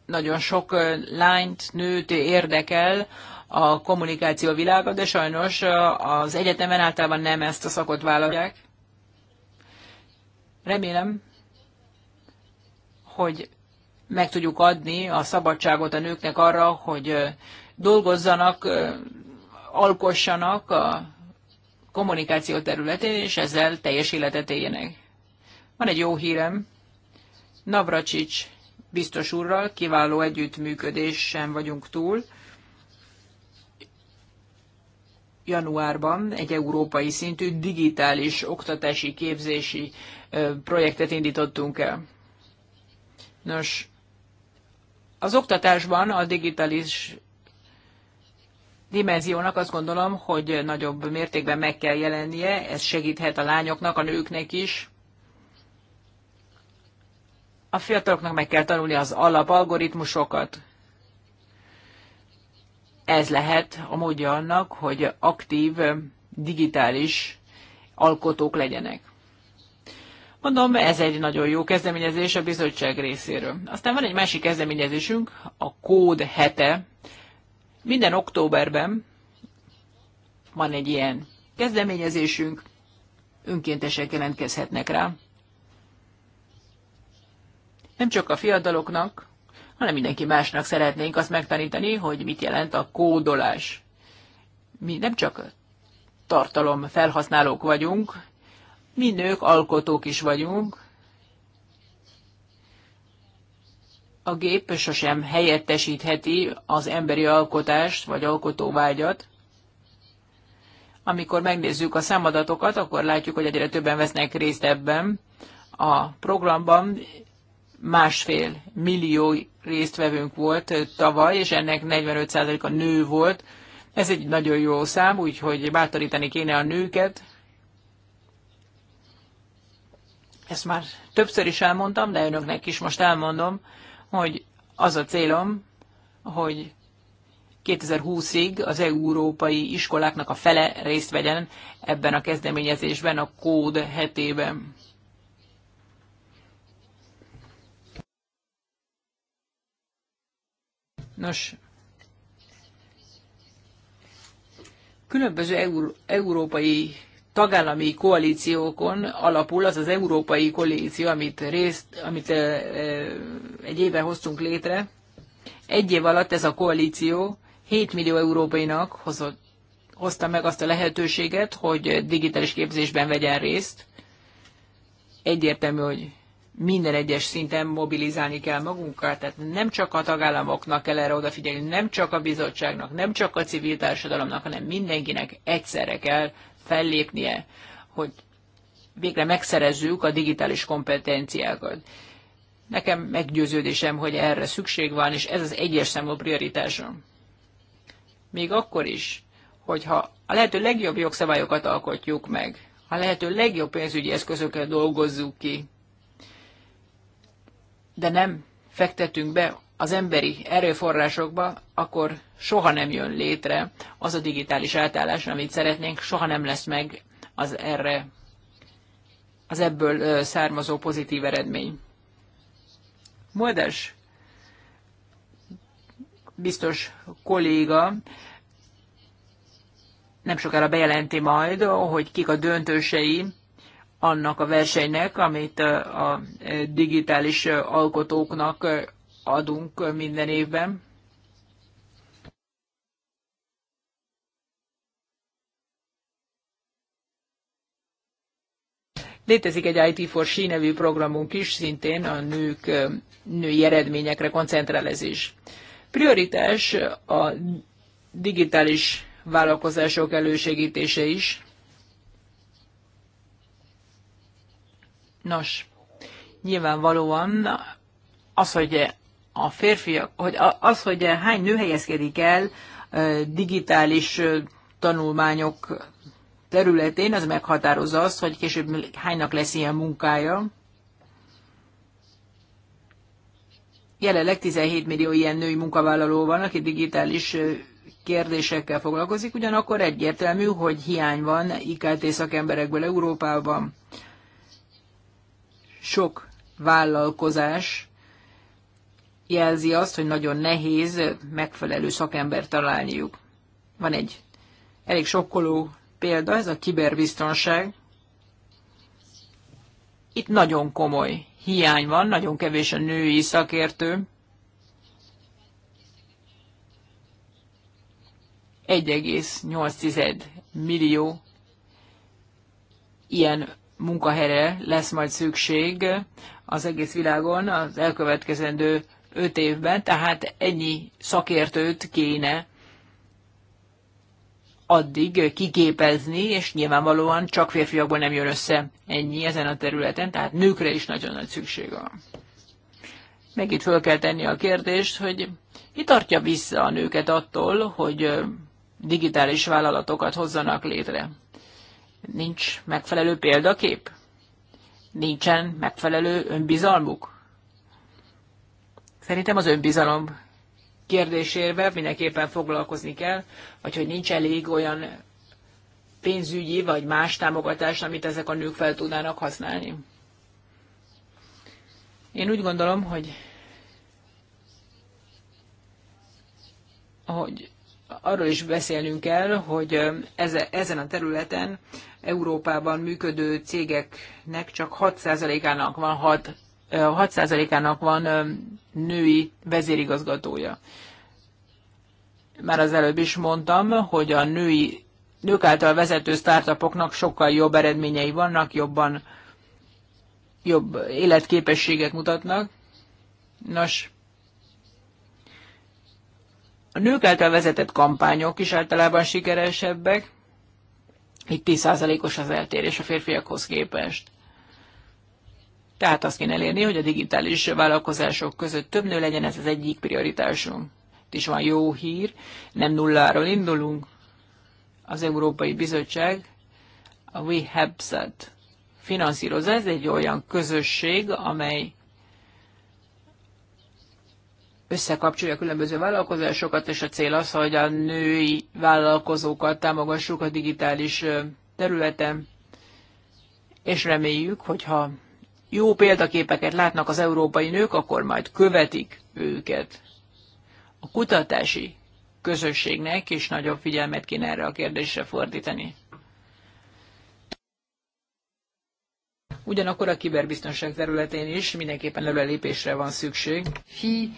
nagyon sok lányt, nőt érdekel a kommunikáció világa, de sajnos az egyetemen általában nem ezt a szakot vállalják. Remélem, hogy meg tudjuk adni a szabadságot a nőknek arra, hogy dolgozzanak, alkossanak a kommunikáció területén, és ezzel teljes életet éljenek. Van egy jó hírem. Navracsics biztos úrral, kiváló együttműködésen vagyunk túl. Januárban egy európai szintű digitális oktatási képzési projektet indítottunk el. Nos, az oktatásban a digitális dimenziónak azt gondolom, hogy nagyobb mértékben meg kell jelennie, ez segíthet a lányoknak, a nőknek is, a fiataloknak meg kell tanulni az alapalgoritmusokat. Ez lehet a módja annak, hogy aktív, digitális alkotók legyenek. Mondom, ez egy nagyon jó kezdeményezés a bizottság részéről. Aztán van egy másik kezdeményezésünk, a Kód hete. Minden októberben van egy ilyen kezdeményezésünk, önkéntesek jelentkezhetnek rá. Nem csak a fiataloknak, hanem mindenki másnak szeretnénk azt megtanítani, hogy mit jelent a kódolás. Mi nem csak tartalom felhasználók vagyunk, mi nők alkotók is vagyunk. A gép sosem helyettesítheti az emberi alkotást vagy alkotóvágyat. Amikor megnézzük a számadatokat, akkor látjuk, hogy egyre többen vesznek részt ebben a programban, másfél millió résztvevőnk volt tavaly, és ennek 45%-a nő volt. Ez egy nagyon jó szám, úgyhogy bátorítani kéne a nőket. Ezt már többször is elmondtam, de önöknek is most elmondom, hogy az a célom, hogy 2020-ig az európai iskoláknak a fele részt vegyen ebben a kezdeményezésben, a kód hetében. Nos, különböző euró, európai tagállami koalíciókon alapul az az európai koalíció, amit, részt, amit egy éve hoztunk létre. Egy év alatt ez a koalíció 7 millió európainak hozott, hozta meg azt a lehetőséget, hogy digitális képzésben vegyen részt. Egyértelmű, hogy minden egyes szinten mobilizálni kell magunkat, tehát nem csak a tagállamoknak kell erre odafigyelni, nem csak a bizottságnak, nem csak a civil társadalomnak, hanem mindenkinek egyszerre kell fellépnie, hogy végre megszerezzük a digitális kompetenciákat. Nekem meggyőződésem, hogy erre szükség van, és ez az egyes számú prioritásom. Még akkor is, hogyha a lehető legjobb jogszabályokat alkotjuk meg, a lehető legjobb pénzügyi eszközöket dolgozzuk ki, de nem fektetünk be az emberi erőforrásokba, akkor soha nem jön létre az a digitális átállás, amit szeretnénk, soha nem lesz meg az erre, az ebből származó pozitív eredmény. Moldes biztos kolléga nem sokára bejelenti majd, hogy kik a döntősei annak a versenynek, amit a digitális alkotóknak adunk minden évben. Létezik egy IT for She nevű programunk is, szintén a nők, női eredményekre koncentrál ez is. Prioritás a digitális vállalkozások elősegítése is. Nos, nyilvánvalóan az, hogy a férfiak, hogy az, hogy hány nő helyezkedik el digitális tanulmányok területén, az meghatározza azt, hogy később hánynak lesz ilyen munkája. Jelenleg 17 millió ilyen női munkavállaló van, aki digitális kérdésekkel foglalkozik, ugyanakkor egyértelmű, hogy hiány van IKT szakemberekből Európában sok vállalkozás jelzi azt, hogy nagyon nehéz megfelelő szakembert találniuk. Van egy elég sokkoló példa, ez a kiberbiztonság. Itt nagyon komoly hiány van, nagyon kevés a női szakértő. Egy egész millió ilyen munkahelyre lesz majd szükség az egész világon az elkövetkezendő öt évben, tehát ennyi szakértőt kéne addig kiképezni, és nyilvánvalóan csak férfiakból nem jön össze ennyi ezen a területen, tehát nőkre is nagyon nagy szükség van. Megint föl kell tenni a kérdést, hogy mi tartja vissza a nőket attól, hogy digitális vállalatokat hozzanak létre. Nincs megfelelő példakép? Nincsen megfelelő önbizalmuk? Szerintem az önbizalom kérdésérve mindenképpen foglalkozni kell, vagy hogy nincs elég olyan pénzügyi vagy más támogatás, amit ezek a nők fel tudnának használni. Én úgy gondolom, hogy, hogy arról is beszélnünk kell, hogy ezen a területen Európában működő cégeknek csak 6%-ának van, 6, 6%-ának van női vezérigazgatója. Már az előbb is mondtam, hogy a női, nők által vezető startupoknak sokkal jobb eredményei vannak, jobban jobb életképességet mutatnak. Nos, a nők által vezetett kampányok is általában sikeresebbek, így 10%-os az eltérés a férfiakhoz képest. Tehát azt kéne elérni, hogy a digitális vállalkozások között több nő legyen, ez az egyik prioritásunk. Itt is van jó hír, nem nulláról indulunk. Az Európai Bizottság a WeHabSat finanszírozza. Ez egy olyan közösség, amely összekapcsolja a különböző vállalkozásokat, és a cél az, hogy a női vállalkozókat támogassuk a digitális területen, és reméljük, hogyha jó példaképeket látnak az európai nők, akkor majd követik őket. A kutatási közösségnek is nagyobb figyelmet kéne erre a kérdésre fordítani. Ugyanakkor a kiberbiztonság területén is mindenképpen előrelépésre van szükség. Hi.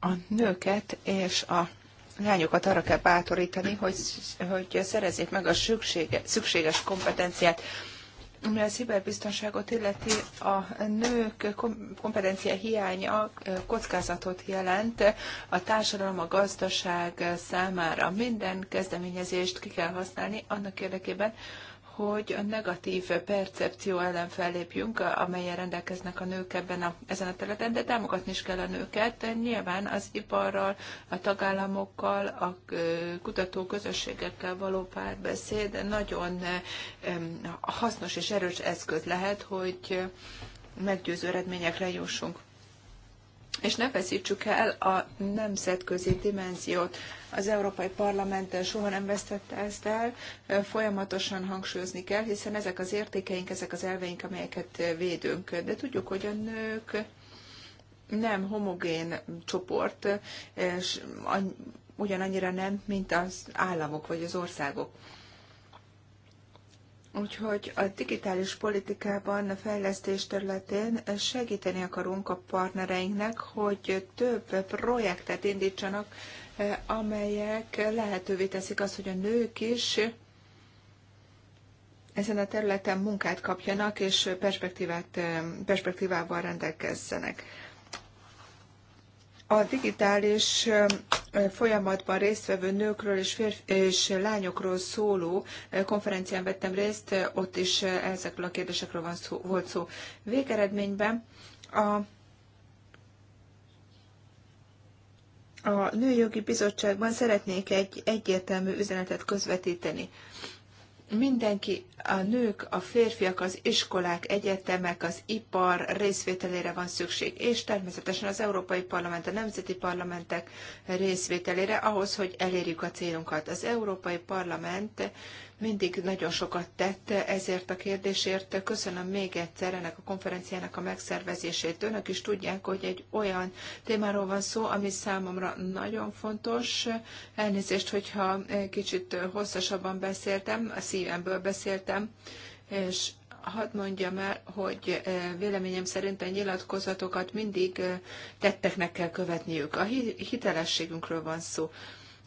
A nőket és a lányokat arra kell bátorítani, hogy, hogy szerezzék meg a szüksége, szükséges kompetenciát. Ami a sziberbiztonságot illeti, a nők kompetencia hiánya kockázatot jelent a társadalom, a gazdaság számára. Minden kezdeményezést ki kell használni annak érdekében, hogy a negatív percepció ellen fellépjünk, amelyen rendelkeznek a nők ebben a, ezen a területen, de támogatni is kell a nőket. Nyilván az iparral, a tagállamokkal, a kutató közösségekkel való párbeszéd nagyon hasznos és erős eszköz lehet, hogy meggyőző eredményekre jussunk. És ne veszítsük el a nemzetközi dimenziót. Az Európai Parlament soha nem vesztette ezt el, folyamatosan hangsúlyozni kell, hiszen ezek az értékeink, ezek az elveink, amelyeket védünk. De tudjuk, hogy a nők nem homogén csoport, és ugyanannyira nem, mint az államok vagy az országok. Úgyhogy a digitális politikában, a fejlesztés területén segíteni akarunk a partnereinknek, hogy több projektet indítsanak Eh, amelyek lehetővé teszik azt, hogy a nők is ezen a területen munkát kapjanak, és perspektívát, eh, perspektívával rendelkezzenek. A digitális eh, folyamatban résztvevő nőkről és, férfi, és lányokról szóló konferencián vettem részt, ott is ezekről a kérdésekről van szó, volt szó. Végeredményben a a Nőjogi Bizottságban szeretnék egy egyértelmű üzenetet közvetíteni. Mindenki, a nők, a férfiak, az iskolák, egyetemek, az ipar részvételére van szükség, és természetesen az Európai Parlament, a nemzeti parlamentek részvételére ahhoz, hogy elérjük a célunkat. Az Európai Parlament mindig nagyon sokat tett ezért a kérdésért. Köszönöm még egyszer ennek a konferenciának a megszervezését. Önök is tudják, hogy egy olyan témáról van szó, ami számomra nagyon fontos. Elnézést, hogyha kicsit hosszasabban beszéltem, a szívemből beszéltem, és hadd mondjam el, hogy eh, véleményem szerint a nyilatkozatokat mindig eh, tetteknek kell követniük. A hitelességünkről van szó.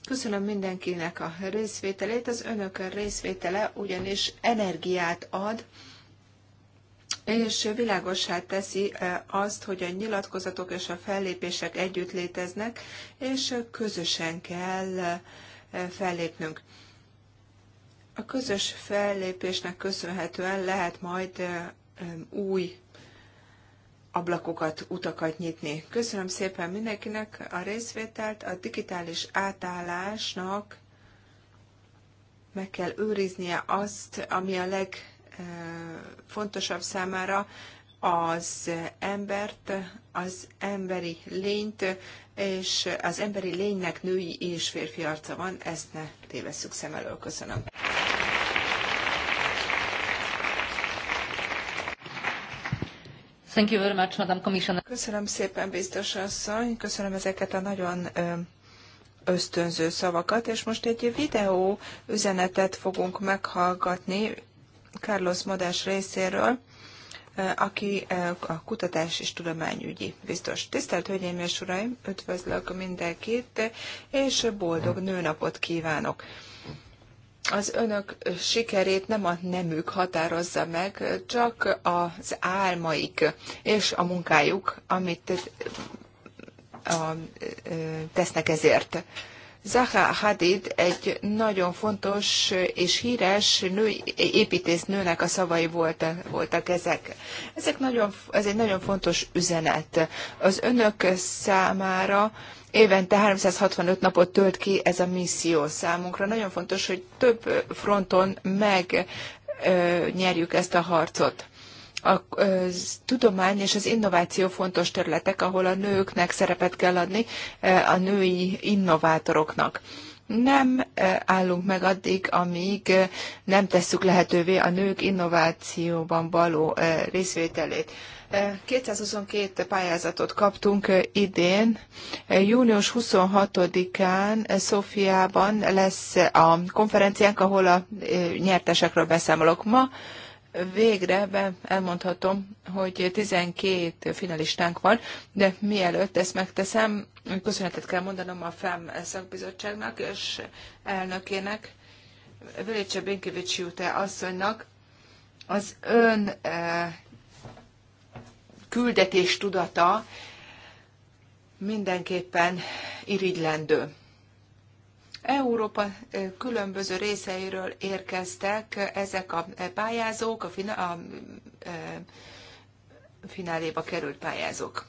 Köszönöm mindenkinek a részvételét. Az önök részvétele ugyanis energiát ad, és világossá teszi e, azt, hogy a nyilatkozatok és a fellépések együtt léteznek, és közösen kell e, fellépnünk. A közös fellépésnek köszönhetően lehet majd e, új ablakokat, utakat nyitni. Köszönöm szépen mindenkinek a részvételt. A digitális átállásnak meg kell őriznie azt, ami a legfontosabb számára, az embert, az emberi lényt, és az emberi lénynek női és férfi arca van, ezt ne tévesszük szem elől. Köszönöm. Thank you very much, Madam Commissioner. Köszönöm szépen, biztos asszony, köszönöm ezeket a nagyon ösztönző szavakat, és most egy videó üzenetet fogunk meghallgatni Carlos Modás részéről, aki a kutatás és tudományügyi biztos. Tisztelt Hölgyeim és Uraim, üdvözlök mindenkit, és boldog nőnapot kívánok! az önök sikerét nem a nemük határozza meg, csak az álmaik és a munkájuk, amit tesznek ezért. Zaha Hadid egy nagyon fontos és híres nő, építésznőnek a szavai voltak, voltak ezek. ezek nagyon, ez egy nagyon fontos üzenet. Az önök számára évente 365 napot tölt ki ez a misszió számunkra. Nagyon fontos, hogy több fronton megnyerjük ezt a harcot a tudomány és az innováció fontos területek, ahol a nőknek szerepet kell adni, a női innovátoroknak. Nem állunk meg addig, amíg nem tesszük lehetővé a nők innovációban való részvételét. 222 pályázatot kaptunk idén. Június 26-án Szofiában lesz a konferenciánk, ahol a nyertesekről beszámolok. Ma végre be elmondhatom, hogy 12 finalistánk van, de mielőtt ezt megteszem, köszönetet kell mondanom a FEM szakbizottságnak és elnökének, Vilicse Binkivics Jute asszonynak, az ön eh, küldetés tudata mindenképpen irigylendő. Európa különböző részeiről érkeztek ezek a pályázók, a, a, a, a fináléba került pályázók.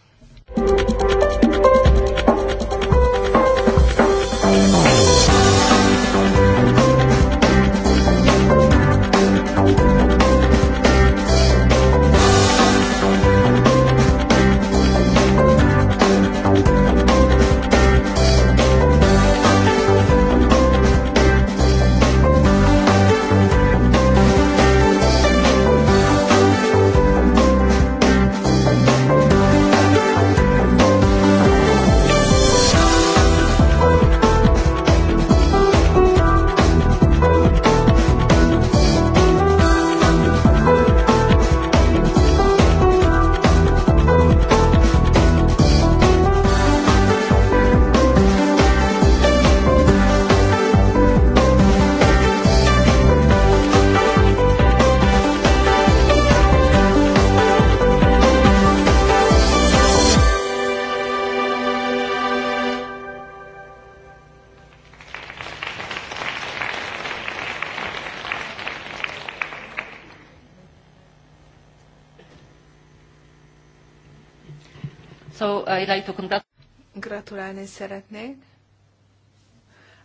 Gratulálni szeretnék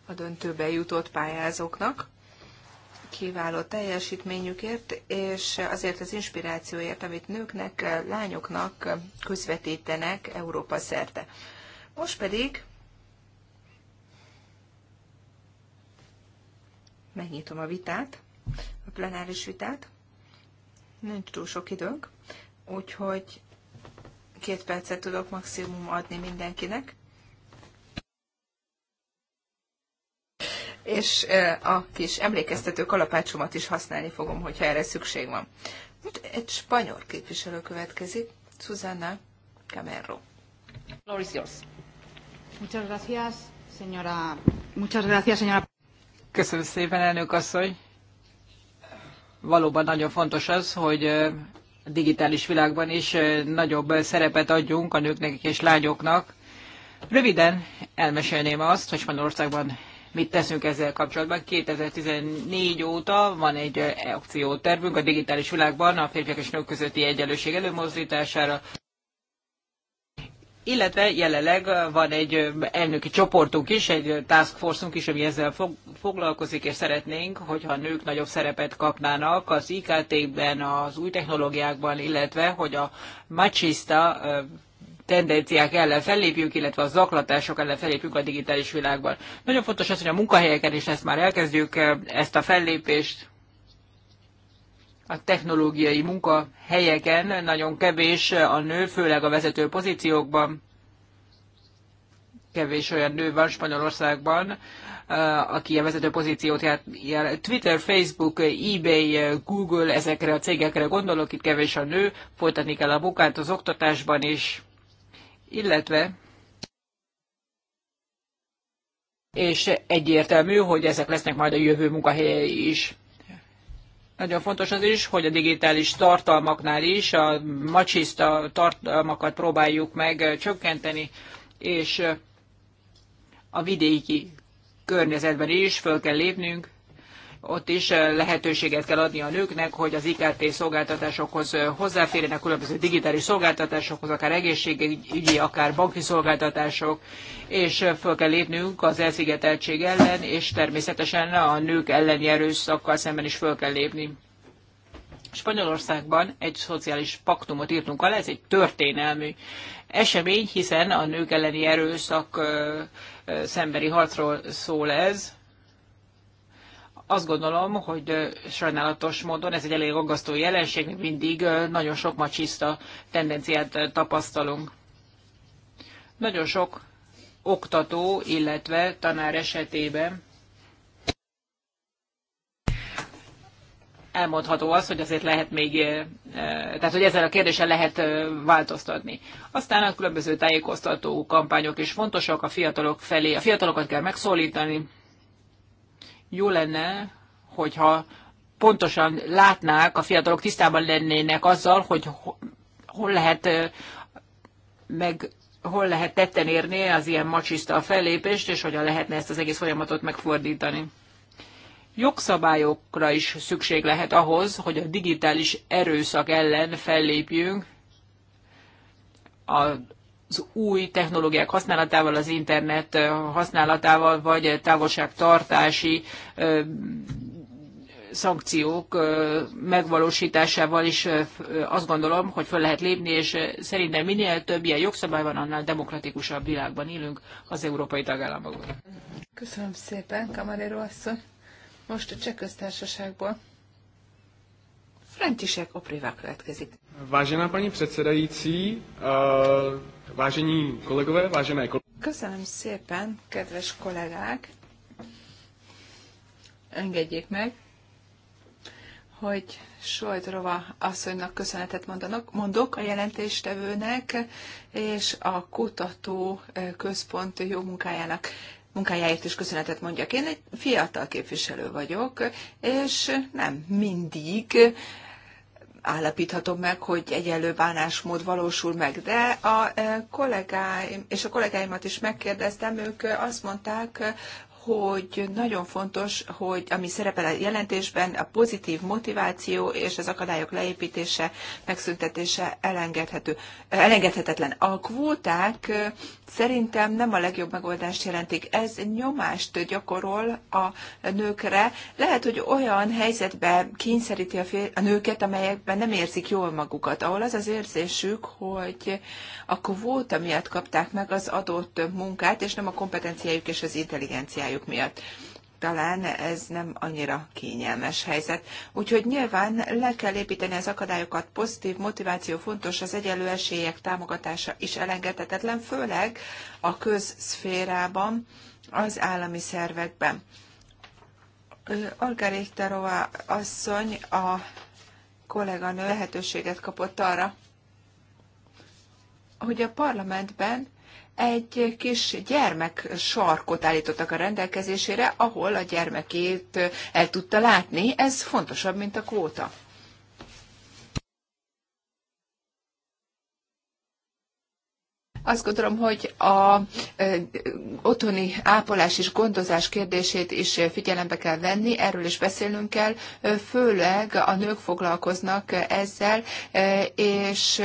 a döntőbe jutott pályázóknak kiváló teljesítményükért, és azért az inspirációért, amit nőknek, lányoknak közvetítenek Európa szerte. Most pedig megnyitom a vitát, a plenáris vitát. Nincs túl sok időnk, úgyhogy két percet tudok maximum adni mindenkinek. És a kis emlékeztető kalapácsomat is használni fogom, hogyha erre szükség van. egy spanyol képviselő következik, Susana Camero. Floor is yours. Muchas gracias, señora. Muchas gracias, señora. Köszönöm szépen, elnök asszony. Valóban nagyon fontos az, hogy a digitális világban is nagyobb szerepet adjunk a nőknek és lányoknak. Röviden elmesélném azt, hogy Spanyolországban mit teszünk ezzel kapcsolatban. 2014 óta van egy akciótervünk a digitális világban a férfiak és nők közötti egyenlőség előmozdítására illetve jelenleg van egy elnöki csoportunk is, egy task force is, ami ezzel fog, foglalkozik, és szeretnénk, hogyha nők nagyobb szerepet kapnának az IKT-ben, az új technológiákban, illetve hogy a machista tendenciák ellen fellépjünk, illetve a zaklatások ellen fellépjünk a digitális világban. Nagyon fontos az, hogy a munkahelyeken is ezt már elkezdjük, ezt a fellépést, a technológiai munkahelyeken nagyon kevés a nő, főleg a vezető pozíciókban. Kevés olyan nő van Spanyolországban, eh, aki a vezető pozíciót jár. Twitter, Facebook, eBay, Google, ezekre a cégekre gondolok, itt kevés a nő, folytatni kell a munkát az oktatásban is, illetve és egyértelmű, hogy ezek lesznek majd a jövő munkahelyei is. Nagyon fontos az is, hogy a digitális tartalmaknál is a macsista tartalmakat próbáljuk meg csökkenteni, és a vidéki környezetben is föl kell lépnünk, ott is eh, lehetőséget kell adni a nőknek, hogy az IKT szolgáltatásokhoz eh, hozzáférjenek, különböző digitális szolgáltatásokhoz, akár egészségügyi, akár banki szolgáltatások, és eh, föl kell lépnünk az elszigeteltség ellen, és természetesen a nők elleni erőszakkal szemben is föl kell lépni. Spanyolországban egy szociális paktumot írtunk alá, ez egy történelmű esemény, hiszen a nők elleni erőszak szemberi harcról szól ez, azt gondolom, hogy sajnálatos módon ez egy elég aggasztó jelenség, még mindig nagyon sok macsiszta tendenciát tapasztalunk. Nagyon sok oktató, illetve tanár esetében elmondható az, hogy azért lehet még, tehát hogy ezzel a kérdéssel lehet változtatni. Aztán a különböző tájékoztató kampányok is fontosak, a fiatalok felé, a fiatalokat kell megszólítani, jó lenne, hogyha pontosan látnák, a fiatalok tisztában lennének azzal, hogy hol lehet meg hol lehet tetten érni az ilyen macsista fellépést, és hogyan lehetne ezt az egész folyamatot megfordítani. Jogszabályokra is szükség lehet ahhoz, hogy a digitális erőszak ellen fellépjünk. A az új technológiák használatával, az internet használatával, vagy távolságtartási szankciók megvalósításával is azt gondolom, hogy föl lehet lépni, és szerintem minél több ilyen jogszabály van, annál demokratikusabb világban élünk az európai tagállamokban. Köszönöm szépen, Kamaréro asszony. Most a Cseh Köztársaságból. František Opriva következik. Vážená paní předsedající, uh... Vážení kolegové, vážené kolegové. Köszönöm szépen, kedves kollégák. Engedjék meg, hogy Sojdrova asszonynak köszönetet mondanak, mondok a jelentéstevőnek és a kutató eh, központ jó munkájának munkájáért is köszönetet mondjak. Én egy fiatal képviselő vagyok, és nem mindig állapíthatom meg, hogy egyenlő bánásmód valósul meg. De a eh, kollégáim, és a kollégáimat is megkérdeztem, ők eh, azt mondták, hogy nagyon fontos, hogy ami szerepel a jelentésben, a pozitív motiváció és az akadályok leépítése, megszüntetése elengedhető, elengedhetetlen. A kvóták szerintem nem a legjobb megoldást jelentik. Ez nyomást gyakorol a nőkre. Lehet, hogy olyan helyzetbe kényszeríti a, fél, a nőket, amelyekben nem érzik jól magukat, ahol az az érzésük, hogy a kvóta miatt kapták meg az adott munkát, és nem a kompetenciájuk és az intelligenciájuk munkájuk miatt. Talán ez nem annyira kényelmes helyzet. Úgyhogy nyilván le kell építeni az akadályokat, pozitív motiváció fontos, az egyenlő esélyek támogatása is elengedhetetlen, főleg a közszférában, az állami szervekben. Olga Richterova asszony, a kolléganő lehetőséget kapott arra, hogy a parlamentben egy kis gyermek sarkot állítottak a rendelkezésére, ahol a gyermekét el tudta látni. Ez fontosabb, mint a kvóta. Azt gondolom, hogy a ö, otthoni ápolás és gondozás kérdését is figyelembe kell venni, erről is beszélnünk kell, főleg a nők foglalkoznak ezzel, és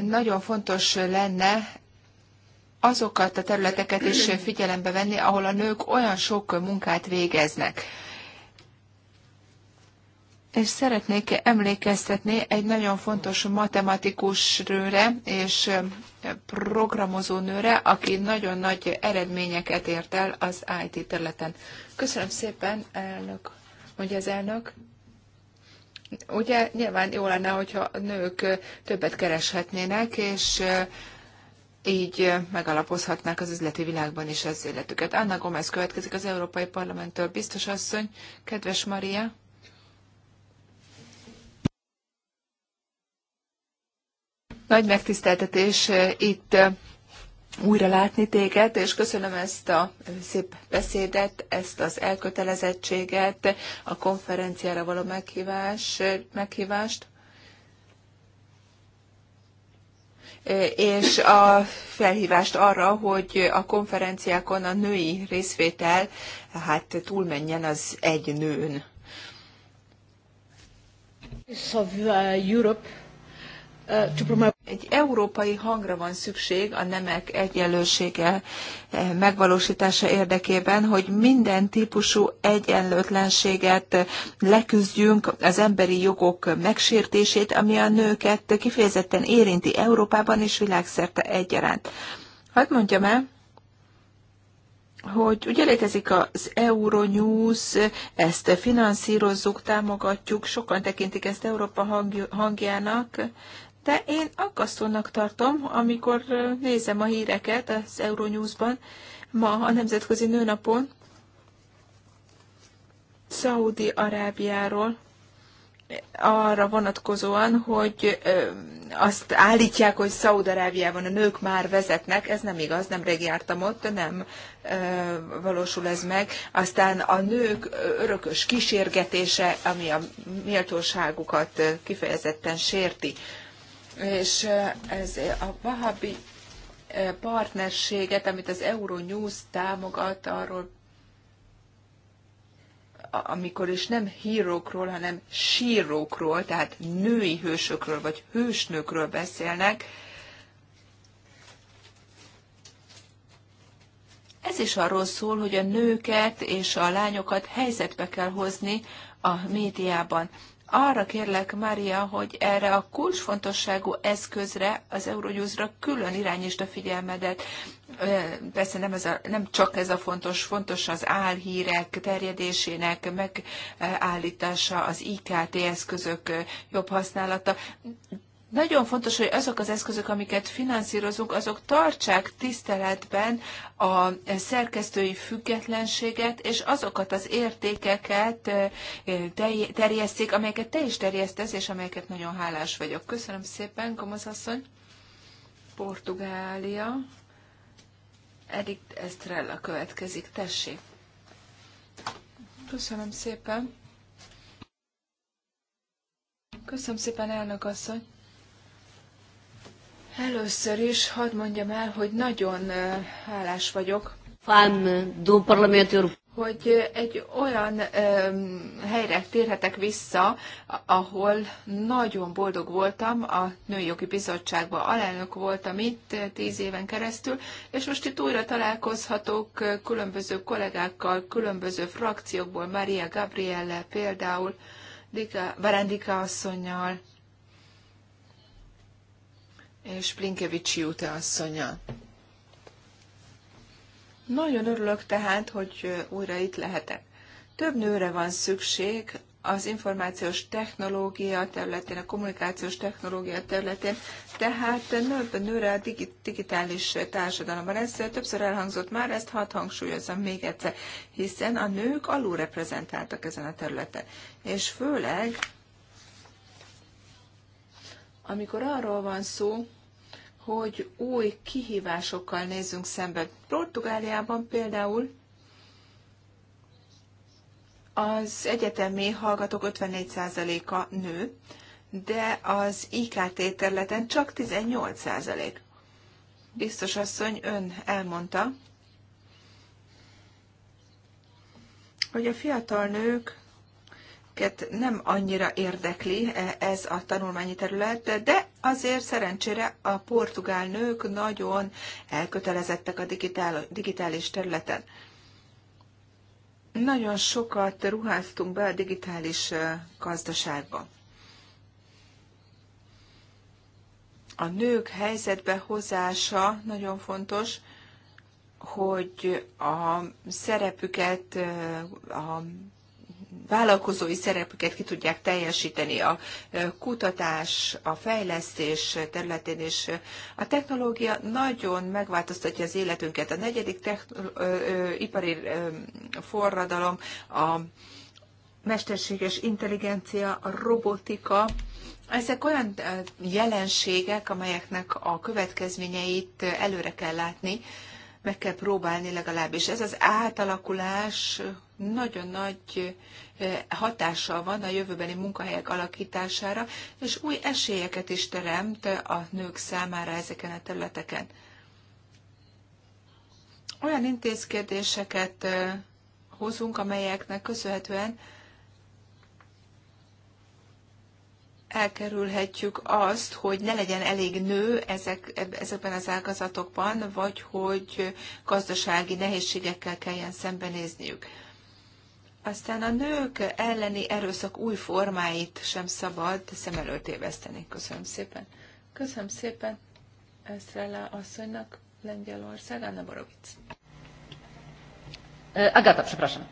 nagyon fontos lenne azokat a területeket is figyelembe venni, ahol a nők olyan sok munkát végeznek. És szeretnék emlékeztetni egy nagyon fontos matematikus nőre és programozó nőre, aki nagyon nagy eredményeket ért el az IT területen. Köszönöm szépen, elnök, hogy az elnök. Ugye nyilván jó lenne, hogyha a nők többet kereshetnének, és így megalapozhatnák az üzleti világban is az életüket. Anna Gomez következik az Európai Parlamenttől. Biztos asszony, kedves Maria. Nagy megtiszteltetés itt újra látni téged, és köszönöm ezt a szép beszédet, ezt az elkötelezettséget, a konferenciára való meghívás, meghívást. és a felhívást arra, hogy a konferenciákon a női részvétel hát túlmenjen az egy nőn. Of uh, Europe egy európai hangra van szükség a nemek egyenlősége eh, megvalósítása érdekében, hogy minden típusú egyenlőtlenséget leküzdjünk, az emberi jogok megsértését, ami a nőket kifejezetten érinti Európában és világszerte egyaránt. Hadd mondjam el, hogy ugye létezik az Euronews, ezt finanszírozzuk, támogatjuk, sokan tekintik ezt Európa hangjának, de én aggasztónak tartom, amikor nézem a híreket az Euronews-ban, ma a Nemzetközi Nőnapon, Szaudi-Arábiáról, arra vonatkozóan, hogy ö, azt állítják, hogy Szaudarábiában a nők már vezetnek, ez nem igaz, nem rég jártam ott, nem ö, valósul ez meg. Aztán a nők örökös kísérgetése, ami a méltóságukat kifejezetten sérti. Ö, és eh, ez a Vahabi eh, partnerséget, amit az Euronews támogat, arról amikor is nem hírókról, hanem sírókról, tehát női hősökről, vagy hősnőkről beszélnek, Ez is arról szól, hogy a nőket és a lányokat helyzetbe kell hozni a médiában. Arra kérlek, Mária, hogy erre a kulcsfontosságú eszközre, az Eurojuice-ra külön irányítsd a figyelmedet. Persze nem, ez a, nem csak ez a fontos, fontos az álhírek terjedésének megállítása, az IKT eszközök jobb használata, nagyon fontos, hogy azok az eszközök, amiket finanszírozunk, azok tartsák tiszteletben a szerkesztői függetlenséget, és azokat az értékeket terjeszték, amelyeket te is terjesztesz, és amelyeket nagyon hálás vagyok. Köszönöm szépen, Gomoz asszony. Portugália. Erik Estrella következik. Tessék. Köszönöm szépen. Köszönöm szépen, elnök asszony. Először is hadd mondjam el, hogy nagyon hálás vagyok, hogy egy olyan um, helyre térhetek vissza, ahol nagyon boldog voltam, a Nőjogi Bizottságban alelnök voltam itt tíz éven keresztül, és most itt újra találkozhatok különböző kollégákkal, különböző frakciókból, Maria Gabrielle például, Dika, Verendika asszonynal, és Plinkevicsi úte asszonya. Nagyon örülök tehát, hogy újra itt lehetek. Több nőre van szükség az információs technológia területén, a kommunikációs technológia területén, tehát több nőre a digitális társadalomban. Ez többször elhangzott már, ezt hadd hangsúlyozom még egyszer, hiszen a nők alulreprezentáltak ezen a területen. És főleg, amikor arról van szó, hogy új kihívásokkal nézzünk szembe. Portugáliában például az egyetemi hallgatók 54%-a nő, de az IKT területen csak 18%. Biztos asszony, ön elmondta, hogy a fiatal nők őket nem annyira érdekli e, ez a tanulmányi terület, de azért szerencsére a portugál nők nagyon elkötelezettek a digitál, digitális területen. Nagyon sokat ruháztunk be a digitális e, gazdaságba. A nők helyzetbe hozása nagyon fontos, hogy a szerepüket, e, a vállalkozói szerepüket ki tudják teljesíteni a kutatás, a fejlesztés területén, és a technológia nagyon megváltoztatja az életünket. A negyedik techn- ipari forradalom, a mesterséges intelligencia, a robotika, ezek olyan jelenségek, amelyeknek a következményeit előre kell látni, meg kell próbálni legalábbis. Ez az átalakulás nagyon nagy hatással van a jövőbeni munkahelyek alakítására, és új esélyeket is teremt a nők számára ezeken a területeken. Olyan intézkedéseket hozunk, amelyeknek köszönhetően elkerülhetjük azt, hogy ne legyen elég nő ezek, ezekben az ágazatokban, vagy hogy gazdasági nehézségekkel kelljen szembenézniük. Aztán a nők elleni erőszak új formáit sem szabad szem előtt éveszteni. Köszönöm szépen. Köszönöm szépen Eszrella asszonynak Lengyelország, Anna Borovic. Agata, przepraszam.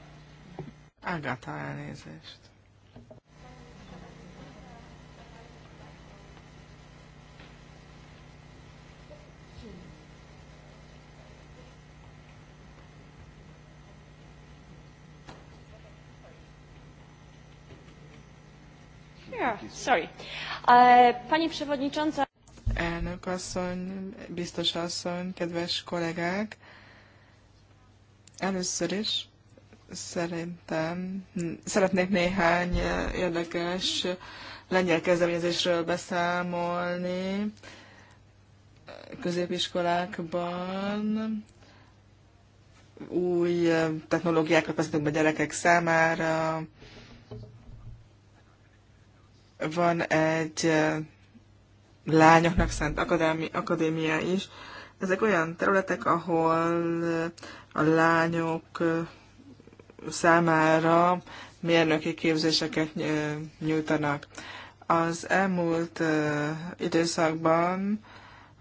Agata, elnézést. Uh, pani Przewodnicząca... Elnök asszony, biztos asszony, kedves kollégák! Először is szerintem szeretnék néhány érdekes lengyel kezdeményezésről beszámolni középiskolákban új technológiákat vezetünk be gyerekek számára, van egy lányoknak szent akadémi, akadémia is. Ezek olyan területek, ahol a lányok számára mérnöki képzéseket nyújtanak. Az elmúlt időszakban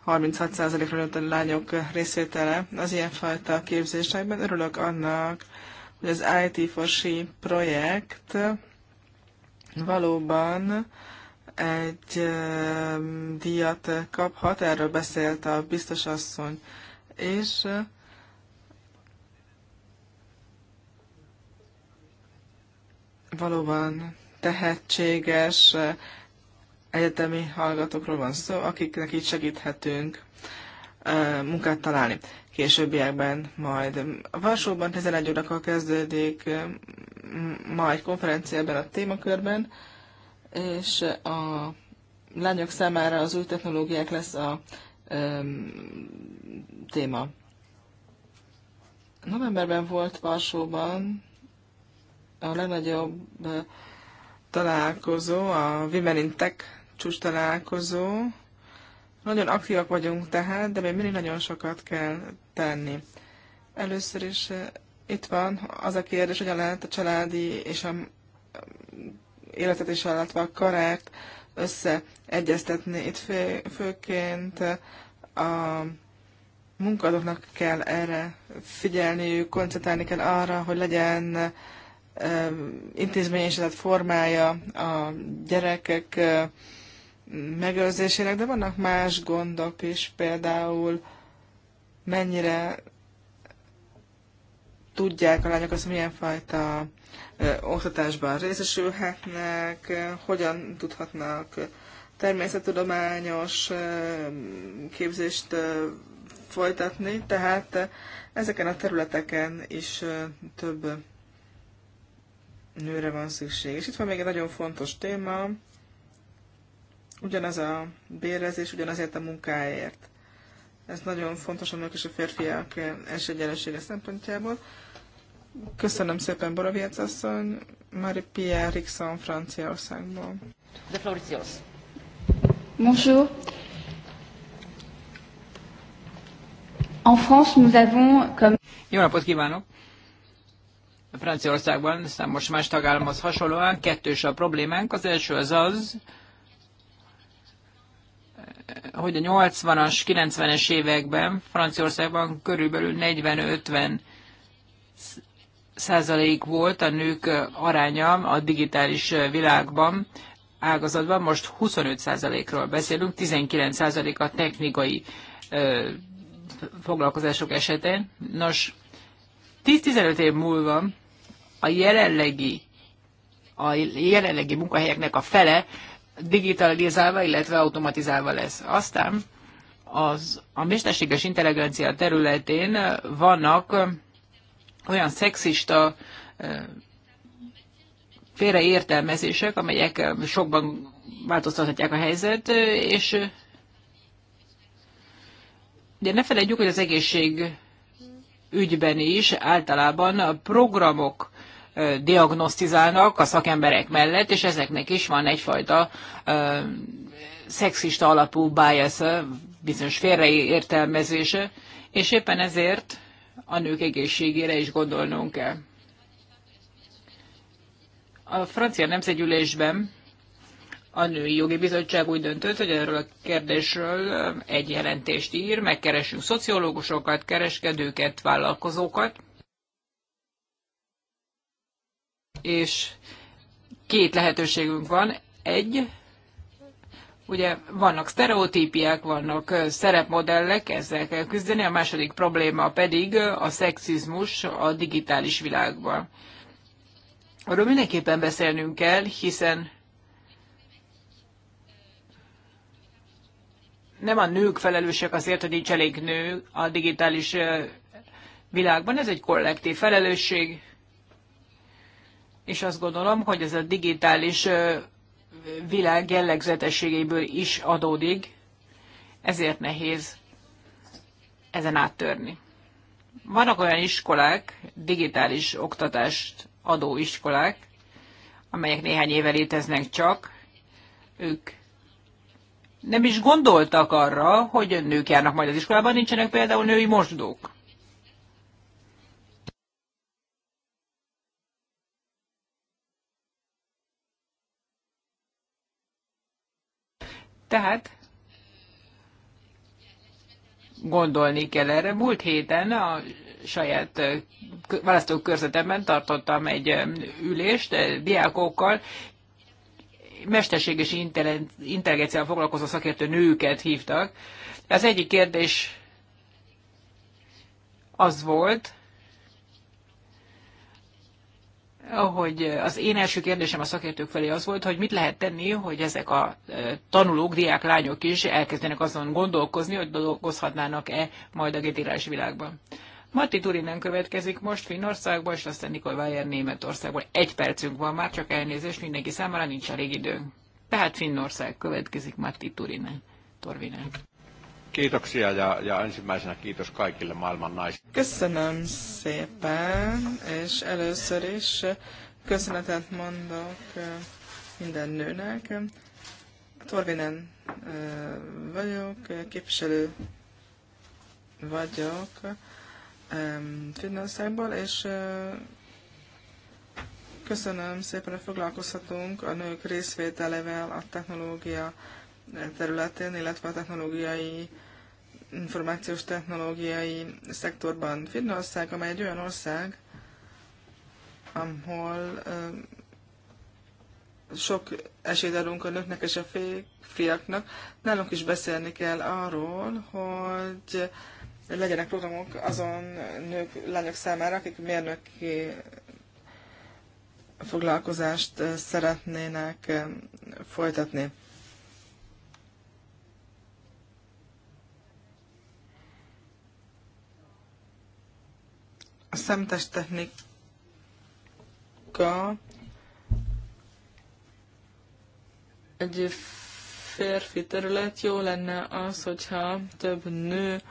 36%-ra nőtt a lányok részvétele az ilyenfajta képzésekben. Örülök annak, hogy az IT for She projekt valóban egy díjat kaphat, erről beszélt a biztos asszony, és valóban tehetséges egyetemi hallgatókról van szó, akiknek így segíthetünk munkát találni későbbiekben majd. A Varsóban 11 órakor kezdődik ma egy konferencia ebben a témakörben, és a lányok számára az új technológiák lesz a um, téma. Novemberben volt Varsóban a legnagyobb találkozó, a Women in Tech csúcs találkozó. Nagyon aktívak vagyunk tehát, de még mindig nagyon sokat kell tenni. Először is itt van az a kérdés, hogyan lehet a családi és a életet is illetve a karát összeegyeztetni. Itt fő, főként a munkadóknak kell erre figyelniük, koncentrálni kell arra, hogy legyen intézményesített formája a gyerekek megőrzésének, de vannak más gondok is, például mennyire tudják a lányok azt, milyen fajta oktatásban részesülhetnek, hogyan tudhatnak természettudományos képzést folytatni, tehát ezeken a területeken is több nőre van szükség. És itt van még egy nagyon fontos téma, ugyanaz a bérezés, ugyanazért a munkáért. Ez nagyon fontos a nők és a férfiak esélyegyenlősége szempontjából. Köszönöm szépen, Boroviec asszony. Marie-Pierre Rixon Franciaországból. The floor is yours. Bonjour. En France, nous avons comme... Jó napot kívánok! Franciaországban számos más tagállamhoz hasonlóan kettős a problémánk. Az első az az, hogy a 80-as, 90-es években Franciaországban körülbelül 40-50 százalék volt a nők aránya a digitális világban, ágazatban, most 25 százalékról beszélünk, 19 százalék a technikai ö, foglalkozások esetén. Nos, 10-15 év múlva a jelenlegi, a jelenlegi munkahelyeknek a fele digitalizálva, illetve automatizálva lesz. Aztán az, a mesterséges intelligencia területén vannak olyan szexista félreértelmezések, amelyek sokban változtathatják a helyzet, és de ne felejtjük, hogy az egészség ügyben is általában a programok diagnosztizálnak a szakemberek mellett, és ezeknek is van egyfajta szexista alapú bias, bizonyos félreértelmezése, és éppen ezért a nők egészségére is gondolnunk kell. A francia nemzetgyűlésben a Női Jogi Bizottság úgy döntött, hogy erről a kérdésről egy jelentést ír, megkeresünk szociológusokat, kereskedőket, vállalkozókat, és két lehetőségünk van. Egy, Ugye vannak sztereotípiák, vannak szerepmodellek, ezzel kell küzdeni, a második probléma pedig a szexizmus a digitális világban. Arról mindenképpen beszélnünk kell, hiszen nem a nők felelősek azért, hogy nincs elég nő a digitális világban, ez egy kollektív felelősség, és azt gondolom, hogy ez a digitális világ jellegzetességéből is adódik, ezért nehéz ezen áttörni. Vannak olyan iskolák, digitális oktatást adó iskolák, amelyek néhány éve léteznek csak, ők nem is gondoltak arra, hogy nők járnak majd az iskolában, nincsenek például női mosdók. Tehát gondolni kell erre. Múlt héten a saját választókörzetemben tartottam egy ülést diákokkal, és intelligenciával foglalkozó szakértő nőket hívtak. Az egyik kérdés az volt, hogy az én első kérdésem a szakértők felé az volt, hogy mit lehet tenni, hogy ezek a tanulók, diák, lányok is elkezdenek azon gondolkozni, hogy dolgozhatnának-e majd a gétírás világban. Matti Turinen következik most Finnországból, és aztán Nikol Weyer Németországból. Egy percünk van már, csak elnézést mindenki számára, nincs elég időnk. Tehát Finnország következik Matti Turinen. Torvinen. Kiitoksia ja, ja ensimmäisenä kiitos kaikille maailman naisille. Köszönöm szépen, és először is köszönetet mondok eh, minden nőnek. Torvinen eh, vagyok, képviselő vagyok Finnországból, és eh, köszönöm szépen, hogy foglalkozhatunk a nők részvételevel a technológia területén, illetve a technológiai információs technológiai szektorban. Finnország, amely egy olyan ország, ahol sok esélyt adunk a nőknek és a fiaknak. Nálunk is beszélni kell arról, hogy legyenek programok azon nők, lányok számára, akik mérnöki foglalkozást szeretnének folytatni. a szemtest technika egy férfi terület, jó lenne az, hogyha több nő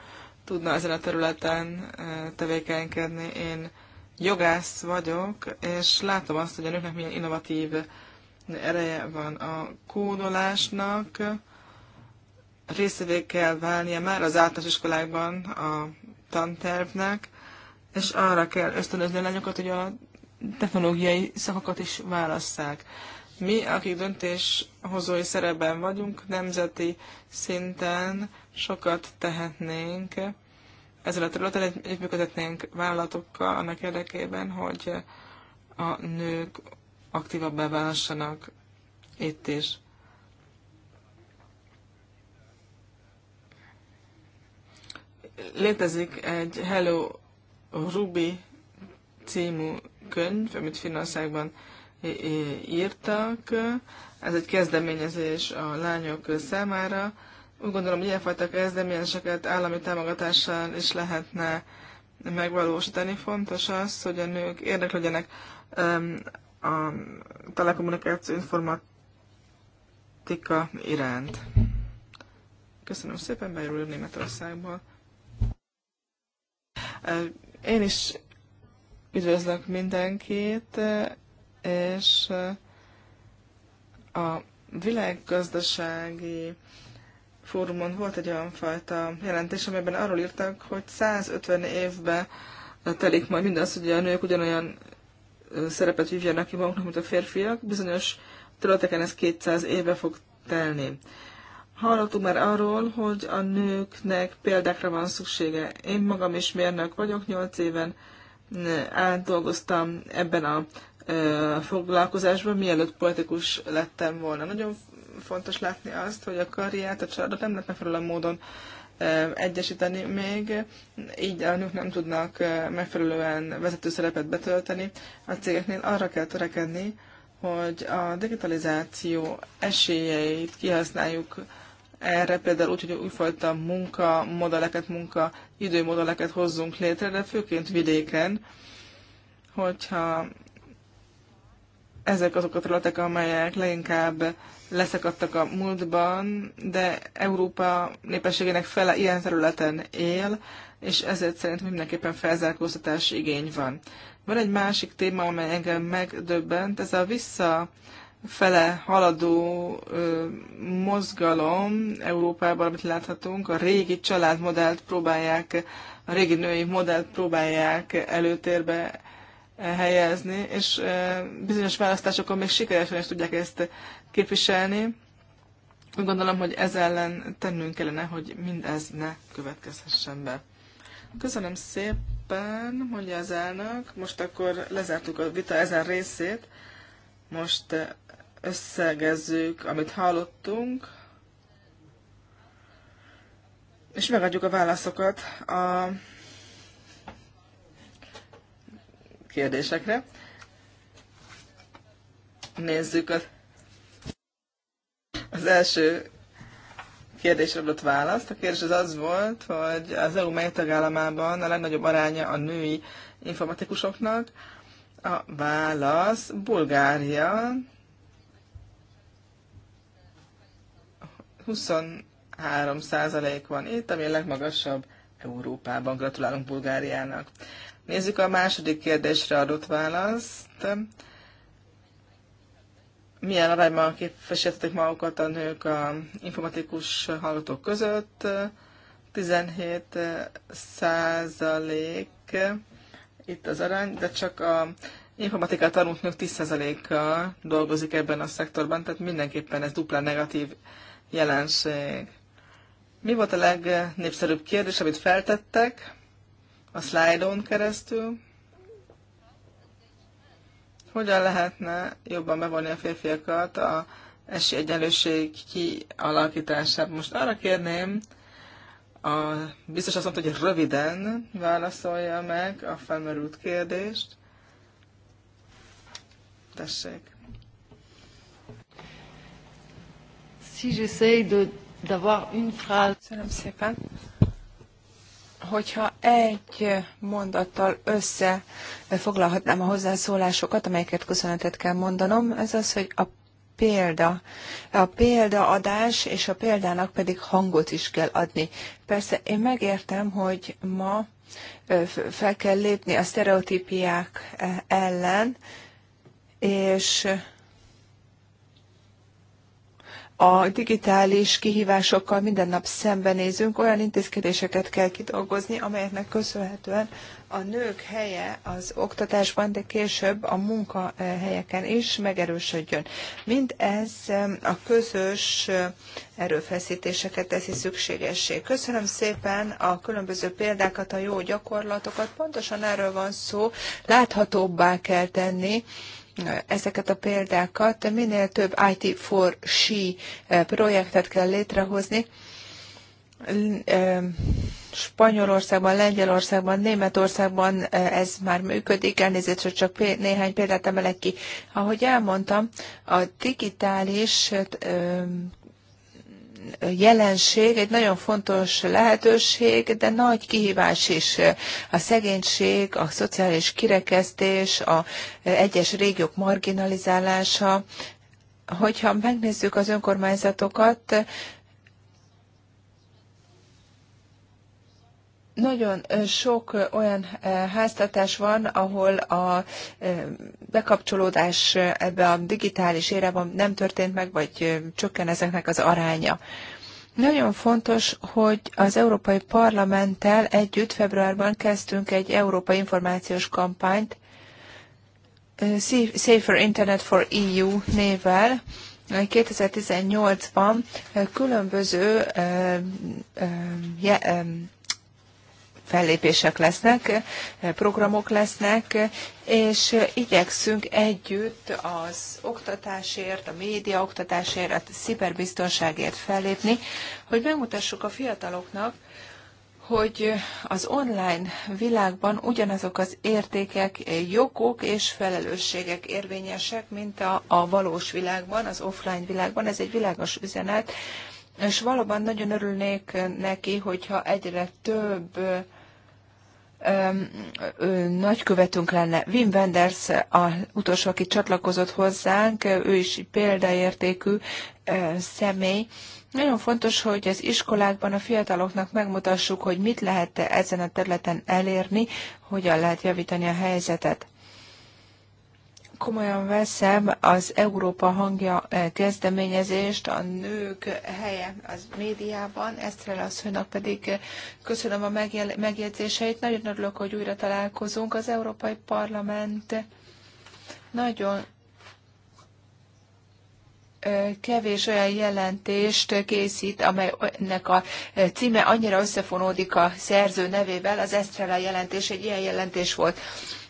tudna ezen a területen eh, tevékenykedni. Én jogász vagyok, és látom azt, hogy a nőknek milyen innovatív ereje van a kódolásnak. Részévé kell válnia már az általános iskolákban a tantervnek, és arra kell ösztönözni a lányokat, hogy a technológiai szakokat is válasszák. Mi, akik döntéshozói szerepben vagyunk, nemzeti szinten sokat tehetnénk ezzel a területen, együttműködhetnénk vállalatokkal annak érdekében, hogy a nők aktívabb válassanak itt is. Létezik egy Hello Rubi című könyv, amit Finországban írtak. Ez egy kezdeményezés a lányok számára. Úgy gondolom, hogy ilyenfajta kezdeményezéseket állami támogatással is lehetne megvalósítani. Fontos az, hogy a nők érdeklődjenek a telekommunikáció informatika iránt. Köszönöm szépen, Bajról Németországból. Én is üdvözlök mindenkit, és a világgazdasági fórumon volt egy olyan fajta jelentés, amelyben arról írtak, hogy 150 évben telik majd mindaz, hogy a nők ugyanolyan szerepet vívjanak ki maguknak, mint a férfiak. Bizonyos területeken ez 200 éve fog telni. Hallottunk már arról, hogy a nőknek példákra van szüksége. Én magam is mérnök vagyok, 8 éven átdolgoztam ebben a foglalkozásban, mielőtt politikus lettem volna. Nagyon fontos látni azt, hogy a karriát, a családot nem lehet megfelelő módon egyesíteni még, így a nők nem tudnak megfelelően vezető szerepet betölteni. A cégeknél arra kell törekedni, hogy a digitalizáció esélyeit kihasználjuk erre, például úgy, hogy újfajta modelleket, munka időmodelleket hozzunk létre, de főként vidéken, hogyha ezek azok a területek, amelyek leginkább leszakadtak a múltban, de Európa népességének fele ilyen területen él, és ezért szerintem mindenképpen felzárkóztatás igény van. Van egy másik téma, amely engem megdöbbent, ez a vissza fele haladó ö, mozgalom Európában, amit láthatunk, a régi családmodellt próbálják, a régi női modellt próbálják előtérbe helyezni, és ö, bizonyos választásokon még sikeresen is tudják ezt képviselni. Úgy gondolom, hogy ez ellen tennünk kellene, hogy mindez ne következhessen be. Köszönöm szépen, mondja az elnök. Most akkor lezártuk a vita ezen részét. Most összegezzük, amit hallottunk, és megadjuk a válaszokat a kérdésekre. Nézzük a, az első kérdésre adott választ. A kérdés az az volt, hogy az EU mely tagállamában a legnagyobb aránya a női informatikusoknak. A válasz Bulgária, 23 százalék van itt, ami a legmagasabb Európában. Gratulálunk Bulgáriának. Nézzük a második kérdésre adott választ. Milyen arányban képviseltetik magukat a nők a informatikus hallgatók között? 17 százalék itt az arány, de csak a informatikát tanult nők 10 a dolgozik ebben a szektorban, tehát mindenképpen ez duplán negatív jelenség. Mi volt a legnépszerűbb kérdés, amit feltettek a szlájdon keresztül? Hogyan lehetne jobban bevonni a férfiakat a esélyegyenlőség kialakításába? Most arra kérném, a, biztos azt mondta, hogy röviden válaszolja meg a felmerült kérdést. Tessék. Si j'essaye de, d'avoir une phrase. Köszönöm szépen. Hogyha egy mondattal összefoglalhatnám a hozzászólásokat, amelyeket köszönetet kell mondanom, ez az, hogy a példa. A példaadás és a példának pedig hangot is kell adni. Persze én megértem, hogy ma fel kell lépni a sztereotípiák e, ellen, és a digitális kihívásokkal minden nap szembenézünk, olyan intézkedéseket kell kidolgozni, amelyeknek köszönhetően a nők helye az oktatásban, de később a munkahelyeken is megerősödjön. Mind ez a közös erőfeszítéseket teszi szükségessé. Köszönöm szépen a különböző példákat, a jó gyakorlatokat. Pontosan erről van szó, láthatóbbá kell tenni ezeket a példákat. Minél több IT for She eh, projektet kell létrehozni. Eh, Spanyolországban, Lengyelországban, Németországban eh, ez már működik, elnézést, hogy csak néhány példát emelek ki. Ahogy elmondtam, a digitális jelenség, egy nagyon fontos lehetőség, de nagy kihívás is a szegénység, a szociális kirekesztés, a egyes régiók marginalizálása. Hogyha megnézzük az önkormányzatokat, nagyon sok olyan háztartás van, ahol a bekapcsolódás ebbe a digitális érában nem történt meg, vagy csökken ezeknek az aránya. Nagyon fontos, hogy az Európai Parlamenttel együtt februárban kezdtünk egy európai információs kampányt, Safer Internet for EU névvel, 2018-ban különböző fellépések lesznek, programok lesznek, és igyekszünk együtt az oktatásért, a média oktatásért, a sziberbiztonságért fellépni, hogy megmutassuk a fiataloknak, hogy az online világban ugyanazok az értékek, jogok és felelősségek érvényesek, mint a, a valós világban, az offline világban. Ez egy világos üzenet, és valóban nagyon örülnék neki, hogyha egyre több nagykövetünk lenne. Wim Wenders az utolsó, aki csatlakozott hozzánk, ő is példaértékű személy. Nagyon fontos, hogy az iskolákban a fiataloknak megmutassuk, hogy mit lehet ezen a területen elérni, hogyan lehet javítani a helyzetet komolyan veszem az Európa hangja eh, kezdeményezést, a nők helye az médiában, Esztrel asszonynak pedig eh, köszönöm a megjegyzéseit. Nagyon örülök, hogy újra találkozunk. Az Európai Parlament nagyon eh, kevés olyan jelentést készít, amelynek a címe annyira összefonódik a szerző nevével, az Esztrela jelentés egy ilyen jelentés volt.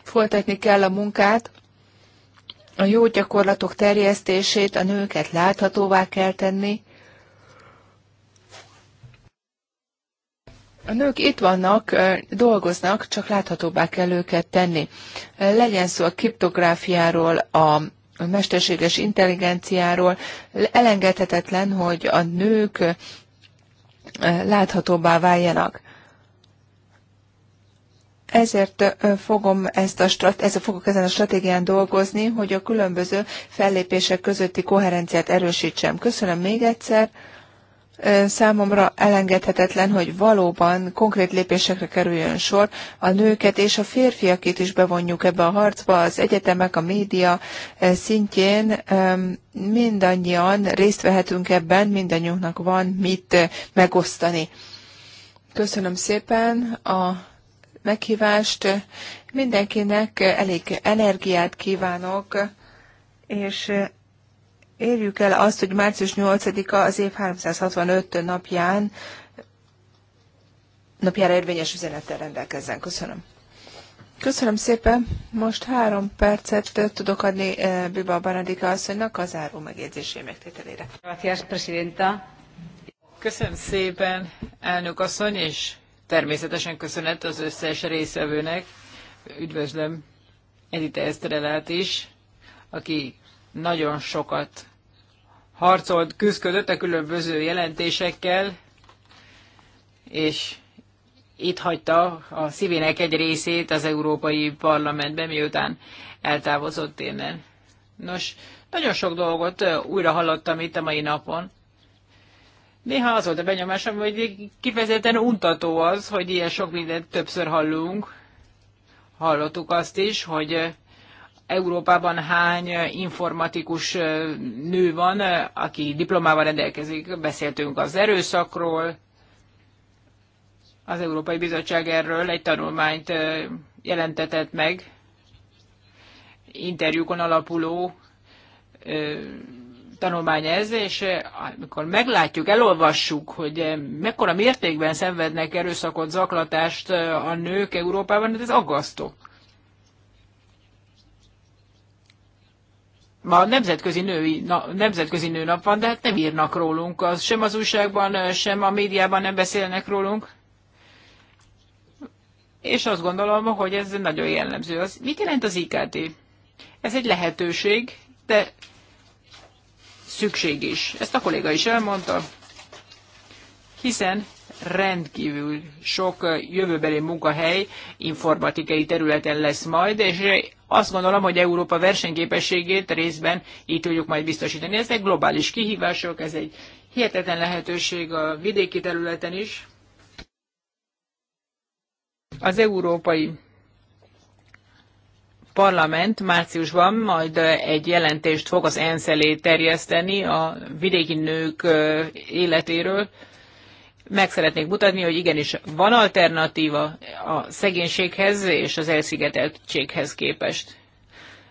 Folytatni kell a munkát, a jó gyakorlatok terjesztését, a nőket láthatóvá kell tenni. A nők itt vannak, dolgoznak, csak láthatóbbá kell őket tenni. Legyen szó a kriptográfiáról, a mesterséges intelligenciáról, elengedhetetlen, hogy a nők láthatóbbá váljanak. Ezért fogom ezt a, ezzel fogok ezen a stratégián dolgozni, hogy a különböző fellépések közötti koherenciát erősítsem. Köszönöm még egyszer. Számomra elengedhetetlen, hogy valóban konkrét lépésekre kerüljön sor. A nőket és a férfiakit is bevonjuk ebbe a harcba, az egyetemek, a média szintjén mindannyian részt vehetünk ebben, mindannyiunknak van mit megosztani. Köszönöm szépen a meghívást. Mindenkinek elég energiát kívánok, és érjük el azt, hogy március 8-a az év 365 napján napjára érvényes üzenettel rendelkezzen. Köszönöm. Köszönöm szépen. Most három percet tudok adni eh, Biba Baradika asszonynak a áró megjegyzésé megtételére. Köszönöm szépen, elnök asszony, és Természetesen köszönet az összes részvevőnek. Üdvözlöm Edite Eszterelát is, aki nagyon sokat harcolt, küzdött a különböző jelentésekkel, és itt hagyta a szívének egy részét az Európai Parlamentben, miután eltávozott innen. Nos, nagyon sok dolgot újra hallottam itt a mai napon. Néha az volt a benyomásom, hogy kifejezetten untató az, hogy ilyen sok mindent többször hallunk. Hallottuk azt is, hogy Európában hány informatikus nő van, aki diplomával rendelkezik. Beszéltünk az erőszakról. Az Európai Bizottság erről egy tanulmányt jelentetett meg, interjúkon alapuló tanulmány ez, és eh, amikor meglátjuk, elolvassuk, hogy eh, mekkora mértékben szenvednek erőszakot, zaklatást eh, a nők Európában, hát ez aggasztó. Ma nemzetközi, női, na, nemzetközi nőnap van, de hát nem írnak rólunk, az sem az újságban, sem a médiában nem beszélnek rólunk. És azt gondolom, hogy ez nagyon jellemző. Az, mit jelent az IKT? Ez egy lehetőség, de szükség is. Ezt a kolléga is elmondta, hiszen rendkívül sok jövőbeli munkahely informatikai területen lesz majd, és azt gondolom, hogy Európa versenyképességét részben így tudjuk majd biztosítani. Ezek globális kihívások, ez egy hihetetlen lehetőség a vidéki területen is. Az európai parlament márciusban majd egy jelentést fog az ENSZ elé terjeszteni a vidéki nők életéről. Meg szeretnék mutatni, hogy igenis van alternatíva a szegénységhez és az elszigeteltséghez képest.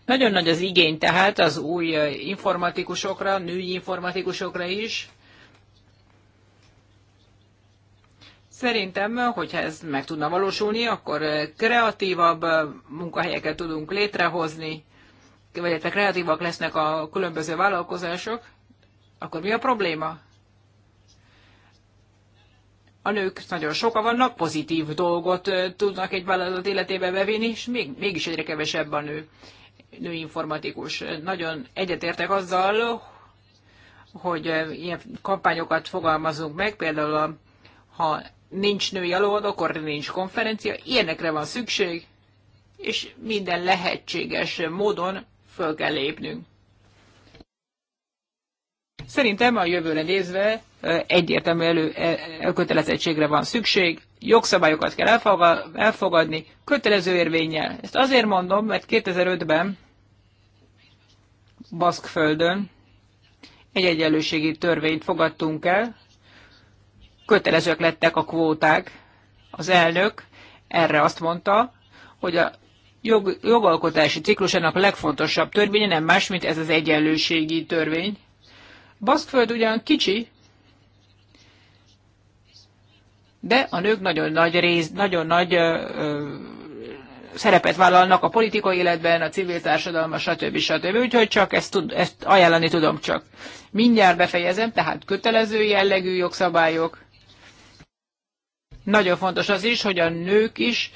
Nagyon nagy az igény tehát az új informatikusokra, női informatikusokra is. Szerintem, hogyha ez meg tudna valósulni, akkor kreatívabb munkahelyeket tudunk létrehozni, vagy kreatívak lesznek a különböző vállalkozások, akkor mi a probléma? A nők nagyon sokan vannak, pozitív dolgot tudnak egy vállalat életébe bevinni, és még, mégis egyre kevesebb a nő, nő informatikus. Nagyon egyetértek azzal, hogy ilyen kampányokat fogalmazunk meg, például a, ha nincs női előadó, akkor nincs konferencia, ilyenekre van szükség, és minden lehetséges módon föl kell lépnünk. Szerintem a jövőre nézve egyértelmű elő, e, elkötelezettségre van szükség, jogszabályokat kell elfogadni, kötelező érvényel. Ezt azért mondom, mert 2005-ben Baszkföldön egy egyenlőségi törvényt fogadtunk el, kötelezők lettek a kvóták. Az elnök erre azt mondta, hogy a jog, jogalkotási ciklusának legfontosabb törvénye nem más, mint ez az egyenlőségi törvény. Baszkföld ugyan kicsi, de a nők nagyon nagy rész, nagyon nagy ö, ö, szerepet vállalnak a politikai életben, a civil társadalma, stb. stb. Úgyhogy csak ezt, tud, ezt ajánlani tudom csak. Mindjárt befejezem, tehát kötelező jellegű jogszabályok, nagyon fontos az is, hogy a nők is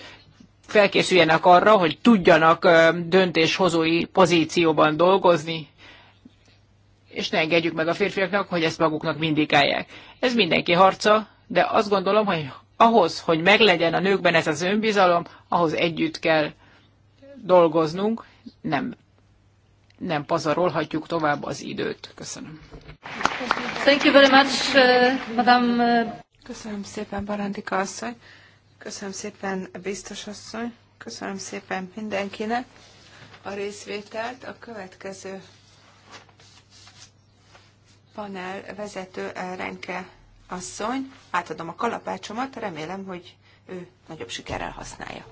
felkészüljenek arra, hogy tudjanak döntéshozói pozícióban dolgozni, és ne engedjük meg a férfiaknak, hogy ezt maguknak vindikálják. Ez mindenki harca, de azt gondolom, hogy ahhoz, hogy meglegyen a nőkben ez az önbizalom, ahhoz együtt kell dolgoznunk, nem, nem pazarolhatjuk tovább az időt. Köszönöm. Thank you very much, uh, Madame. Uh, Köszönöm szépen, Barandika asszony. Köszönöm szépen, biztos asszony. Köszönöm szépen mindenkinek a részvételt. A következő panel vezető eh, Renke asszony. Átadom a kalapácsomat, remélem, hogy ő nagyobb sikerrel használja.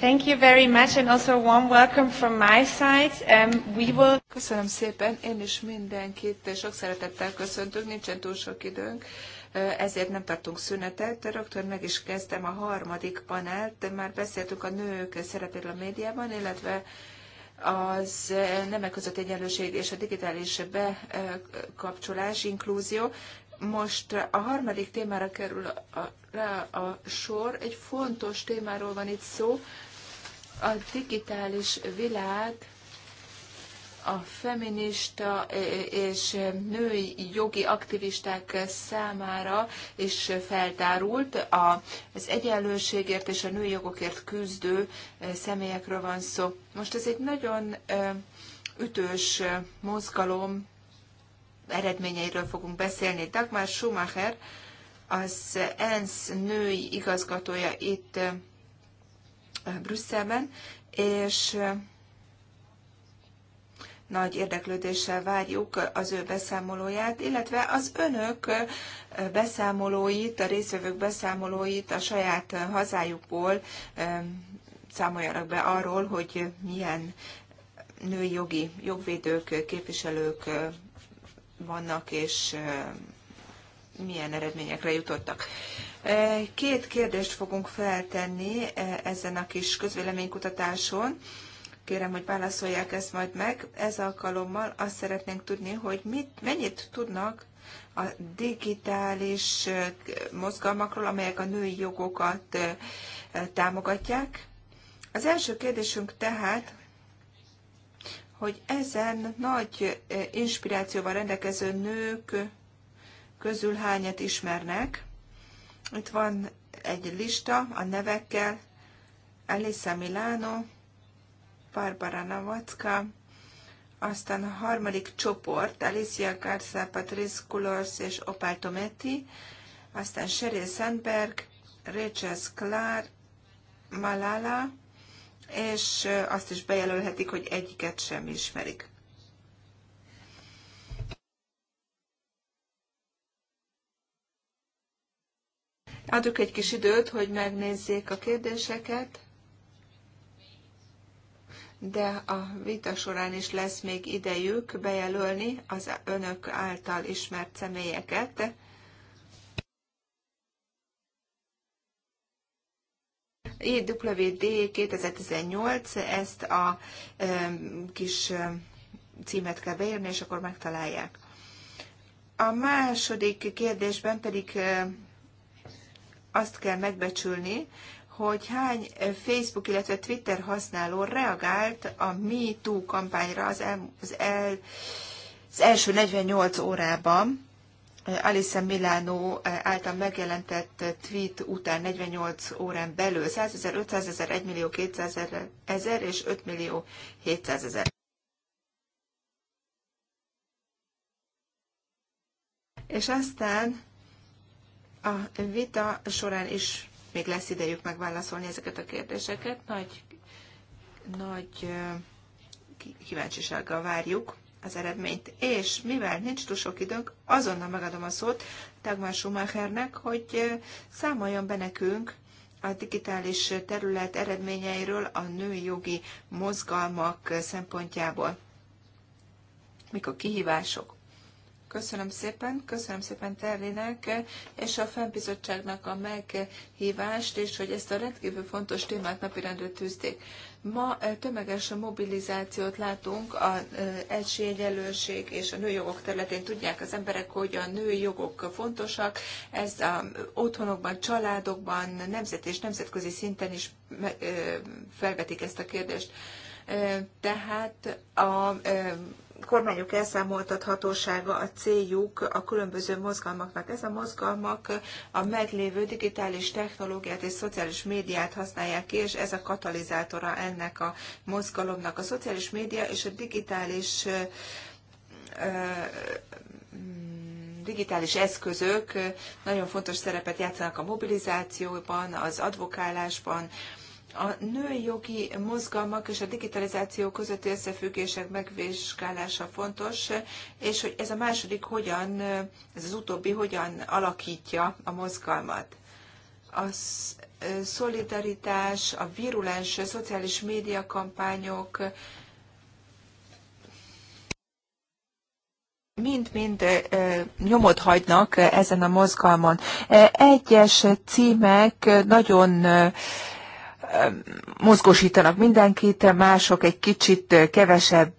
Thank you very much, and also warm welcome from my side. Um, we will... Köszönöm szépen, én is mindenkit sok szeretettel köszöntök, nincsen túl sok időnk, ezért nem tartunk szünetet. Rögtön meg is kezdtem a harmadik panelt, már beszéltünk a nők szerepéről a médiában, illetve az nemek között egyenlőség és a digitális bekapcsolás, inklúzió. Most a harmadik témára kerül a, rá a sor. Egy fontos témáról van itt szó, a digitális világ a feminista eh, és női jogi aktivisták számára is feltárult. Az egyenlőségért és a női jogokért küzdő eh, személyekről van szó. Most ez egy nagyon eh, ütős mozgalom eredményeiről fogunk beszélni. Dagmar Schumacher, az ENSZ női igazgatója itt Brüsszelben, és nagy érdeklődéssel várjuk az ő beszámolóját, illetve az önök beszámolóit, a részvevők beszámolóit a saját hazájukból számoljanak be arról, hogy milyen női jogi jogvédők, képviselők vannak, és milyen eredményekre jutottak. E, két kérdést fogunk feltenni e, ezen a kis közvéleménykutatáson. Kérem, hogy válaszolják ezt majd meg. Ez alkalommal azt szeretnénk tudni, hogy mit, mennyit tudnak a digitális e, mozgalmakról, amelyek a női jogokat támogatják. Az első kérdésünk tehát, hogy ezen nagy inspirációval rendelkező nők közül hányat ismernek, itt van egy lista a nevekkel. Elisa Milano, Barbara Navacka, aztán a harmadik csoport, Alicia Garza, Patrice Coulors és Opal Tometi, aztán Sheryl Sandberg, Rachel Sklar, Malala, és azt is bejelölhetik, hogy egyiket sem ismerik. Adjuk egy kis időt, hogy megnézzék a kérdéseket, de a vita során is lesz még idejük bejelölni az önök által ismert személyeket. IWD 2018, ezt a e, kis címet kell beírni, és akkor megtalálják. A második kérdésben pedig azt kell megbecsülni, hogy hány Facebook, illetve Twitter használó reagált a MeToo kampányra az, el, az, el, az első 48 órában. Alisa Milano eh, által megjelentett tweet után 48 órán belül 100 ezer, 500 ezer, 1 millió 200 ezer és 5 millió 700 ezer. És aztán a vita során is még lesz idejük megválaszolni ezeket a kérdéseket. Nagy, nagy kíváncsisággal várjuk az eredményt. És mivel nincs túl sok időnk, azonnal megadom a szót Dagmar Schumachernek, hogy számoljon be nekünk a digitális terület eredményeiről a női jogi mozgalmak szempontjából. Mik a kihívások? Köszönöm szépen, köszönöm szépen Terlinek és a Fennbizottságnak a meghívást, és hogy ezt a rendkívül fontos témát napirendre tűzték. Ma tömeges mobilizációt látunk a egységegyelőség és a nőjogok területén. Tudják az emberek, hogy a nőjogok fontosak, ez a otthonokban, családokban, nemzet és nemzetközi szinten is felvetik ezt a kérdést. Tehát a kormányok elszámoltathatósága a céljuk a különböző mozgalmaknak. Ez a mozgalmak a meglévő digitális technológiát és szociális médiát használják ki, és ez a katalizátora ennek a mozgalomnak. A szociális média és a digitális mm, digitális eszközök nagyon fontos szerepet játszanak a mobilizációban, az advokálásban, a női jogi mozgalmak és a digitalizáció közötti összefüggések megvizsgálása fontos, és hogy ez a második hogyan, ez az utóbbi hogyan alakítja a mozgalmat. A szolidaritás, a virulens szociális médiakampányok, mind-mind nyomot hagynak ezen a mozgalmon. Egyes címek nagyon mozgósítanak mindenkit, mások egy kicsit kevesebb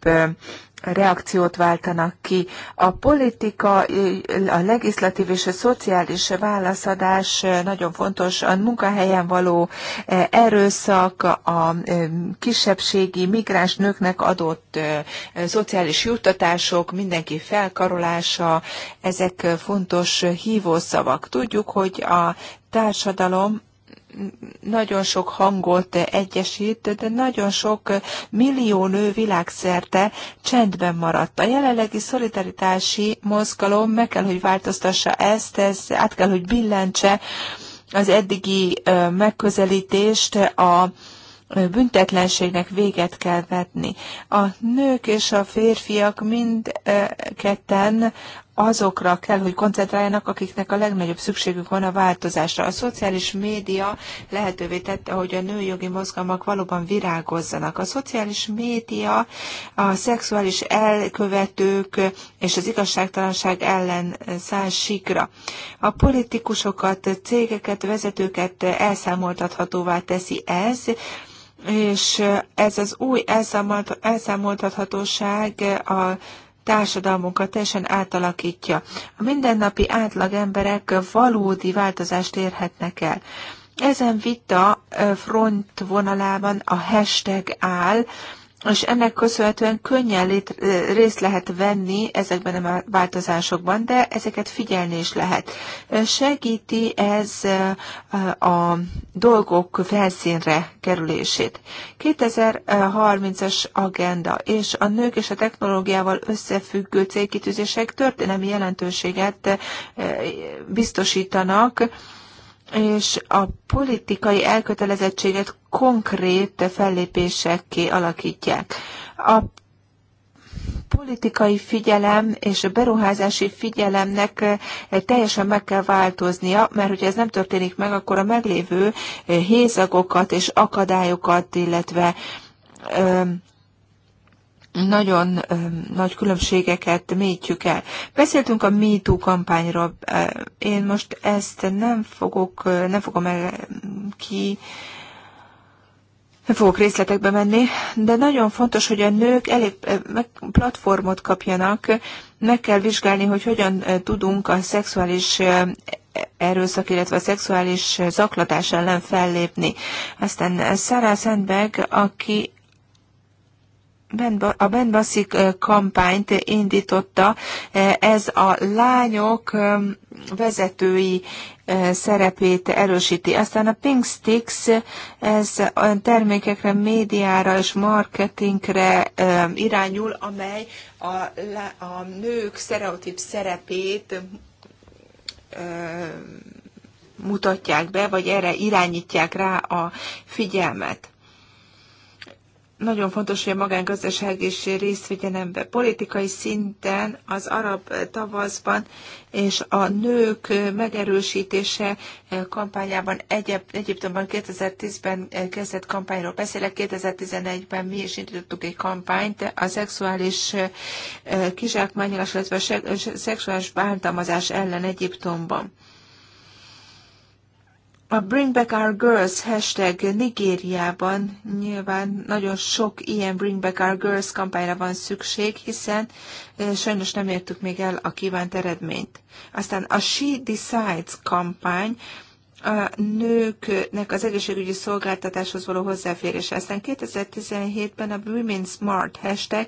reakciót váltanak ki. A politika, a legislatív és a szociális válaszadás nagyon fontos, a munkahelyen való erőszak, a kisebbségi migráns nőknek adott szociális juttatások, mindenki felkarolása, ezek fontos hívószavak. Tudjuk, hogy a társadalom nagyon sok hangot egyesít, de nagyon sok millió nő világszerte csendben maradt. A jelenlegi szolidaritási mozgalom meg kell, hogy változtassa ezt, ez át kell, hogy billentse az eddigi megközelítést a büntetlenségnek véget kell vetni. A nők és a férfiak mind ketten azokra kell, hogy koncentráljanak, akiknek a legnagyobb szükségük van a változásra. A szociális média lehetővé tette, hogy a nőjogi mozgalmak valóban virágozzanak. A szociális média a szexuális elkövetők és az igazságtalanság ellen száll sikra. A politikusokat, cégeket, vezetőket elszámoltathatóvá teszi ez, és ez az új elszámolt, elszámoltathatóság a társadalmunkat teljesen átalakítja. A mindennapi átlag emberek valódi változást érhetnek el. Ezen vita vonalában a hashtag áll, és ennek köszönhetően könnyen lét, részt lehet venni ezekben a változásokban, de ezeket figyelni is lehet. Segíti ez a dolgok felszínre kerülését. 2030-as agenda és a nők és a technológiával összefüggő célkitűzések történelmi jelentőséget biztosítanak, és a politikai elkötelezettséget konkrét fellépésekké alakítják. A politikai figyelem és a beruházási figyelemnek eh, teljesen meg kell változnia, mert hogyha ez nem történik meg, akkor a meglévő eh, hézagokat és akadályokat, illetve eh, nagyon nagy különbségeket mélyítjük el. Beszéltünk a MeToo kampányról. Én most ezt nem fogok, nem fogom el ki nem fogok részletekbe menni, de nagyon fontos, hogy a nők elég platformot kapjanak, meg kell vizsgálni, hogy hogyan tudunk a szexuális erőszak, illetve a szexuális zaklatás ellen fellépni. Aztán Sarah Sandberg, aki a Benbaszi kampányt indította ez a lányok vezetői szerepét erősíti. Aztán a Pink Sticks, ez olyan termékekre, médiára és marketingre irányul, amely a, a nők sztereotíp szerepét mutatják be, vagy erre irányítják rá a figyelmet nagyon fontos, hogy a magángazdaság is részt vegyen ebbe. Politikai szinten az arab tavaszban és a nők megerősítése kampányában Egyéb, Egyiptomban 2010-ben kezdett kampányról beszélek, 2011-ben mi is indítottuk egy kampányt a szexuális kizsákmányolás, illetve a szexuális bántalmazás ellen Egyiptomban. A Bring Back Our Girls hashtag Nigériában nyilván nagyon sok ilyen Bring Back Our Girls kampányra van szükség, hiszen sajnos nem értük még el a kívánt eredményt. Aztán a She Decides kampány, a nőknek az egészségügyi szolgáltatáshoz való hozzáférés. Aztán 2017-ben a Women Smart hashtag,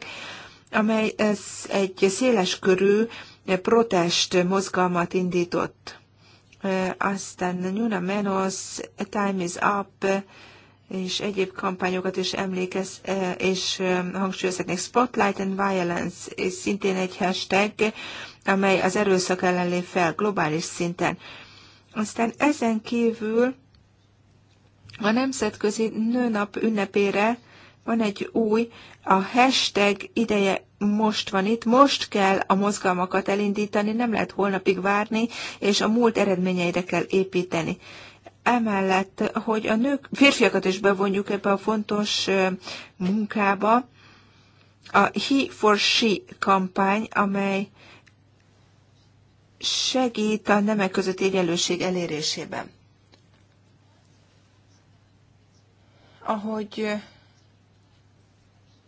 amely ez egy széles körű protest mozgalmat indított. Eh, aztán Nuna Menos, Time is Up, és egyéb kampányokat is emlékez, eh, és eh, hangsúlyozhatnék Spotlight and Violence, és szintén egy hashtag, amely az erőszak ellen lép fel globális szinten. Aztán ezen kívül a Nemzetközi Nőnap ünnepére van egy új, a hashtag ideje most van itt, most kell a mozgalmakat elindítani, nem lehet holnapig várni, és a múlt eredményeire kell építeni. Emellett, hogy a nők, férfiakat is bevonjuk ebbe a fontos munkába, a He for She kampány, amely segít a nemek közötti egyenlőség elérésében. Ahogy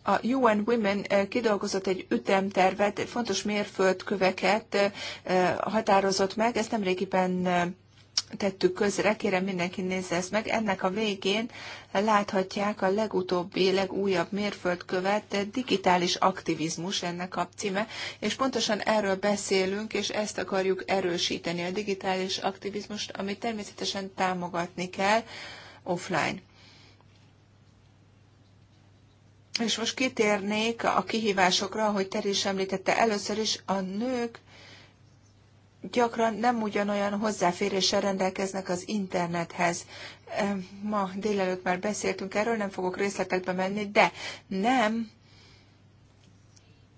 a UN Women eh, kidolgozott egy ütemtervet, fontos mérföldköveket eh, határozott meg, ezt nemrégiben eh, tettük közre, kérem mindenki nézze ezt meg. Ennek a végén láthatják a legutóbbi, legújabb mérföldkövet, digitális aktivizmus ennek a címe, és pontosan erről beszélünk, és ezt akarjuk erősíteni, a digitális aktivizmust, amit természetesen támogatni kell offline. És most kitérnék a kihívásokra, ahogy Teri is említette először is, a nők gyakran nem ugyanolyan hozzáféréssel rendelkeznek az internethez. Ma délelőtt már beszéltünk erről, nem fogok részletekbe menni, de nem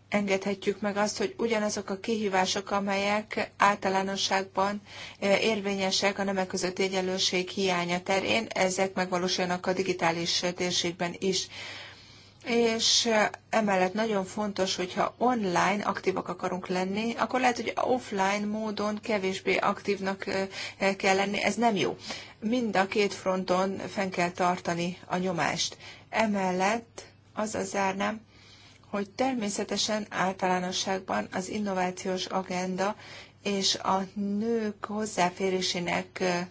engedhetjük meg azt, hogy ugyanazok a kihívások, amelyek általánosságban érvényesek a nemek között egyenlőség hiánya terén, ezek megvalósulnak a digitális térségben is és eh, emellett nagyon fontos, hogyha online aktívak akarunk lenni, akkor lehet, hogy offline módon kevésbé aktívnak eh, kell lenni, ez nem jó. Mind a két fronton fenn kell tartani a nyomást. Emellett az a zárnám, hogy természetesen általánosságban az innovációs agenda és a nők hozzáférésének eh,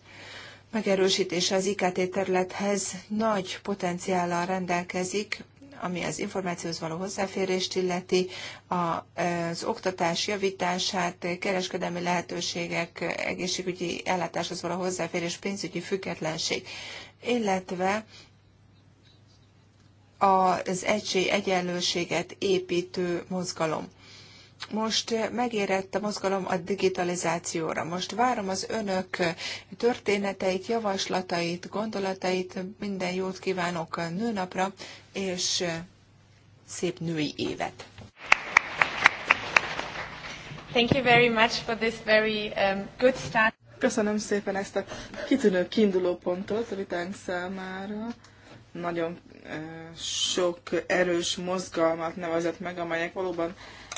megerősítése az IKT területhez nagy potenciállal rendelkezik, ami az információhoz való hozzáférést illeti, az oktatás javítását, kereskedelmi lehetőségek, egészségügyi ellátáshoz való hozzáférés, pénzügyi függetlenség, illetve az egység egyenlőséget építő mozgalom most eh, megérett a mozgalom a digitalizációra. Most várom az önök eh, történeteit, javaslatait, gondolatait, minden jót kívánok a nőnapra, és eh, szép női évet! Thank you very much for this very um, good start. Köszönöm szépen ezt a kitűnő kiinduló pontot a vitánk számára. Nagyon uh, sok erős mozgalmat nevezett meg, amelyek valóban uh,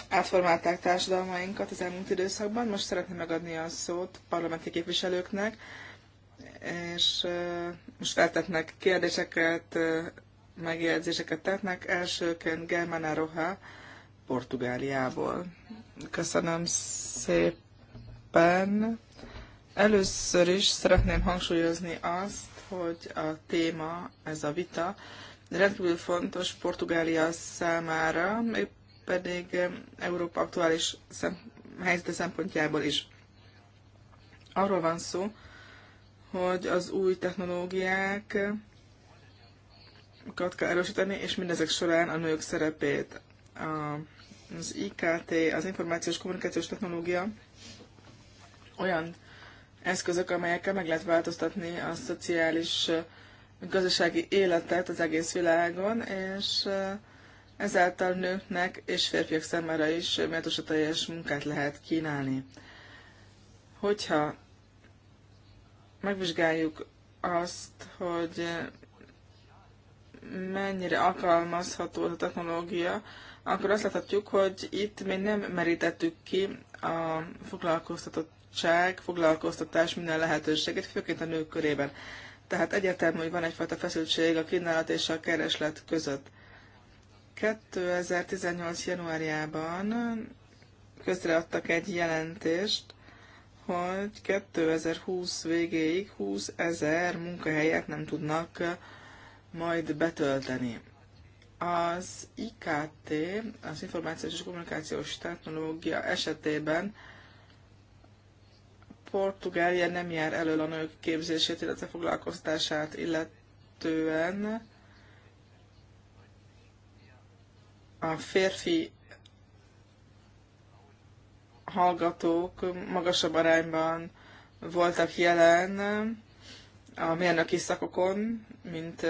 átformálták társadalmainkat az elmúlt időszakban. Most szeretném megadni a szót parlamenti képviselőknek, és most feltetnek kérdéseket, megjegyzéseket tetnek. Elsőként Germana Roha, Portugáliából. Köszönöm szépen. Először is szeretném hangsúlyozni azt, hogy a téma, ez a vita, rendkívül fontos Portugália számára, még pedig eh, Európa aktuális szem, helyzete szempontjából is. Arról van szó, hogy az új technológiákat eh, kell erősíteni, és mindezek során a nők szerepét. Az IKT, az információs kommunikációs technológia olyan eszközök, amelyekkel meg lehet változtatni a szociális eh, gazdasági életet az egész világon, és Ezáltal nőknek és férfiak számára is méltósa teljes munkát lehet kínálni. Hogyha megvizsgáljuk azt, hogy mennyire alkalmazható a technológia, akkor azt láthatjuk, hogy itt még nem merítettük ki a foglalkoztatottság, foglalkoztatás minden lehetőséget, főként a nők körében. Tehát egyértelmű, hogy van egyfajta feszültség a kínálat és a kereslet között. 2018. januárjában közreadtak egy jelentést, hogy 2020 végéig 20 ezer munkahelyet nem tudnak majd betölteni. Az IKT, az Információs és Kommunikációs Technológia esetében Portugália nem jár elől a nők képzését, illetve foglalkoztását illetően a férfi hallgatók magasabb arányban voltak jelen a mérnöki szakokon, mint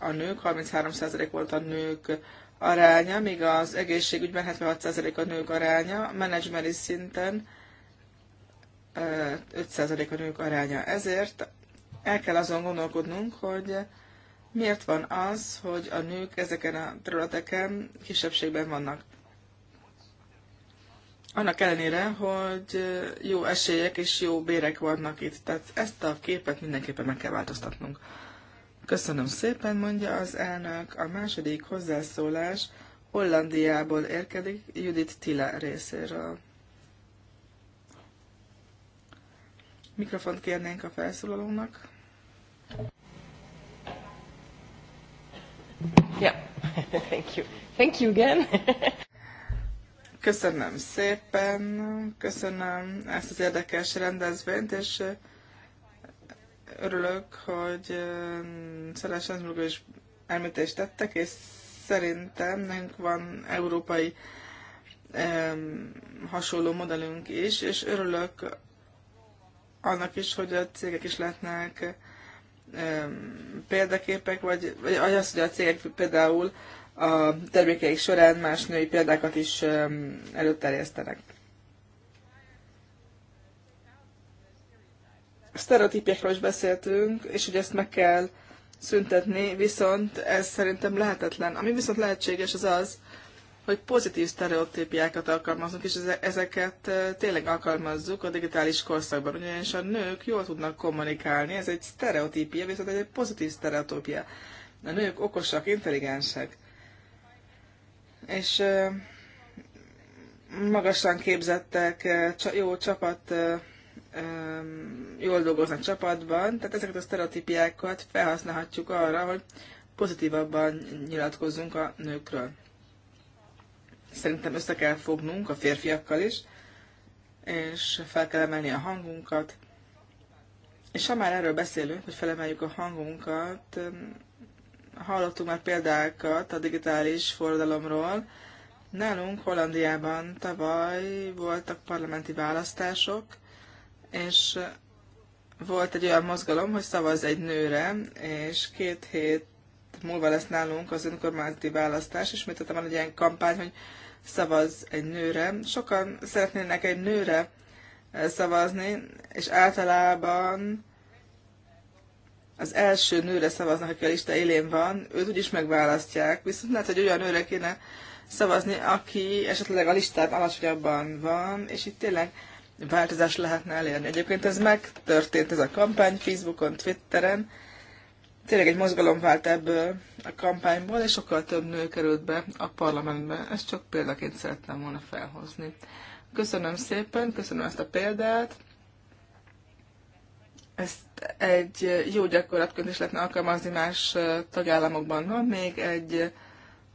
a nők, 33% volt a nők aránya, míg az egészségügyben 76% a nők aránya, menedzsmeri szinten 5% a nők aránya. Ezért el kell azon gondolkodnunk, hogy miért van az, hogy a nők ezeken a területeken kisebbségben vannak? Annak ellenére, hogy jó esélyek és jó bérek vannak itt. Tehát ezt a képet mindenképpen meg kell változtatnunk. Köszönöm szépen, mondja az elnök. A második hozzászólás Hollandiából érkezik Judit Tila részéről. Mikrofont kérnénk a felszólalónak. Yeah. Thank you. Thank you again. köszönöm szépen, köszönöm ezt az érdekes rendezvényt, és örülök, hogy Szeles Enzburg is elmítést tettek, és szerintem nekünk van európai eh, hasonló modellünk is, és örülök annak is, hogy a cégek is eh, példaképek, vagy, vagy az, hogy a cégek például a termékeik során más női példákat is előterjesztenek. Sztereotípiekről is beszéltünk, és hogy ezt meg kell szüntetni, viszont ez szerintem lehetetlen. Ami viszont lehetséges az az, hogy pozitív sztereotípiákat alkalmazunk, és ezeket tényleg alkalmazzuk a digitális korszakban, ugyanis a nők jól tudnak kommunikálni, ez egy sztereotípia, viszont egy pozitív sztereotípia. A nők okosak, intelligensek, és magasan képzettek, jó csapat, jól dolgoznak csapatban, tehát ezeket a sztereotípiákat felhasználhatjuk arra, hogy pozitívabban nyilatkozzunk a nőkről szerintem össze kell fognunk a férfiakkal is, és fel kell emelni a hangunkat. És ha már erről beszélünk, hogy felemeljük a hangunkat, mm, hallottunk már példákat a digitális forradalomról. Nálunk Hollandiában tavaly voltak parlamenti választások, és volt egy olyan mozgalom, hogy szavaz egy nőre, és két hét múlva lesz nálunk az önkormányzati választás, és mit tettem, van egy ilyen kampány, hogy szavaz egy nőre. Sokan szeretnének egy nőre eh, szavazni, és általában az első nőre szavaznak, aki a lista élén van, őt úgyis megválasztják, viszont lehet, hogy olyan nőre kéne szavazni, aki esetleg a listát alacsonyabban van, és itt tényleg változást lehetne elérni. Egyébként ez megtörtént, ez a kampány Facebookon, Twitteren, tényleg egy mozgalom vált ebből a kampányból, és sokkal több nő került be a parlamentbe. Ezt csak példaként szerettem volna felhozni. Köszönöm szépen, köszönöm ezt a példát. Ezt egy jó gyakorlatként is lehetne alkalmazni más tagállamokban. Van még egy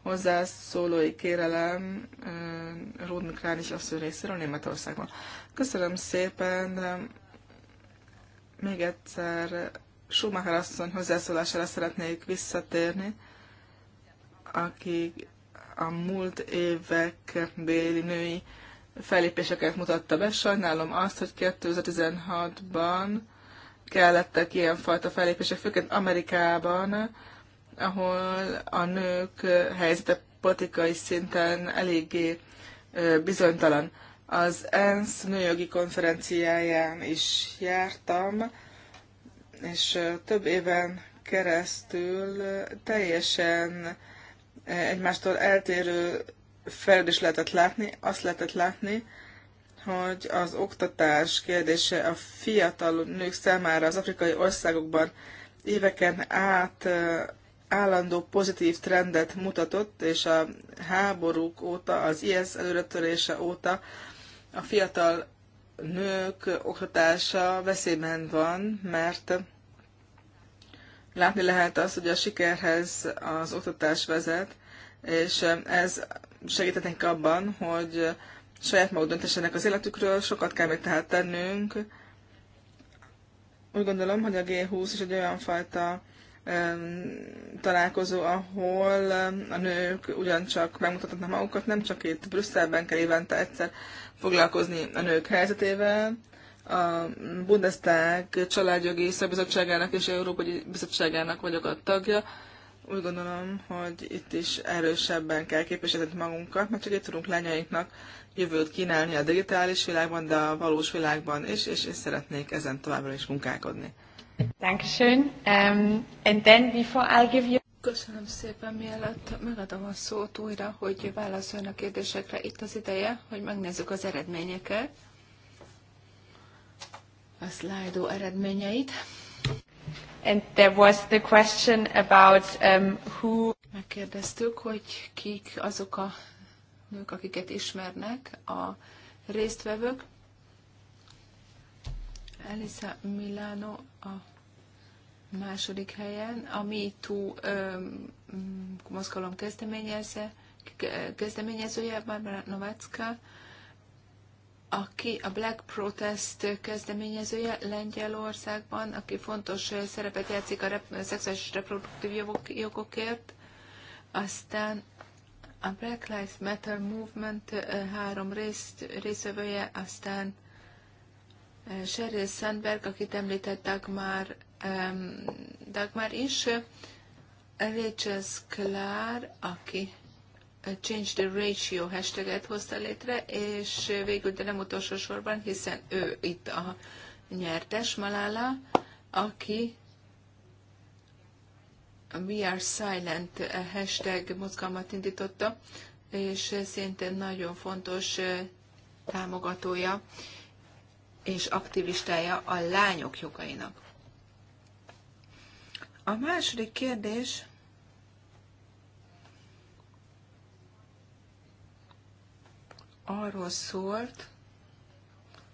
hozzászólói kérelem eh, Rudnik Ránis asszony részéről Németországban. Köszönöm szépen, még egyszer Schumacher asszony hozzászólására szeretnék visszatérni, aki a múlt évek béli női fellépéseket mutatta be. Sajnálom azt, hogy 2016-ban kellettek ilyenfajta fellépések, főként Amerikában, ahol a nők helyzete politikai szinten eléggé bizonytalan. Az ENSZ nőjogi konferenciáján is jártam, és több éven keresztül teljesen egymástól eltérő fejlődés lehetett látni, azt lehetett látni, hogy az oktatás kérdése a fiatal nők számára az afrikai országokban éveken át állandó pozitív trendet mutatott, és a háborúk óta, az IS előretörése óta a fiatal nők oktatása veszélyben van, mert látni lehet azt, hogy a sikerhez az oktatás vezet, és ez nekik abban, hogy saját maguk döntessenek az életükről, sokat kell még tehát tennünk. Úgy gondolom, hogy a G20 is egy olyan fajta találkozó, ahol a nők ugyancsak megmutatnak magukat, nem csak itt Brüsszelben kell évente egyszer foglalkozni a nők helyzetével. A Bundestag családjogi szabizottságának és Európai Bizottságának vagyok a tagja. Úgy gondolom, hogy itt is erősebben kell képviselni magunkat, mert csak itt tudunk lányainknak jövőt kínálni a digitális világban, de a valós világban is, és, és szeretnék ezen továbbra is munkálkodni. Um, Köszönöm szépen, mielőtt megadom a szót újra, hogy válaszoljon a kérdésekre. Itt az ideje, hogy megnézzük az eredményeket, a Slido eredményeit. And there was the question about um, who... Megkérdeztük, hogy kik azok a nők, akiket ismernek, a résztvevők. Elisa Milano a második helyen a MeToo mozgalom kezdeményezze, kezdeményezője Barbara Novacka, aki a Black Protest kezdeményezője Lengyelországban, aki fontos szerepet játszik a rep- szexuális reproduktív jogok, jogokért. Aztán a Black Lives Matter Movement három részt, részvevője, aztán Sheryl Sandberg, akit említettek már, Dagmar is. az Sklar, aki Change the Ratio hashtaget hozta létre, és végül, de nem utolsó sorban, hiszen ő itt a nyertes, Malala, aki We Are Silent hashtag mozgalmat indította, és szintén nagyon fontos támogatója és aktivistája a lányok jogainak. A második kérdés arról szólt,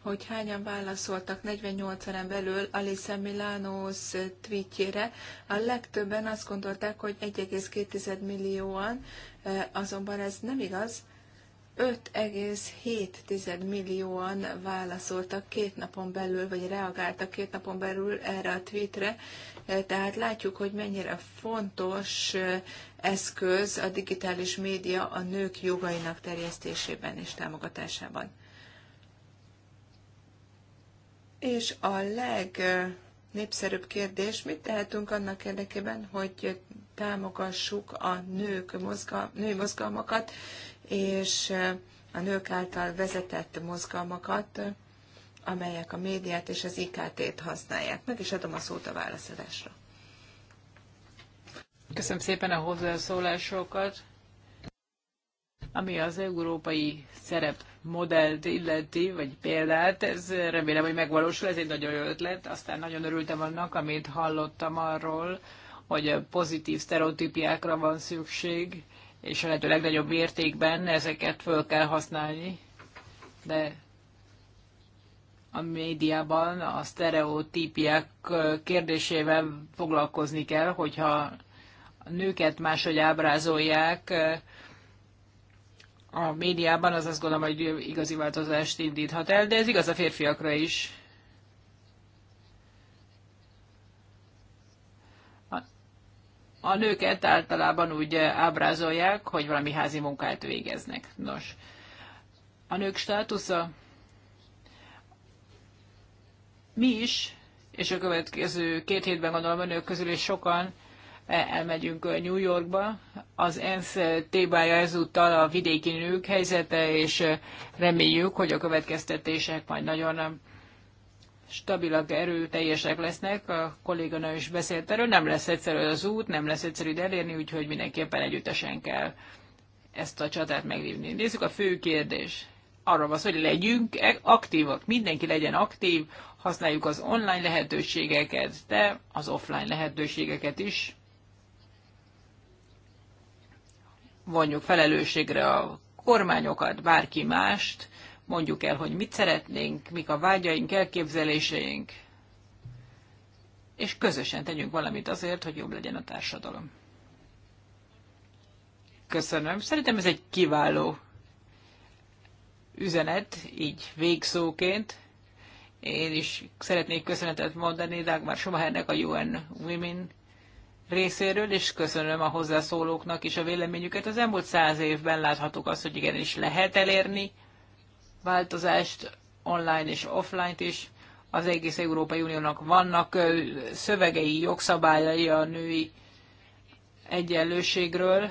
hogy hányan válaszoltak 48-en belül Alice Milános tweetjére. A legtöbben azt gondolták, hogy 1,2 millióan, eh, azonban ez nem igaz, 5,7 millióan válaszoltak két napon belül, vagy reagáltak két napon belül erre a tweetre, tehát látjuk, hogy mennyire fontos eszköz a digitális média a nők jogainak terjesztésében és támogatásában. És a legnépszerűbb kérdés, mit tehetünk annak érdekében, hogy támogassuk a nők mozga, női mozgalmakat, és eh, a nők által vezetett mozgalmakat, amelyek a médiát és az IKT-t használják. Meg is adom a szót a válaszadásra. Köszönöm szépen a hozzászólásokat. Ami az európai szerep modellt illeti, vagy példát, ez remélem, hogy megvalósul, ez egy nagyon jó ötlet. Aztán nagyon örültem annak, amit hallottam arról, hogy pozitív sztereotípiákra van szükség, és a lehető legnagyobb mértékben ezeket föl kell használni, de a médiában a sztereotípiák kérdésével foglalkozni kell, hogyha a nőket máshogy ábrázolják a médiában, az azt gondolom, hogy igazi változást indíthat el, de ez igaz a férfiakra is. a nőket általában úgy eh, ábrázolják, hogy valami házi munkát végeznek. Nos, a nők státusza mi is, és a következő két hétben gondolom önök közül is sokan eh, elmegyünk eh, New Yorkba. Az ENSZ tébája ezúttal a vidéki nők helyzete, és reméljük, hogy a következtetések majd nagyon stabilak, erőteljesek lesznek, a kolléganő is beszélt erről, nem lesz egyszerű az út, nem lesz egyszerű elérni, úgyhogy mindenképpen együttesen kell ezt a csatát megvívni. Nézzük a fő kérdés. Arra van hogy legyünk aktívak, mindenki legyen aktív, használjuk az online lehetőségeket, de az offline lehetőségeket is. Vonjuk felelősségre a kormányokat, bárki mást, mondjuk el, hogy mit szeretnénk, mik a vágyaink, elképzeléseink, és közösen tegyünk valamit azért, hogy jobb legyen a társadalom. Köszönöm. Szerintem ez egy kiváló üzenet, így végszóként. Én is szeretnék köszönetet mondani Dagmar Somahernek a UN Women részéről, és köszönöm a hozzászólóknak is a véleményüket. Az elmúlt száz évben láthatók azt, hogy igenis lehet elérni változást, online és offline-t is. Az egész Európai Uniónak vannak szövegei, jogszabályai a női egyenlőségről.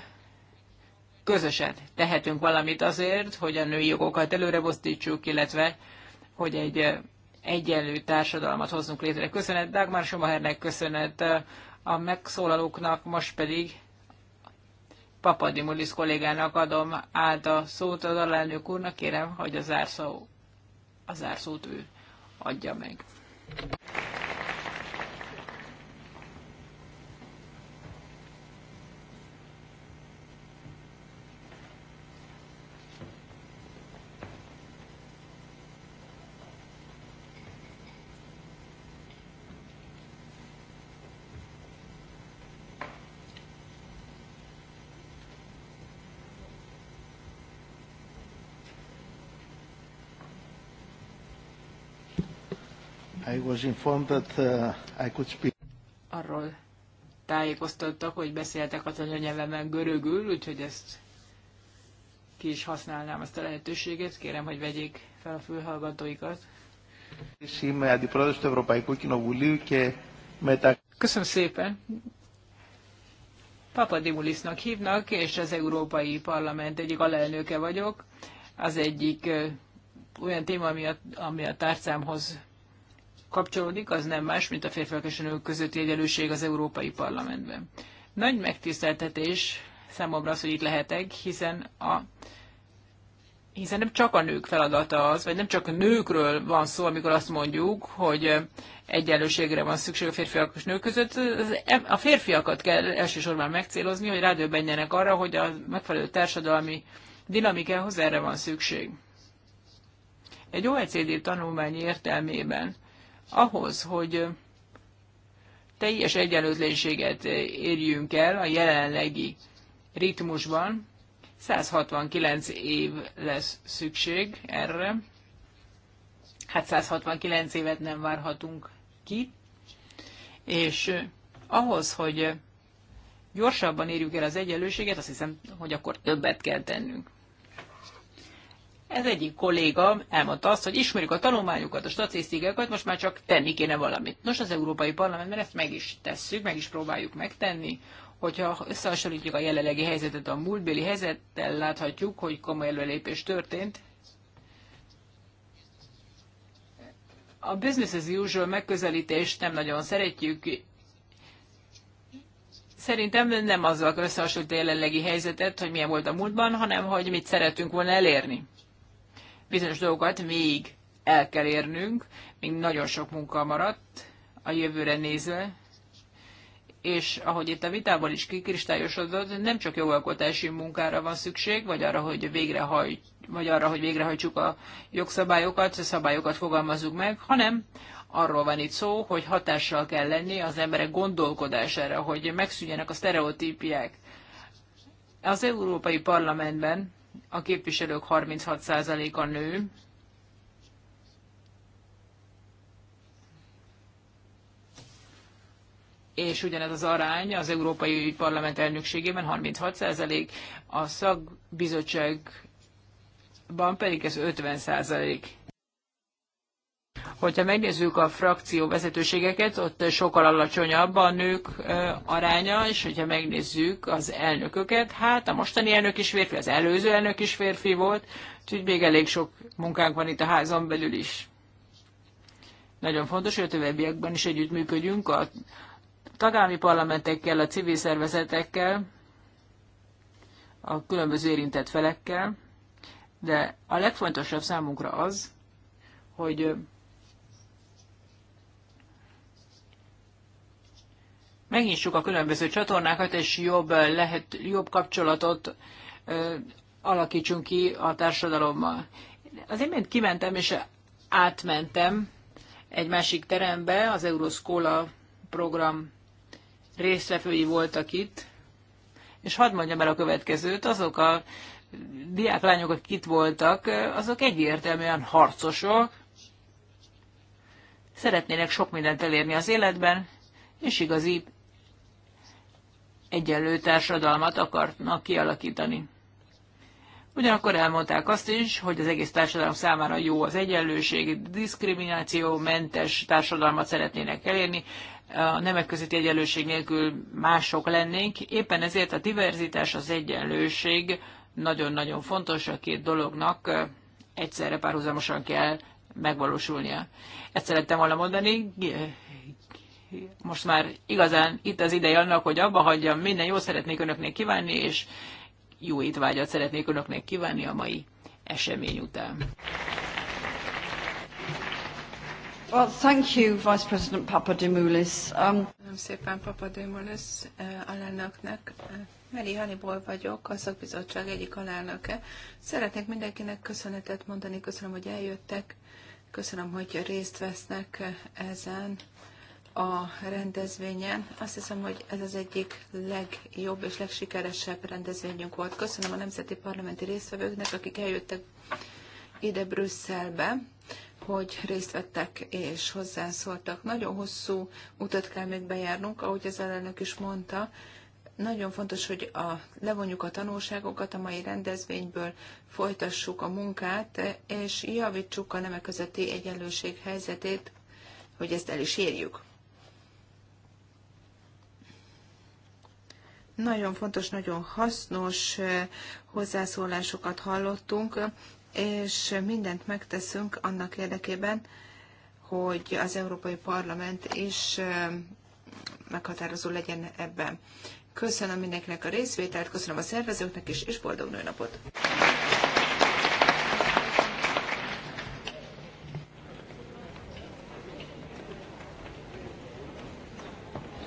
Közösen tehetünk valamit azért, hogy a női jogokat előre mozdítsuk, illetve hogy egy egyenlő társadalmat hozzunk létre. Köszönet Dagmar Somahernek, köszönet a megszólalóknak, most pedig Papadimulis kollégának adom át a szót az alelnök úrnak, kérem, hogy a zárszó, a zárszót ő adja meg. I was informed that uh, I could speak. Arról tájékoztattak, hogy beszéltek az anyanyelvemen görögül, úgyhogy ezt ki is használnám ezt a lehetőséget. Kérem, hogy vegyék fel a fülhallgatóikat. Köszönöm szépen. Papadimulisnak hívnak, és az Európai Parlament egyik alelnöke vagyok. Az egyik olyan téma, ami a, ami a tárcámhoz kapcsolódik, az nem más, mint a férfiak és a nők közötti egyenlőség az Európai Parlamentben. Nagy megtiszteltetés számomra az, hogy itt lehetek, hiszen a hiszen nem csak a nők feladata az, vagy nem csak a nőkről van szó, amikor azt mondjuk, hogy egyenlőségre van szükség a férfiak és nők között. A férfiakat kell elsősorban megcélozni, hogy rádöbbenjenek arra, hogy a megfelelő társadalmi dinamikához erre van szükség. Egy OECD tanulmány értelmében ahhoz, hogy teljes egyenlőtlenséget érjünk el a jelenlegi ritmusban, 169 év lesz szükség erre. Hát 169 évet nem várhatunk ki. És ahhoz, hogy gyorsabban érjük el az egyenlőséget, azt hiszem, hogy akkor többet kell tennünk. Ez egyik kolléga elmondta azt, hogy ismerjük a tanulmányokat, a statisztikákat, most már csak tenni kéne valamit. Nos, az Európai Parlamentben ezt meg is tesszük, meg is próbáljuk megtenni. Hogyha összehasonlítjuk a jelenlegi helyzetet a múltbéli helyzettel, láthatjuk, hogy komoly előlépés történt. A business as usual megközelítést nem nagyon szeretjük, szerintem nem azzal összehasonlít a jelenlegi helyzetet, hogy milyen volt a múltban, hanem hogy mit szeretünk volna elérni bizonyos dolgokat még el kell érnünk, még nagyon sok munka maradt a jövőre nézve, és ahogy itt a vitából is kikristályosodott, nem csak jogalkotási munkára van szükség, vagy arra, hogy végrehaj, vagy arra, hogy végrehajtsuk a jogszabályokat, szabályokat fogalmazunk meg, hanem arról van itt szó, hogy hatással kell lenni az emberek gondolkodására, hogy megszűnjenek a sztereotípiák. Az Európai Parlamentben a képviselők 36%-a nő, és ugyanez az arány az Európai Parlament elnökségében 36%, a szakbizottságban pedig ez 50%. Hogyha megnézzük a frakció vezetőségeket, ott sokkal alacsonyabb a nők aránya, és hogyha megnézzük az elnököket, hát a mostani elnök is férfi, az előző elnök is férfi volt, úgyhogy még elég sok munkánk van itt a házon belül is. Nagyon fontos, hogy a továbbiakban is együttműködjünk a tagállami parlamentekkel, a civil szervezetekkel, a különböző érintett felekkel, de a legfontosabb számunkra az, hogy megnyissuk a különböző csatornákat, és jobb, eh, lehet, jobb kapcsolatot ö, eh, alakítsunk ki a társadalommal. Az imént kimentem és átmentem egy másik terembe, az Euroszkola program résztvevői voltak itt, és hadd mondjam el a következőt, azok a diáklányok, akik itt voltak, eh, azok egyértelműen harcosok, szeretnének sok mindent elérni az életben, és igazi egyenlő társadalmat akarnak kialakítani. Ugyanakkor elmondták azt is, hogy az egész társadalom számára jó az egyenlőség, diszkriminációmentes társadalmat szeretnének elérni, a nemek közötti egyenlőség nélkül mások lennénk. Éppen ezért a diverzitás, az egyenlőség nagyon-nagyon fontos, a két dolognak egyszerre párhuzamosan kell megvalósulnia. Ezt szerettem volna mondani, most már igazán itt az ideje annak, hogy abba hagyjam, minden jó szeretnék önöknek kívánni, és jó étvágyat szeretnék önöknek kívánni a mai esemény után. Well, thank you, Vice President Papadimoulis. Um... Köszönöm szépen Papadimoulis eh, alelnöknek. Eh, Meli Hannibal vagyok, a szakbizottság egyik alelnöke. Szeretnék mindenkinek köszönetet mondani, köszönöm, hogy eljöttek, köszönöm, hogy részt vesznek eh, ezen a rendezvényen. Azt hiszem, hogy ez az egyik legjobb és legsikeresebb rendezvényünk volt. Köszönöm a nemzeti parlamenti résztvevőknek, akik eljöttek ide Brüsszelbe, hogy részt vettek és hozzászóltak. Nagyon hosszú utat kell még bejárnunk, ahogy az elnök is mondta. Nagyon fontos, hogy a, levonjuk a tanulságokat a mai rendezvényből, folytassuk a munkát, és javítsuk a nemek közötti egyenlőség helyzetét, hogy ezt el is érjük. Nagyon fontos, nagyon hasznos hozzászólásokat hallottunk, és mindent megteszünk annak érdekében, hogy az Európai Parlament is meghatározó legyen ebben. Köszönöm mindenkinek a részvételt, köszönöm a szervezőknek is, és boldog nőnapot!